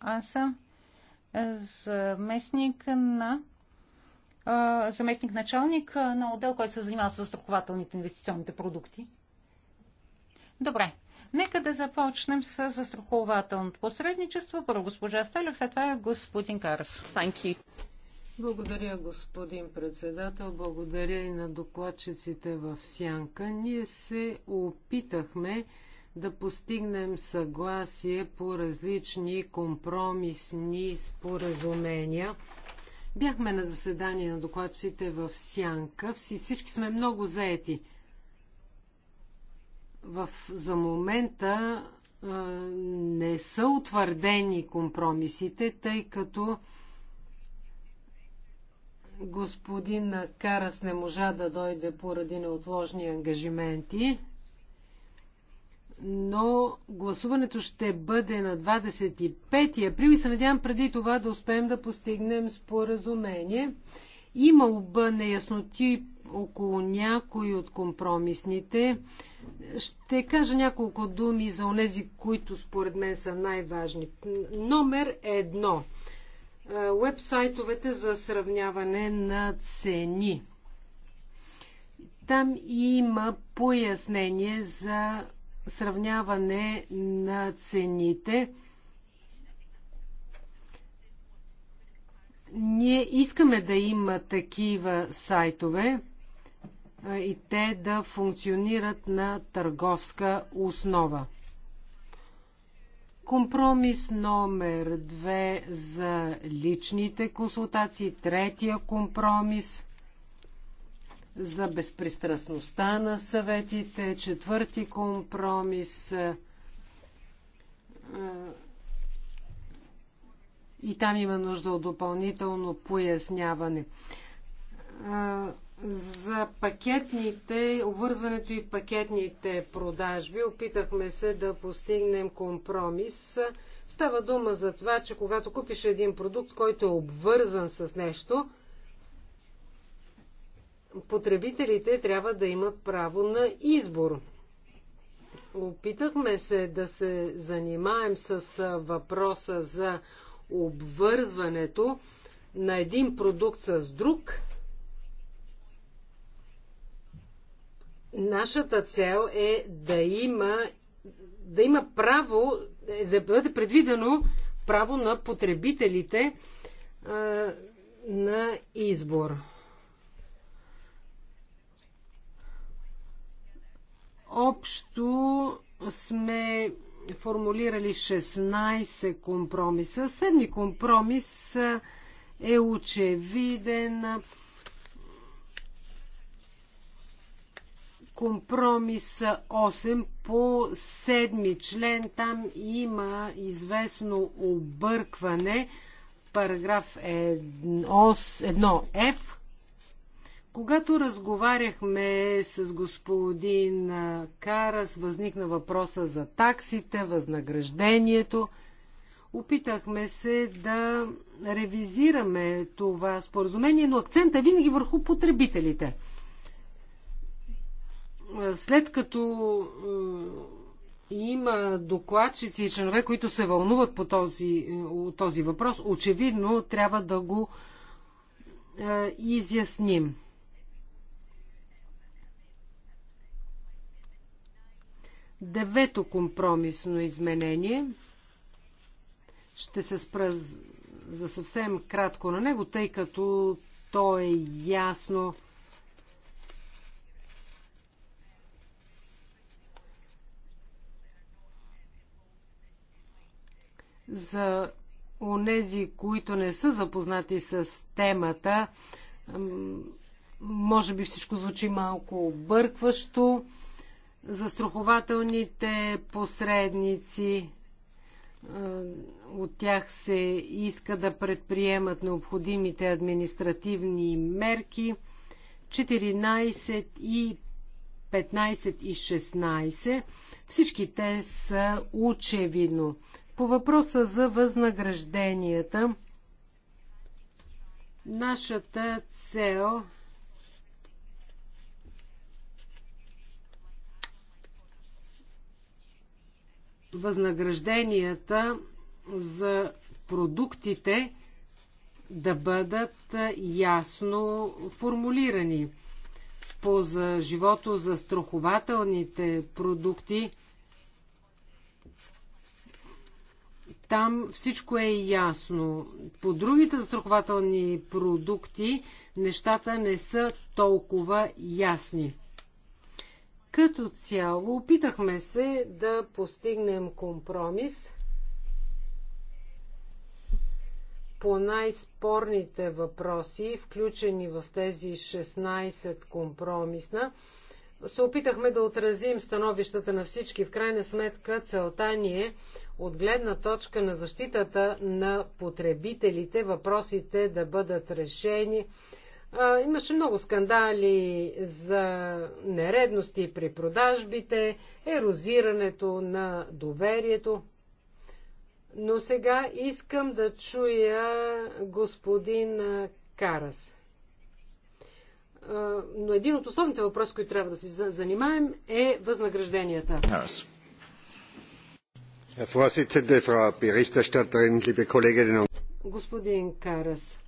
аз съм заместник на заместник началник на отдел, който се занимава с застрахователните инвестиционните продукти. Добре. Нека да започнем с застрахователното посредничество. Първо госпожа Сталях, след това е господин Карс. Thank you. Благодаря, господин председател. Благодаря и на докладчиците в Сянка. Ние се опитахме да постигнем съгласие по различни компромисни споразумения. Бяхме на заседание на докладчиците в Сянка. Всички сме много заети. В, за момента а, не са утвърдени компромисите, тъй като господин Карас не можа да дойде поради неотложни ангажименти, но гласуването ще бъде на 25 април и се надявам преди това да успеем да постигнем споразумение. Има оба неясноти около някои от компромисните. Ще кажа няколко думи за онези, които според мен са най-важни. Номер едно. Е, уебсайтовете за сравняване на цени. Там има пояснение за сравняване на цените. Ние искаме да има такива сайтове и те да функционират на търговска основа. Компромис номер две за личните консултации. Третия компромис за безпристрастността на съветите. Четвърти компромис и там има нужда от допълнително поясняване. За пакетните, обвързването и пакетните продажби опитахме се да постигнем компромис. Става дума за това, че когато купиш един продукт, който е обвързан с нещо, потребителите трябва да имат право на избор. Опитахме се да се занимаем с въпроса за обвързването на един продукт с друг – Нашата цел е да има, да има право, е да бъде предвидено право на потребителите а, на избор. Общо сме формулирали 16 компромиса. Седми компромис е очевиден. компромис 8 по 7 член. Там има известно объркване. Параграф 1F. Когато разговаряхме с господин Карас, възникна въпроса за таксите, възнаграждението. Опитахме се да ревизираме това споразумение, но акцента е винаги върху потребителите – след като е, има докладчици и членове, които се вълнуват по този, е, този въпрос, очевидно трябва да го е, изясним. Девето компромисно изменение. Ще се спра за съвсем кратко на него, тъй като то е ясно За онези, които не са запознати с темата, може би всичко звучи малко объркващо. Застрахователните посредници от тях се иска да предприемат необходимите административни мерки. 14 и 15 и 16. Всички те са очевидно по въпроса за възнагражденията, нашата цел възнагражденията за продуктите да бъдат ясно формулирани. По за живото за страхователните продукти – Там всичко е ясно. По другите застрахователни продукти нещата не са толкова ясни. Като цяло опитахме се да постигнем компромис по най-спорните въпроси, включени в тези 16 компромисна се опитахме да отразим становищата на всички. В крайна сметка целта ни е от гледна точка на защитата на потребителите, въпросите да бъдат решени. А, имаше много скандали за нередности при продажбите, ерозирането на доверието. Но сега искам да чуя господин Карас но един от основните въпроси, които трябва да се занимаем, е възнагражденията. Господин Карас,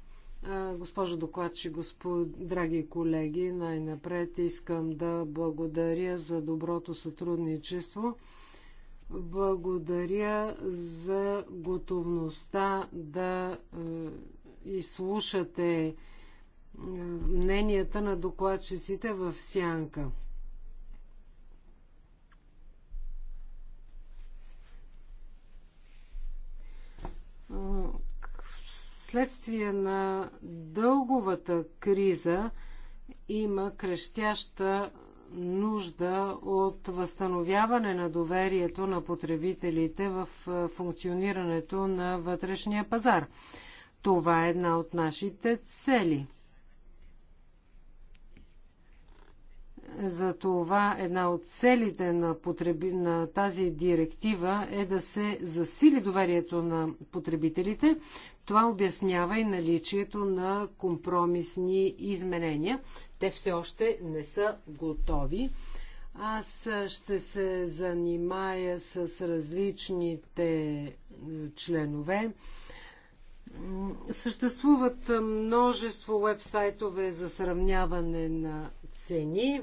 госпожо докладчи, господ, драги колеги, най-напред искам да благодаря за доброто сътрудничество. Благодаря за готовността да изслушате мненията на докладчиците в сянка. Вследствие на дълговата криза има крещяща нужда от възстановяване на доверието на потребителите в функционирането на вътрешния пазар. Това е една от нашите цели – За това една от целите на, потреби... на тази директива е да се засили доверието на потребителите. Това обяснява и наличието на компромисни изменения. Те все още не са готови. Аз ще се занимая с различните е, членове. Съществуват е, множество вебсайтове за сравняване на цени.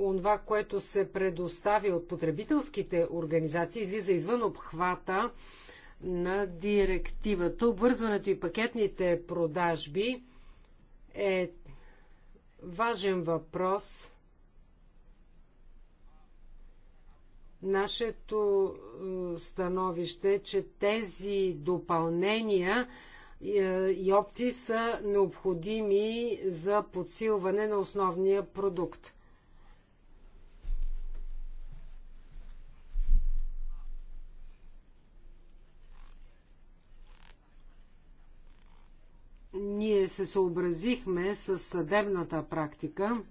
онова, което се предостави от потребителските организации, излиза извън обхвата на директивата. Обвързването и пакетните продажби е важен въпрос. Нашето е, становище е, че тези допълнения е, и опции са необходими за подсилване на основния продукт. ние се съобразихме с съдебната практика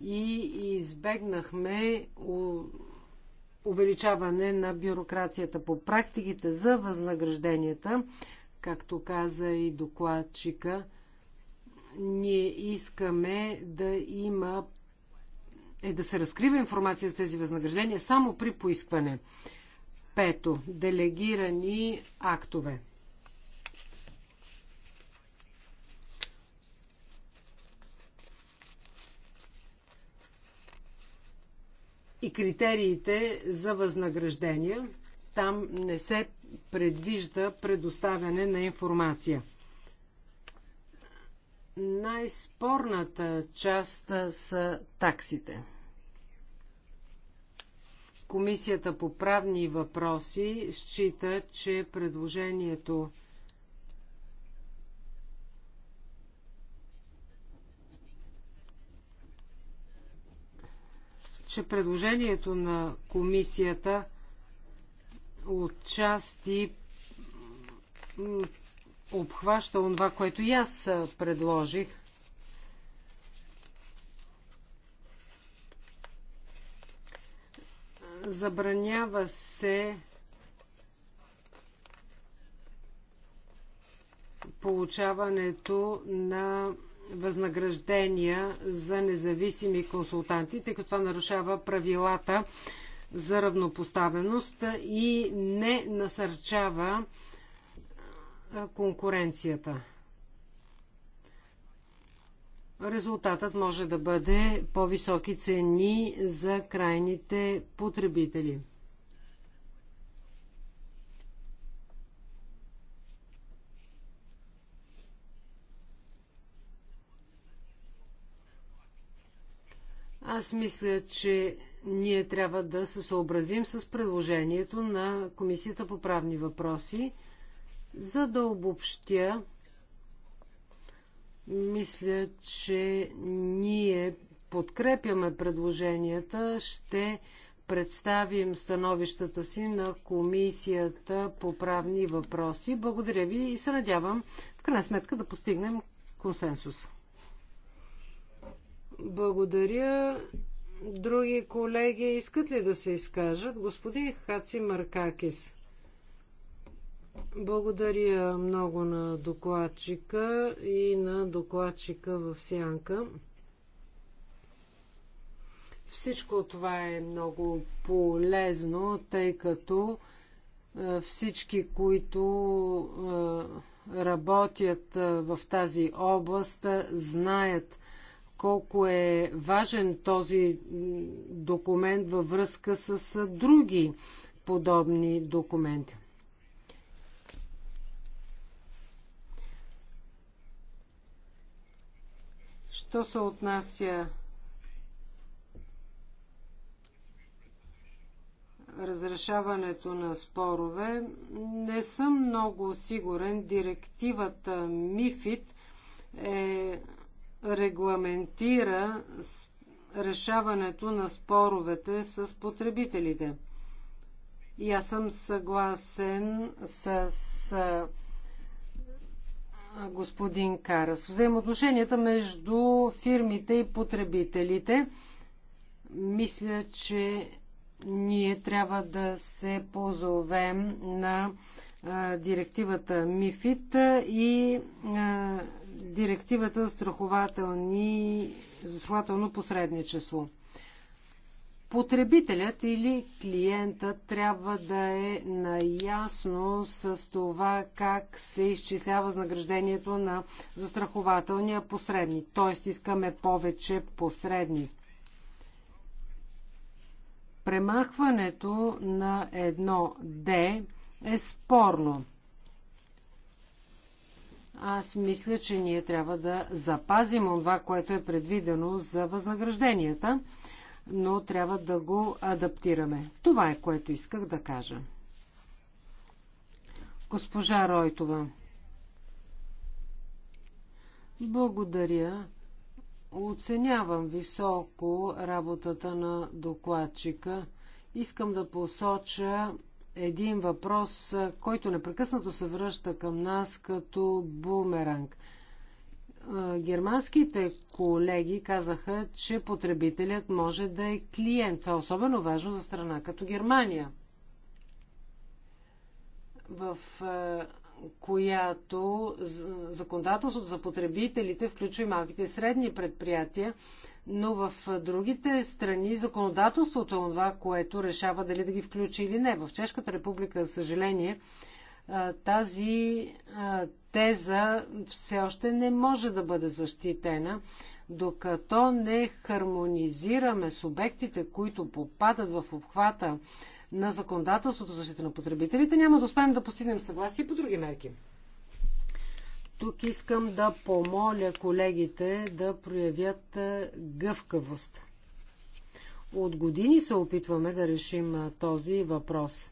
и избегнахме увеличаване на бюрокрацията по практиките за възнагражденията. Както каза и докладчика, ние искаме да има е да се разкрива информация за тези възнаграждения само при поискване. Пето. Делегирани актове. и критериите за възнаграждения. Там не се предвижда предоставяне на информация. Най-спорната част са таксите. Комисията по правни въпроси счита, че предложението че предложението на комисията отчасти обхваща това, което и аз предложих. Забранява се получаването на възнаграждения за независими консултанти, тъй като това нарушава правилата за равнопоставеност и не насърчава конкуренцията. Резултатът може да бъде по-високи цени за крайните потребители. Аз мисля, че ние трябва да се съобразим с предложението на Комисията по правни въпроси, за да обобщя. Мисля, че ние подкрепяме предложенията, ще представим становищата си на Комисията по правни въпроси. Благодаря ви и се надявам в крайна сметка да постигнем консенсус. Благодаря. Други колеги искат ли да се изкажат? Господин Хаци Маркакис. Благодаря много на докладчика и на докладчика в Сянка. Всичко това е много полезно, тъй като е, всички, които е, работят е, в тази област, знаят колко е важен този документ във връзка с други подобни документи. Що се отнася разрешаването на спорове, не съм много сигурен. Директивата МИФИТ е регламентира решаването на споровете с потребителите. И аз съм съгласен с господин Карас. Взаимоотношенията между фирмите и потребителите. Мисля, че ние трябва да се позовем на директивата МИФИТ и директивата за, за страхователно посредничество. Потребителят или клиентът трябва да е наясно с това как се изчислява възнаграждението на застрахователния посредник. Т.е. искаме повече посредни. Премахването на едно Д е спорно. Аз мисля, че ние трябва да запазим това, което е предвидено за възнагражденията, но трябва да го адаптираме. Това е което исках да кажа. Госпожа Ройтова. Благодаря. Оценявам високо работата на докладчика. Искам да посоча един въпрос, който непрекъснато се връща към нас като бумеранг. Германските колеги казаха, че потребителят може да е клиент. Това е особено важно за страна като Германия. В която законодателството за потребителите включва и малките и средни предприятия, но в другите страни законодателството е това, което решава дали да ги включи или не. В Чешката република, за съжаление, тази теза все още не може да бъде защитена, докато не хармонизираме субектите, които попадат в обхвата на законодателството за защита на потребителите, няма да успеем да постигнем съгласие по други мерки. Тук искам да помоля колегите да проявят е, гъвкавост. От години се опитваме да решим е, този въпрос.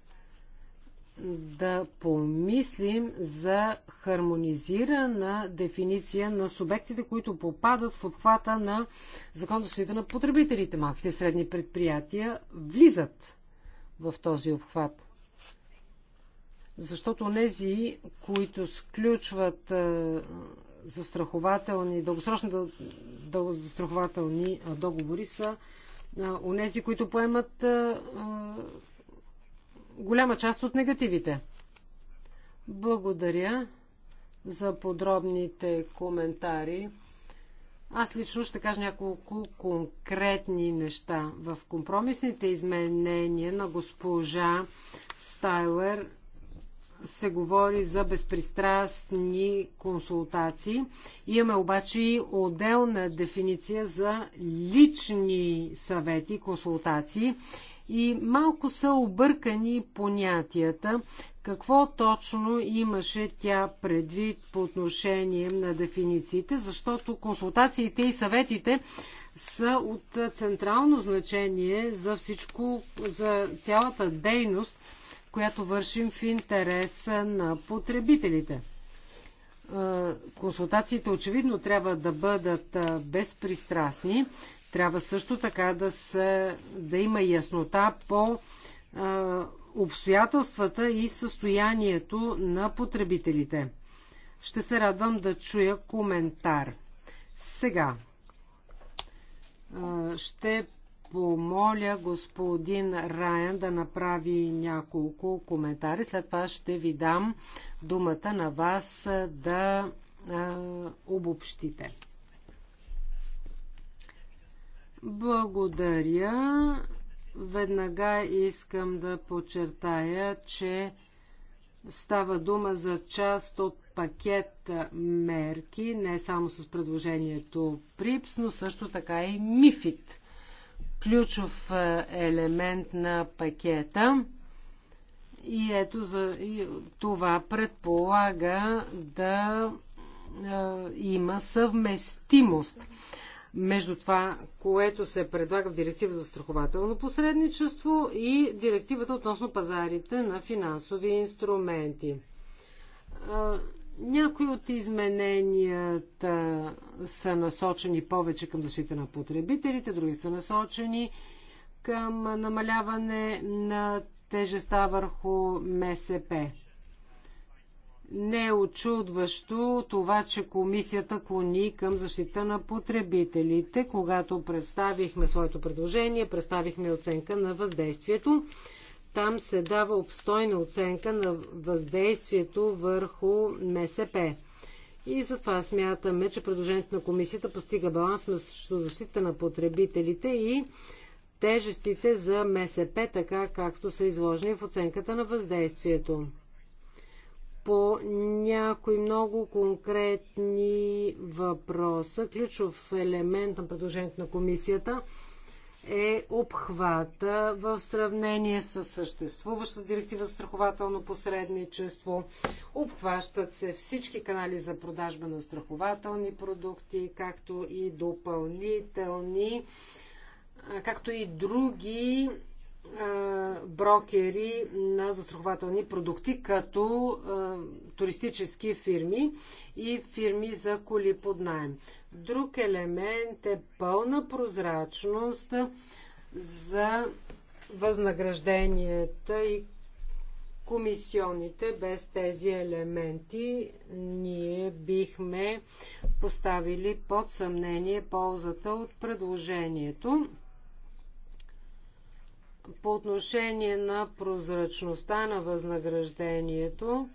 Да помислим за хармонизирана дефиниция на субектите, които попадат в обхвата на закон за на потребителите. Малките средни предприятия влизат в този обхват. Защото нези, които сключват е, застрахователни, дългосрочни застрахователни е, договори са е, нези, които поемат голяма част от негативите. Благодаря за подробните коментари. Аз лично ще кажа няколко конкретни неща. В компромисните изменения на госпожа Стайлер се говори за безпристрастни консултации. Имаме обаче и отделна дефиниция за лични съвети, консултации. И малко са объркани понятията. Какво точно имаше тя предвид по отношение на дефинициите, защото консултациите и съветите са от централно значение за всичко, за цялата дейност, която вършим в интерес на потребителите. Консултациите очевидно трябва да бъдат безпристрастни. Трябва също така да, са, да има яснота по обстоятелствата и състоянието на потребителите. Ще се радвам да чуя коментар. Сега ще помоля господин Райан да направи няколко коментари. След това ще ви дам думата на вас да обобщите. Благодаря. Веднага искам да подчертая, че става дума за част от пакет мерки, не само с предложението ПРИПС, но също така и МИФИТ. Ключов е, елемент на пакета. И ето за и това предполага да е, има съвместимост между това, което се предлага в директива за страхователно посредничество и директивата относно пазарите на финансови инструменти. Някои от измененията са насочени повече към защита на потребителите, други са насочени към намаляване на тежеста върху МСП. Не е очудващо това, че комисията клони към защита на потребителите. Когато представихме своето предложение, представихме оценка на въздействието. Там се дава обстойна оценка на въздействието върху МСП. И затова смятаме, че предложението на комисията постига баланс между защита на потребителите и тежестите за МСП, така както са изложени в оценката на въздействието по някои много конкретни въпроса. Ключов елемент на предложението на комисията е обхвата в сравнение с съществуваща директива за страхователно посредничество. Обхващат се всички канали за продажба на страхователни продукти, както и допълнителни, както и други брокери на застрахователни продукти, като туристически фирми и фирми за коли под найем. Друг елемент е пълна прозрачност за възнагражденията и комисионите Без тези елементи ние бихме поставили под съмнение ползата от предложението. По отношение на прозрачността на възнаграждението,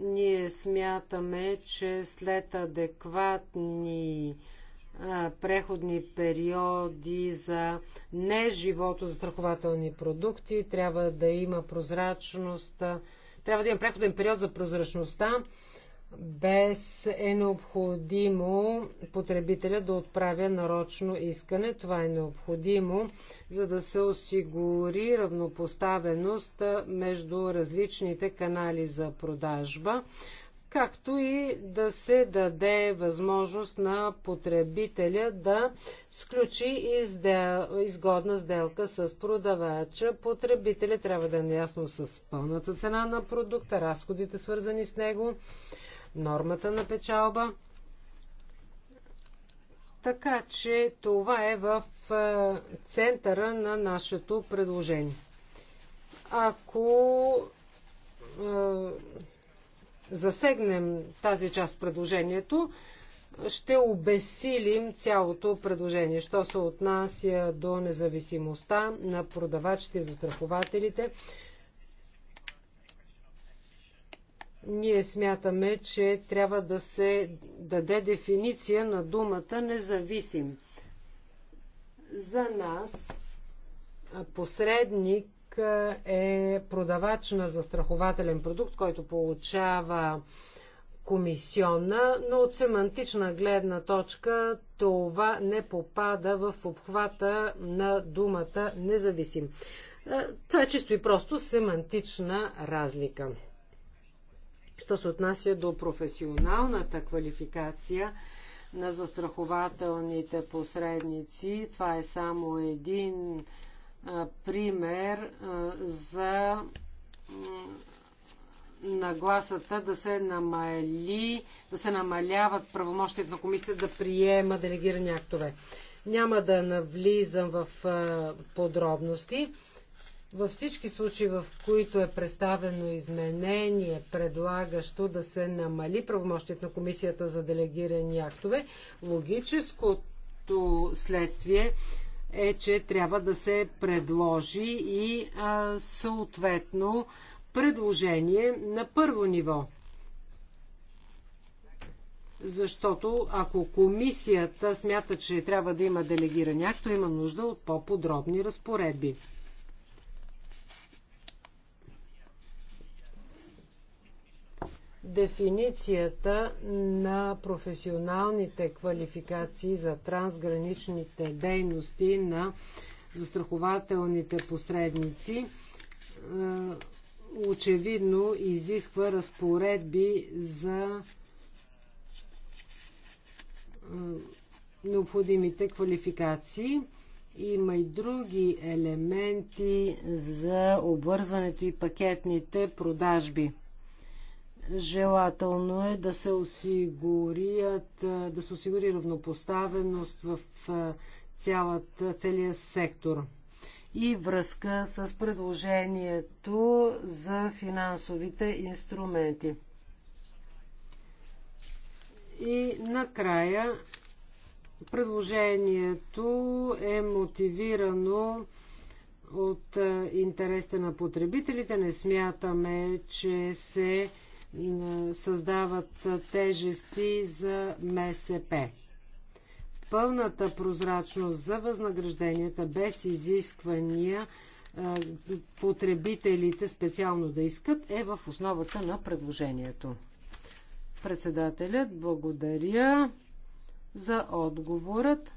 ние смятаме, че след адекватни преходни периоди за неживото застрахователни продукти, трябва да има прозрачност, трябва да има преходен период за прозрачността без е необходимо потребителя да отправя нарочно искане. Това е необходимо, за да се осигури равнопоставеност между различните канали за продажба, както и да се даде възможност на потребителя да сключи издел... изгодна сделка с продавача. Потребителя трябва да е наясно с пълната цена на продукта, разходите свързани с него нормата на печалба. Така че това е в е, центъра на нашето предложение. Ако е, засегнем тази част от предложението, ще обесилим цялото предложение, що се отнася до независимостта на продавачите и застрахователите. ние смятаме, че трябва да се даде дефиниция на думата независим. За нас посредник е продавач на застрахователен продукт, който получава комисионна, но от семантична гледна точка това не попада в обхвата на думата независим. Това е чисто и просто семантична разлика. Що се отнася до професионалната квалификация на застрахователните посредници, това е само един пример за нагласата да се намали, да се намаляват правомощите на комисията да приема делегирани актове. Няма да навлизам в подробности. Във всички случаи, в които е представено изменение, предлагащо да се намали правомощите на Комисията за делегирани актове, логическото следствие е, че трябва да се предложи и а, съответно предложение на първо ниво. Защото ако комисията смята, че трябва да има делегирани актове, има нужда от по-подробни разпоредби. дефиницията на професионалните квалификации за трансграничните дейности на застрахователните посредници е, очевидно изисква разпоредби за е, необходимите квалификации. Има и други елементи за обвързването и пакетните продажби. Желателно е да се, осигурят, да се осигури равнопоставеност в цялата, целия сектор и връзка с предложението за финансовите инструменти. И накрая предложението е мотивирано от интересите на потребителите. Не смятаме, че се създават тежести за МСП. Пълната прозрачност за възнагражденията без изисквания потребителите специално да искат е в основата на предложението. Председателят, благодаря за отговорът.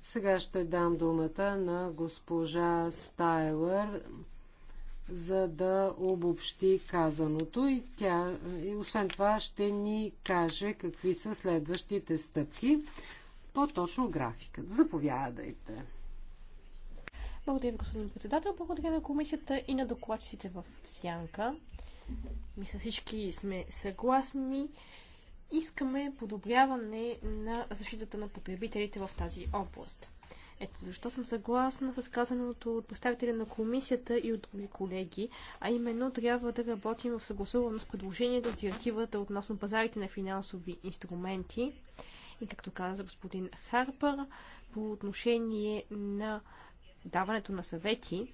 Сега ще дам думата на госпожа Стайлър за да обобщи казаното и тя, и освен това, ще ни каже какви са следващите стъпки, по-точно графика. Заповядайте. Благодаря ви, господин председател. Благодаря на комисията и на докладчиците в Сянка. Мисля, всички сме съгласни. Искаме подобряване на защитата на потребителите в тази област. Ето защо съм съгласна с казаното от представителя на комисията и от други колеги, а именно трябва да работим в съгласуваност с предложението с директивата относно пазарите на финансови инструменти и както каза господин Харпър, по отношение на даването на съвети,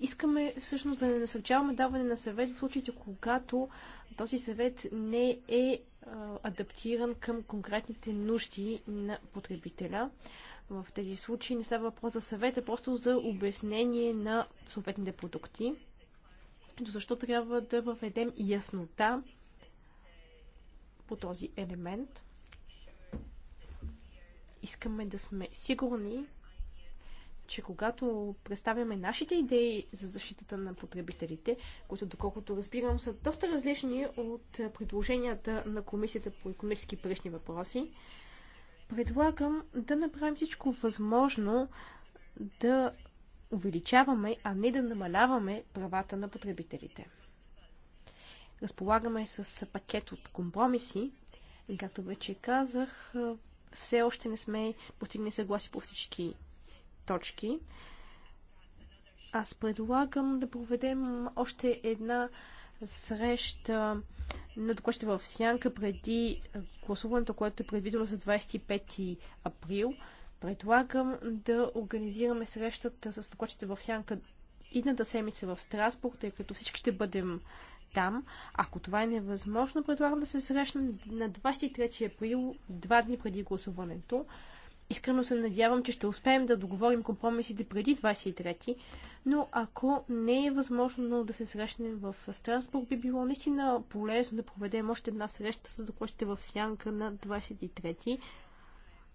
искаме всъщност да не насърчаваме даване на съвет в случаите, когато този съвет не е адаптиран към конкретните нужди на потребителя. В тези случаи не става въпрос за съвет, а просто за обяснение на съответните продукти. защо трябва да въведем яснота по този елемент. Искаме да сме сигурни, че когато представяме нашите идеи за защитата на потребителите, които доколкото разбирам са доста различни от предложенията на Комисията по економически и въпроси, предлагам да направим всичко възможно да увеличаваме, а не да намаляваме правата на потребителите. Разполагаме с пакет от компромиси. Както вече казах, все още не сме постигнали съгласие по всички точки. Аз предлагам да проведем още една среща на докладчите в Сянка преди гласуването, което е предвидено за 25 април. Предлагам да организираме срещата с докладчите в Сянка идната седмица в Страсбург, тъй като всички ще бъдем там. Ако това е невъзможно, предлагам да се срещнем на 23 април, два дни преди гласуването. Искрено се надявам, че ще успеем да договорим компромисите преди 23-ти, но ако не е възможно да се срещнем в Страсбург, би било наистина полезно да проведем още една среща с докладите в сянка на 23-ти.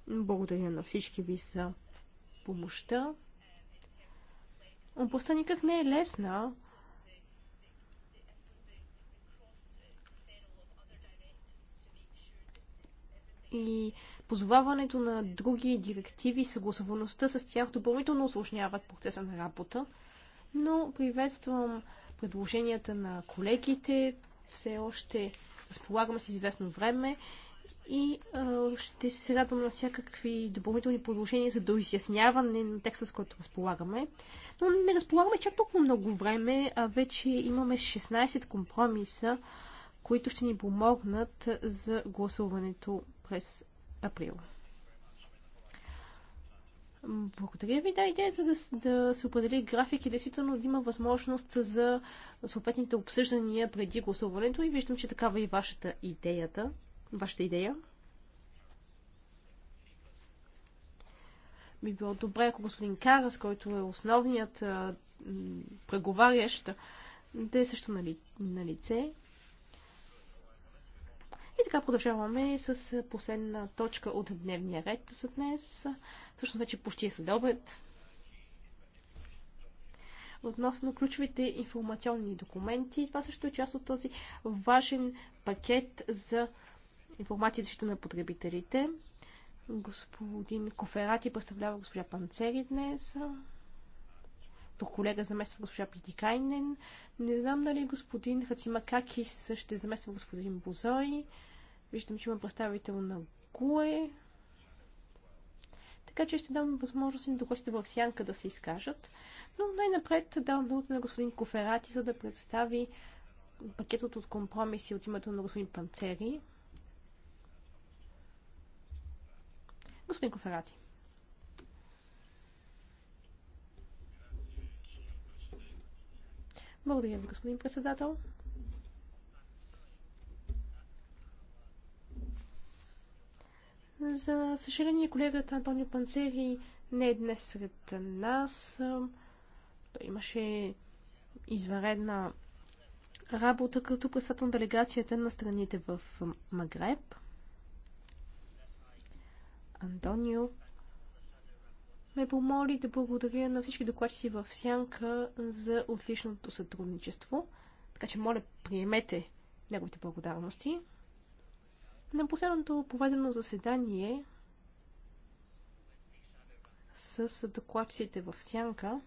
Благодаря на всички ви за помощта. Областта никак не е лесна. И позоваването на други директиви и съгласуваността с тях допълнително осложняват процеса на работа, но приветствам предложенията на колегите. Все още разполагаме с известно време и а, ще се радвам на всякакви допълнителни предложения за доизясняване на текста, с който разполагаме. Но не разполагаме чак толкова много време, а вече имаме 16 компромиса, които ще ни помогнат за гласуването през април. Благодаря ви. Да, идеята да, да се определи график и действително да има възможност за съответните обсъждания преди гласуването и виждам, че такава е и вашата идеята. Вашата идея. Би било добре, ако господин Карас, който е основният преговарящ, да е също на, ли, на лице. И така продължаваме с е, последна точка от дневния ред за днес. точно вече почти е след обед. Относно ключовите информационни документи, това също е част от този важен пакет за информация защита на потребителите. Господин Коферати представлява госпожа Панцери днес. Тук колега замества госпожа Питикайнен. Не знам дали господин Хацимакакис ще замества господин Бозой. Виждам, че има представител на ГУЕ. Така че ще дам възможност и на докладите в сянка да се изкажат. Но най-напред давам думата на господин Коферати, за да представи пакетът от компромиси от името на господин Панцери. Господин Коферати. Благодаря ви, господин председател. За съжаление, колегата Антонио Панцери не е днес сред нас. Той имаше извънредна работа като представител на делегацията на страните в Магреб. Антонио ме помоли да благодаря на всички докладчици в Сянка за отличното сътрудничество. Така че, моля, приемете неговите благодарности. На последното поведено заседание с докладците в Сянка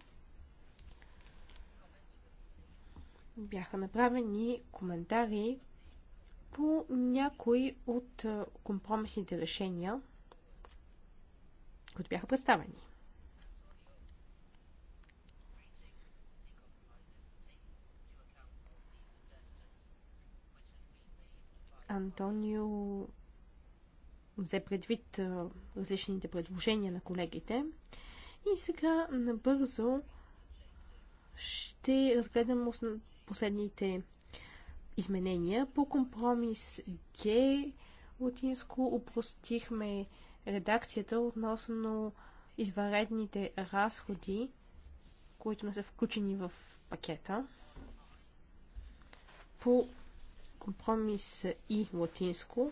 бяха направени коментари по някои от компромисните решения, които бяха представени. Антонио взе предвид различните предложения на колегите. И сега набързо ще разгледам последните изменения. По компромис Г латинско упростихме редакцията относно изваредните разходи, които не са включени в пакета. По компромис и латинско,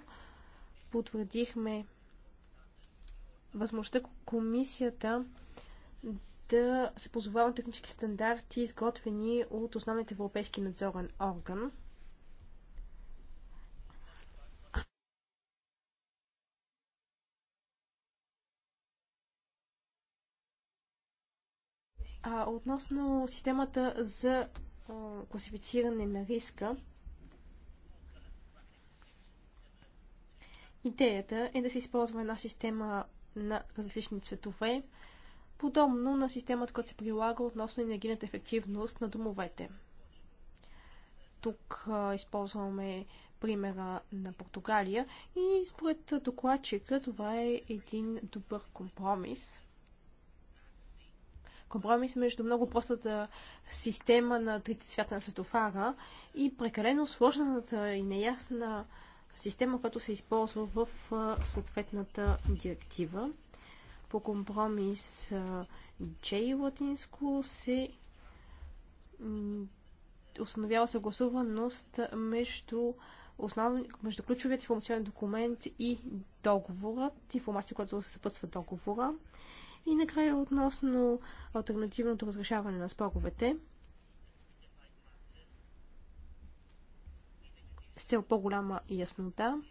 потвърдихме възможността комисията да се позовава на технически стандарти, изготвени от основният европейски надзорен орган. А, относно системата за класифициране на риска, Идеята е да се използва една система на различни цветове, подобно на системата, която се прилага относно енергийната ефективност на домовете. Тук а, използваме примера на Португалия и според докладчика това е един добър компромис. Компромис между много простата система на трите свята на светофара и прекалено сложната и неясна система, която се използва в съответната директива. По компромис J латинско се установява съгласуваност между, основ... между ключовият информационен документ и договорът, информация, която се съпътства договора. И накрая относно альтернативното разрешаване на споровете – с цел по-голяма яснота,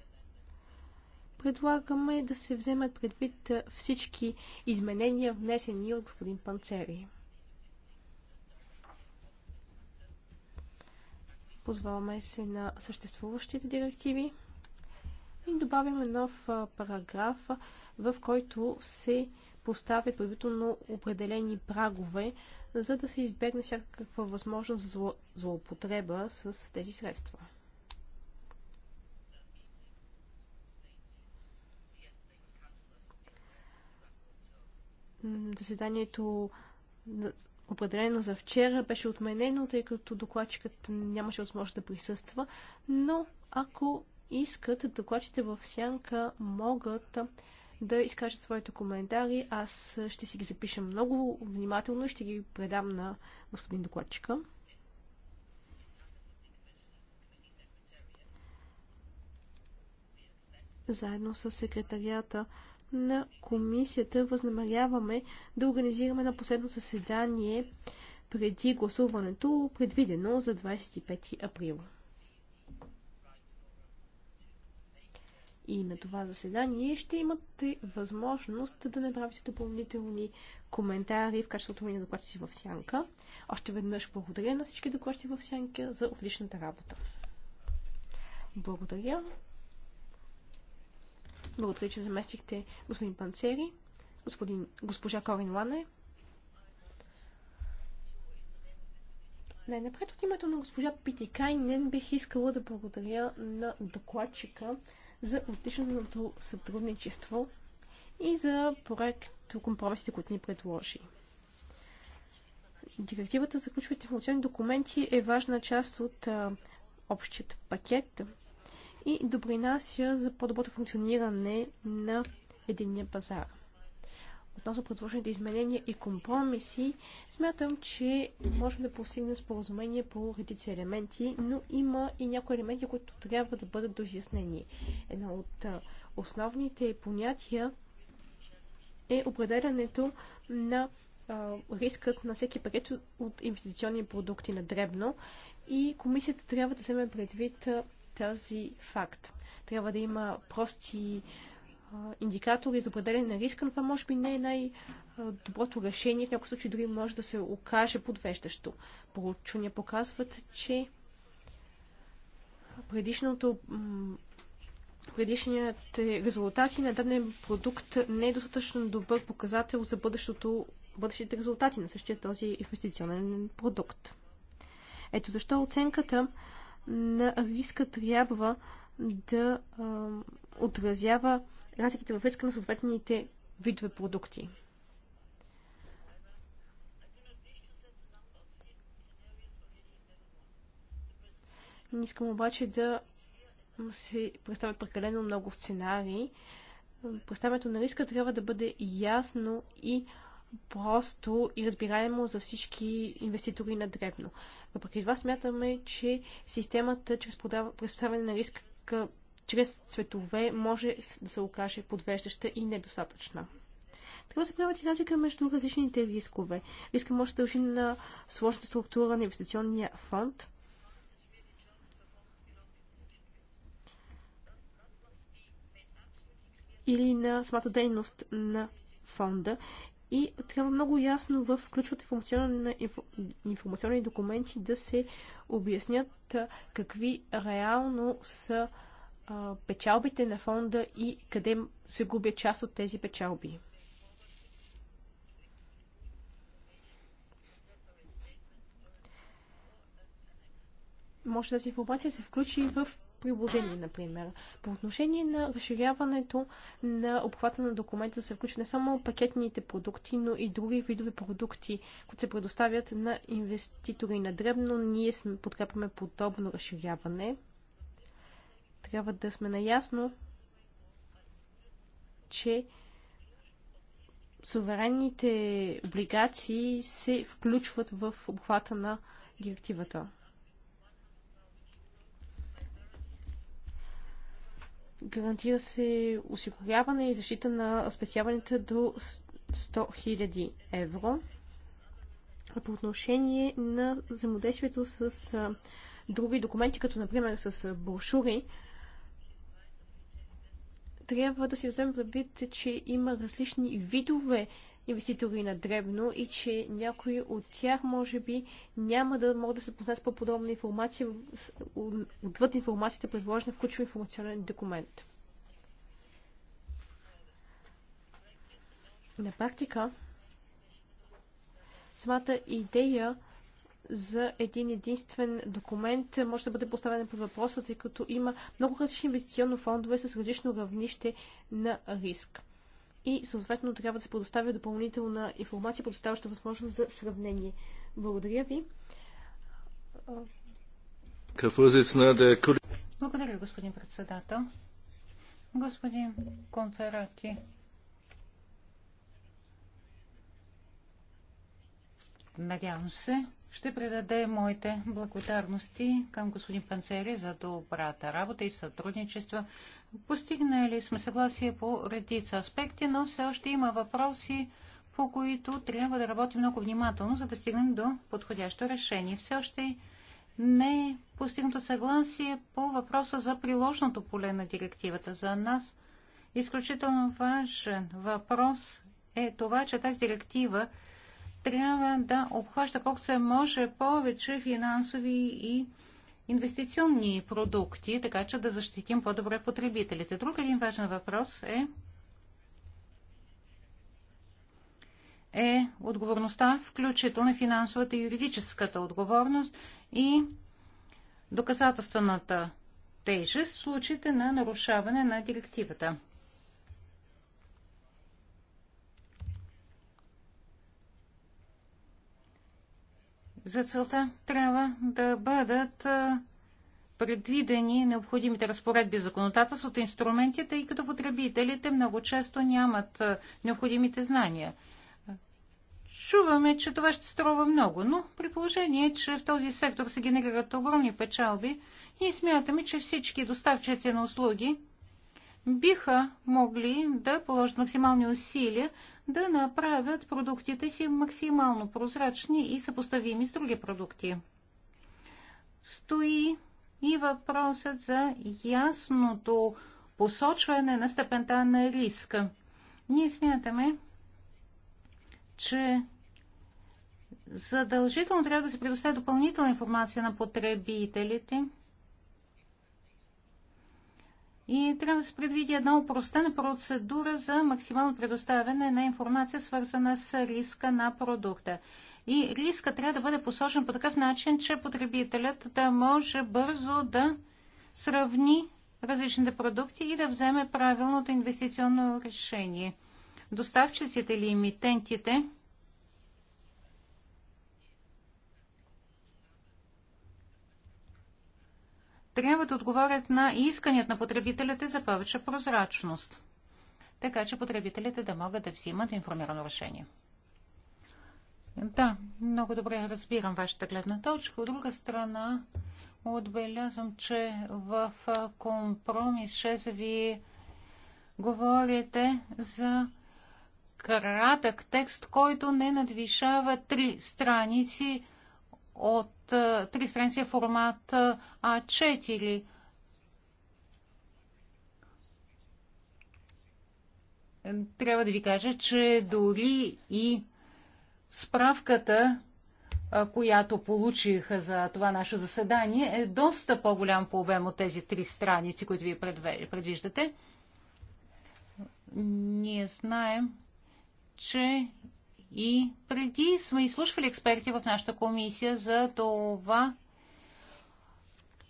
предлагаме да се вземат предвид всички изменения, внесени от господин Панцери. Позваваме се на съществуващите директиви и добавяме нов параграф, в който се поставят предварително определени прагове, за да се избегне всякаква възможност за злоупотреба с тези средства. заседанието определено за вчера беше отменено, тъй като докладчикът нямаше възможност да присъства, но ако искат, докладчите в сянка могат да изкажат своите коментари. Аз ще си ги запиша много внимателно и ще ги предам на господин докладчика. Заедно с секретарията на комисията възнамеряваме да организираме на последно заседание преди гласуването, предвидено за 25 април. И на това заседание ще имате възможност да направите допълнителни коментари в качеството ми на докладчици в Сянка. Още веднъж благодаря на всички докладчици в Сянка за отличната работа. Благодаря. Благодаря, че заместихте господин Панцери, господин, госпожа Корин Лане. Не, напред от името на госпожа Питикай, не бих искала да благодаря на докладчика за отличното сътрудничество и за проект компромисите, които ни предложи. Директивата за ключовите информационни документи е важна част от а, общият пакет, и допринася за по-доброто функциониране на единния пазар. Относно предложените изменения и компромиси, смятам, че можем да постигнем споразумение по редици елементи, но има и някои елементи, които трябва да бъдат доизяснени. Едно от основните понятия е определянето на рискът на всеки пакет от инвестиционни продукти на дребно и комисията трябва да вземе предвид този факт. Трябва да има прости индикатори за определен на риска, но това може би не е най-доброто решение. В някои случаи дори може да се окаже подвеждащо. Проучвания показват, че предишното предишният резултати на даден продукт не е достатъчно добър показател за бъдещото, бъдещите резултати на същия този инвестиционен продукт. Ето защо оценката на риска трябва да а, отразява разликите в риска на съответните видове продукти. Не искам обаче да се представят прекалено много сценарии. Представянето на риска трябва да бъде ясно и просто и разбираемо за всички инвеститори на дребно. Въпреки това смятаме, че системата чрез представяне на риск чрез цветове може да се окаже подвеждаща и недостатъчна. Трябва да се правят и разлика между различните рискове. Риска може да дължи на сложната структура на инвестиционния фонд, или на самата дейност на фонда и трябва много ясно в ключовите информационни документи да се обяснят какви реално са печалбите на фонда и къде се губят част от тези печалби. Може тази информация се включи в приложение, например. По отношение на разширяването на обхвата на документа се включват не само пакетните продукти, но и други видове продукти, които се предоставят на инвеститори на дребно. Ние сме, подкрепяме подобно разширяване. Трябва да сме наясно, че суверенните облигации се включват в обхвата на директивата. гарантира се осигуряване и защита на спесяването до 100 000 евро. По отношение на взаимодействието с други документи, като например с брошури, трябва да си вземем предвид, че има различни видове инвеститори на дребно и че някои от тях може би няма да могат да се познат с по-подробна информация отвъд информацията предложена в ключов информационен документ. На практика, самата идея за един единствен документ може да бъде поставена под въпроса, тъй като има много различни инвестиционни фондове с различно равнище на риск и съответно трябва да се предоставя допълнителна информация, предоставяща възможност за сравнение. Благодаря ви. Благодаря, господин председател. Господин Конферати, надявам се, ще предаде моите благодарности към господин Панцери за добрата работа и сътрудничество. Постигнали сме съгласие по редица аспекти, но все още има въпроси, по които трябва да работим много внимателно, за да стигнем до подходящо решение. Все още не е постигнато съгласие по въпроса за приложното поле на директивата. За нас изключително важен въпрос е това, че тази директива трябва да обхваща колкото се може повече финансови и инвестиционни продукти, така че да защитим по-добре потребителите. Друг един важен въпрос е е отговорността, включително финансовата и юридическата отговорност и доказателствената тежест в случаите на нарушаване на директивата. За целта трябва да бъдат предвидени необходимите разпоредби в законодателството, инструментите, и като потребителите много често нямат необходимите знания. Чуваме, че това ще струва много, но при положение, че в този сектор се генерират огромни печалби, ние смятаме, че всички доставчици на услуги биха могли да положат максимални усилия, да направят продуктите си максимално прозрачни и съпоставими с други продукти. Стои и въпросът за ясното посочване на степента на риска. Ние смятаме, че задължително трябва да се предоставя допълнителна информация на потребителите – и трябва да се предвиди една упростена процедура за максимално предоставяне на информация, свързана с риска на продукта. И риска трябва да бъде посочен по такъв начин, че потребителят да може бързо да сравни различните продукти и да вземе правилното инвестиционно решение. Доставчиците или имитентите трябва да отговарят на исканията на потребителите за повече прозрачност, така че потребителите да могат да взимат информирано решение. Да, много добре разбирам вашата гледна точка. От друга страна, отбелязвам, че в компромис 6 ви говорите за кратък текст, който не надвишава три страници от е, три страници е формат е, А4. Трябва да ви кажа, че дори и справката, която получих за това наше заседание, е доста по-голям по обем от тези три страници, които ви предвиждате. Ние знаем, че и преди сме изслушвали експерти в нашата комисия за това,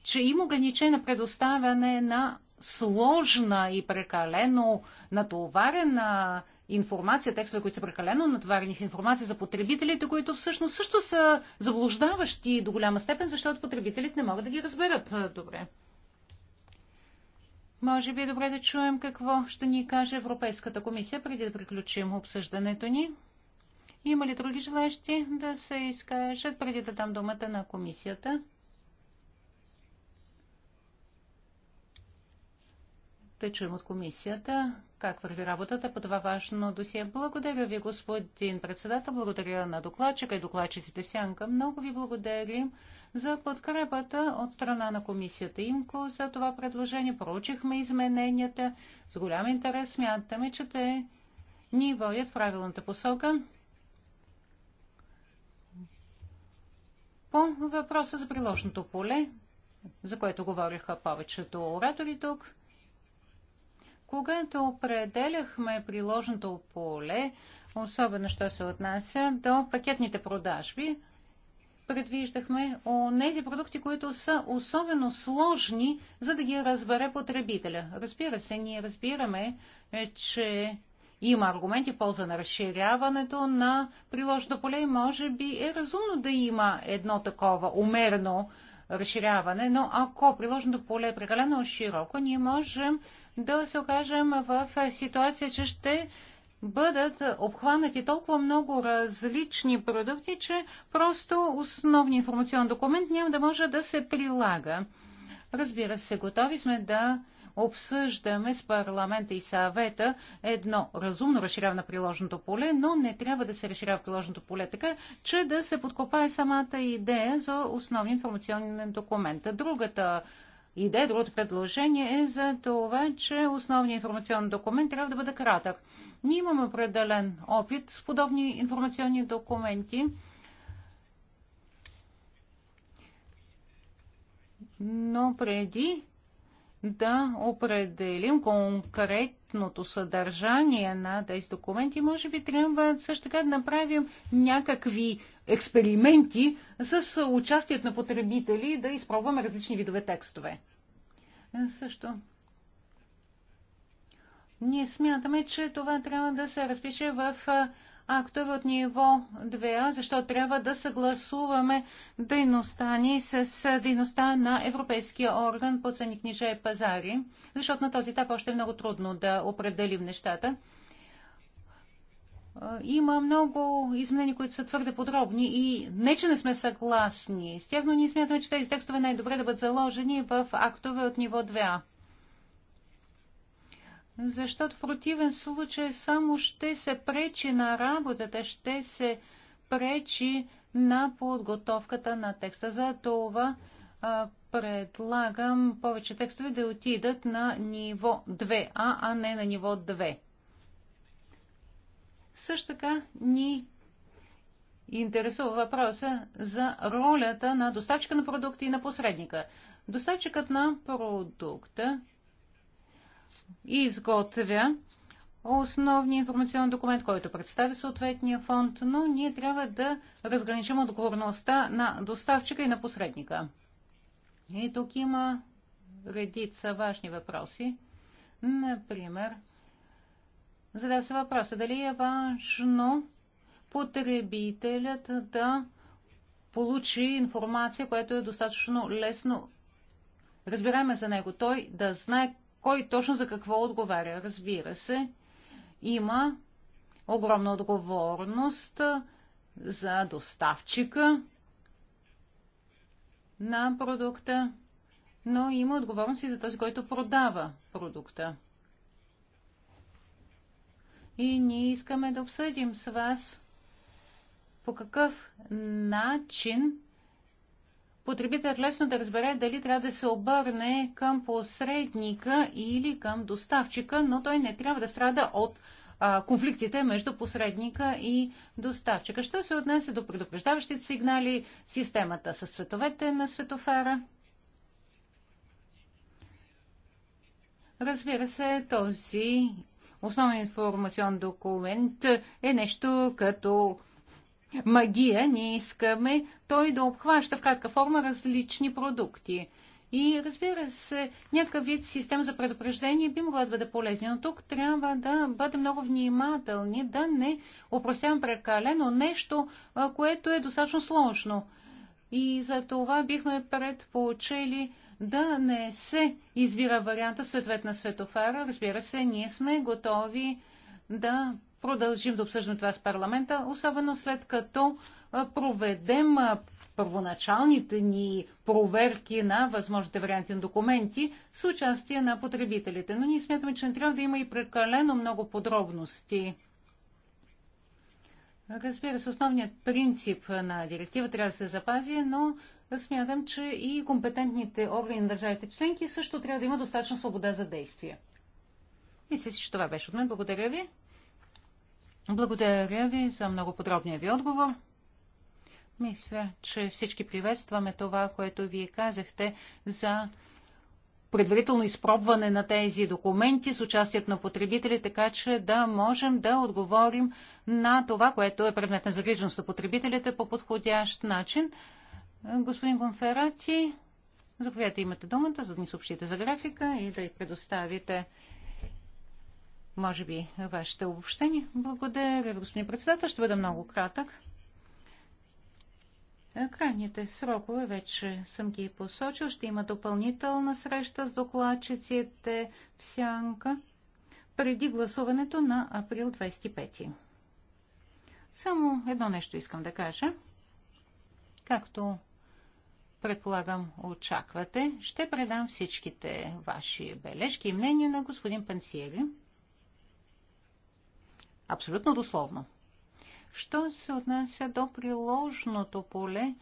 че има ограничено предоставяне на сложна и прекалено натоварена информация, текстове, които са прекалено натоварени с информация за потребителите, които всъщност също са заблуждаващи до голяма степен, защото потребителите не могат да ги разберат добре. Може би е добре да чуем какво ще ни каже Европейската комисия преди да приключим обсъждането ни. Има ли други желащи да се изкажат преди да дам думата на комисията? да чуем от комисията как върви работата по това важно досие. Благодаря ви, господин председател, благодаря на докладчика и докладчиците сянка. Много ви благодарим за подкрепата от страна на комисията ИМКО за това предложение. Проучихме измененията. С голям интерес смятаме, че те ни водят в правилната посока. По въпроса за приложното поле, за което говориха повечето оратори тук, когато определяхме приложното поле, особено що се отнася до пакетните продажби, предвиждахме нези продукти, които са особено сложни, за да ги разбере потребителя. Разбира се, ние разбираме, е, че има аргументи в полза на разширяването на приложното поле може би е разумно да има едно такова умерено разширяване, но ако приложното поле е прекалено широко, ние можем да се окажем в ситуация, че ще бъдат обхванати толкова много различни продукти, че просто основни информационен документ няма да може да се прилага. Разбира се, готови сме да обсъждаме с парламента и съвета едно разумно разширяване на приложното поле, но не трябва да се разширява приложното поле така, че да се подкопае самата идея за основни информационни документ. Другата идея, другото предложение е за това, че основният информационен документ трябва да бъде кратък. Ние имаме определен опит с подобни информационни документи. Но преди да определим конкретното съдържание на тези документи. Може би трябва също така да направим някакви експерименти с участието на потребители да изпробваме различни видове текстове. Също. Ние смятаме, че това трябва да се разпише в актове от ниво 2А, защото трябва да съгласуваме дейността ни с дейността на Европейския орган по цени книжа и пазари, защото на този етап още е много трудно да определим нещата. Има много изменения, които са твърде подробни и не, че не сме съгласни с тях, но ние смятаме, че тези текстове най-добре да бъдат заложени в актове от ниво 2А защото в противен случай само ще се пречи на работата, ще се пречи на подготовката на текста. За това а, предлагам повече текстове да отидат на ниво 2А, а не на ниво 2. Също така ни интересува въпроса за ролята на доставчика на продукти и на посредника. Доставчикът на продукта изготвя основния информационен документ, който представи съответния фонд, но ние трябва да разграничим отговорността на доставчика и на посредника. И тук има редица важни въпроси. Например, задава се въпроса дали е важно потребителят да получи информация, която е достатъчно лесно разбираема за него. Той да знае кой точно за какво отговаря. Разбира се, има огромна отговорност за доставчика на продукта, но има отговорност и за този, който продава продукта. И ние искаме да обсъдим с вас по какъв начин потребител лесно да разбере дали трябва да се обърне към посредника или към доставчика, но той не трябва да страда от конфликтите между посредника и доставчика. Що се отнесе до предупреждаващите сигнали, системата с цветовете на светофера. Разбира се, този основен информационен документ е нещо като магия, ние искаме той да обхваща в кратка форма различни продукти. И разбира се, някакъв вид система за предупреждение би могла да бъде полезна, но тук трябва да бъдем много внимателни, да не упростяваме прекалено нещо, което е достатъчно сложно. И за това бихме предпочели да не се избира варианта светвет на светофара. Разбира се, ние сме готови да продължим да обсъждаме това с парламента, особено след като проведем първоначалните ни проверки на възможните варианти на документи с участие на потребителите. Но ние смятаме, че не трябва да има и прекалено много подробности. Разбира се, основният принцип на директива трябва да се запази, но смятам, че и компетентните органи на държавите членки също трябва да има достатъчна свобода за действие. Мисля си, че това беше от мен. Благодаря ви. Благодаря ви за много подробния ви отговор. Мисля, че всички приветстваме това, което вие казахте за предварително изпробване на тези документи с участието на потребители, така че да можем да отговорим на това, което е предмет на загриженост на потребителите по подходящ начин. Господин Гонферати, заповядайте, имате думата, за да ни съобщите за графика и да й предоставите може би, вашите обобщения. Благодаря, господин председател. Ще бъда много кратък. Е, крайните срокове вече съм ги посочил. Ще има допълнителна среща с докладчиците в Сянка преди гласуването на април 25. Само едно нещо искам да кажа. Както предполагам очаквате, ще предам всичките ваши бележки и мнения на господин Пансиери. Абсолютно дословно. Що се отнася до приложното поле,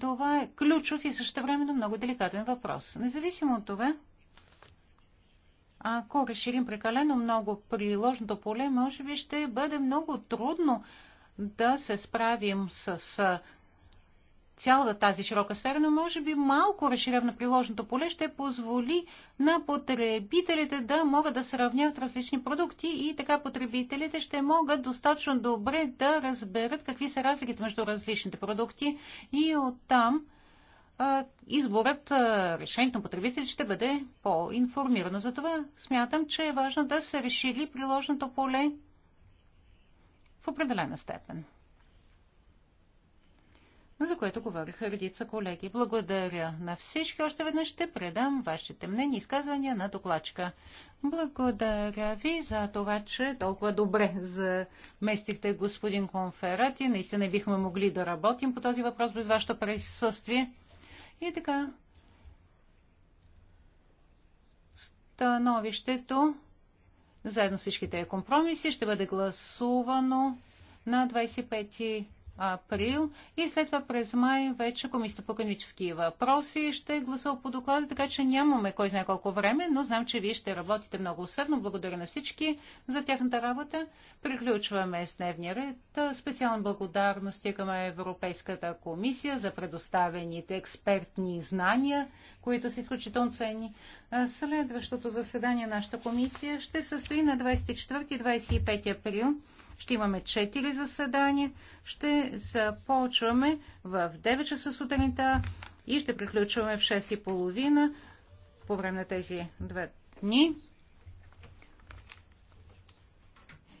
това е ключов и същевременно много деликатен въпрос. Независимо от това, ако разширим прекалено много приложното поле, може би ще бъде много трудно да се справим с цялата тази широка сфера, но може би малко разширено приложното поле ще позволи на потребителите да могат да сравняват различни продукти и така потребителите ще могат достатъчно добре да разберат какви са разликите между различните продукти и оттам изборът, решението на потребителите ще бъде по-информирано. Затова смятам, че е важно да се разшири приложното поле в определена степен за което говориха редица колеги. Благодаря на всички. Още веднъж ще предам вашите мнения и изказвания на докладчика. Благодаря ви за това, че толкова добре заместихте господин Конферати. Наистина бихме могли да работим по този въпрос без вашето присъствие. И така. Становището заедно с всичките компромиси ще бъде гласувано на 25 април и след това през май вече Комисията по економически въпроси ще е гласува по доклада, така че нямаме кой знае колко време, но знам, че вие ще работите много усърдно. Благодаря на всички за тяхната работа. Приключваме с дневния ред. Специална благодарност към Европейската комисия за предоставените експертни знания, които са изключително ценни. Следващото заседание на нашата комисия ще състои на 24 25 април. Ще имаме 4 заседания. Ще започваме в 9 часа сутринта и ще приключваме в 6.30 по време на тези две дни.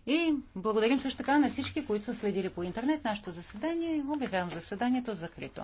И благодарим също така на всички, които са следили по интернет нашето заседание. Обявявам заседанието закрито.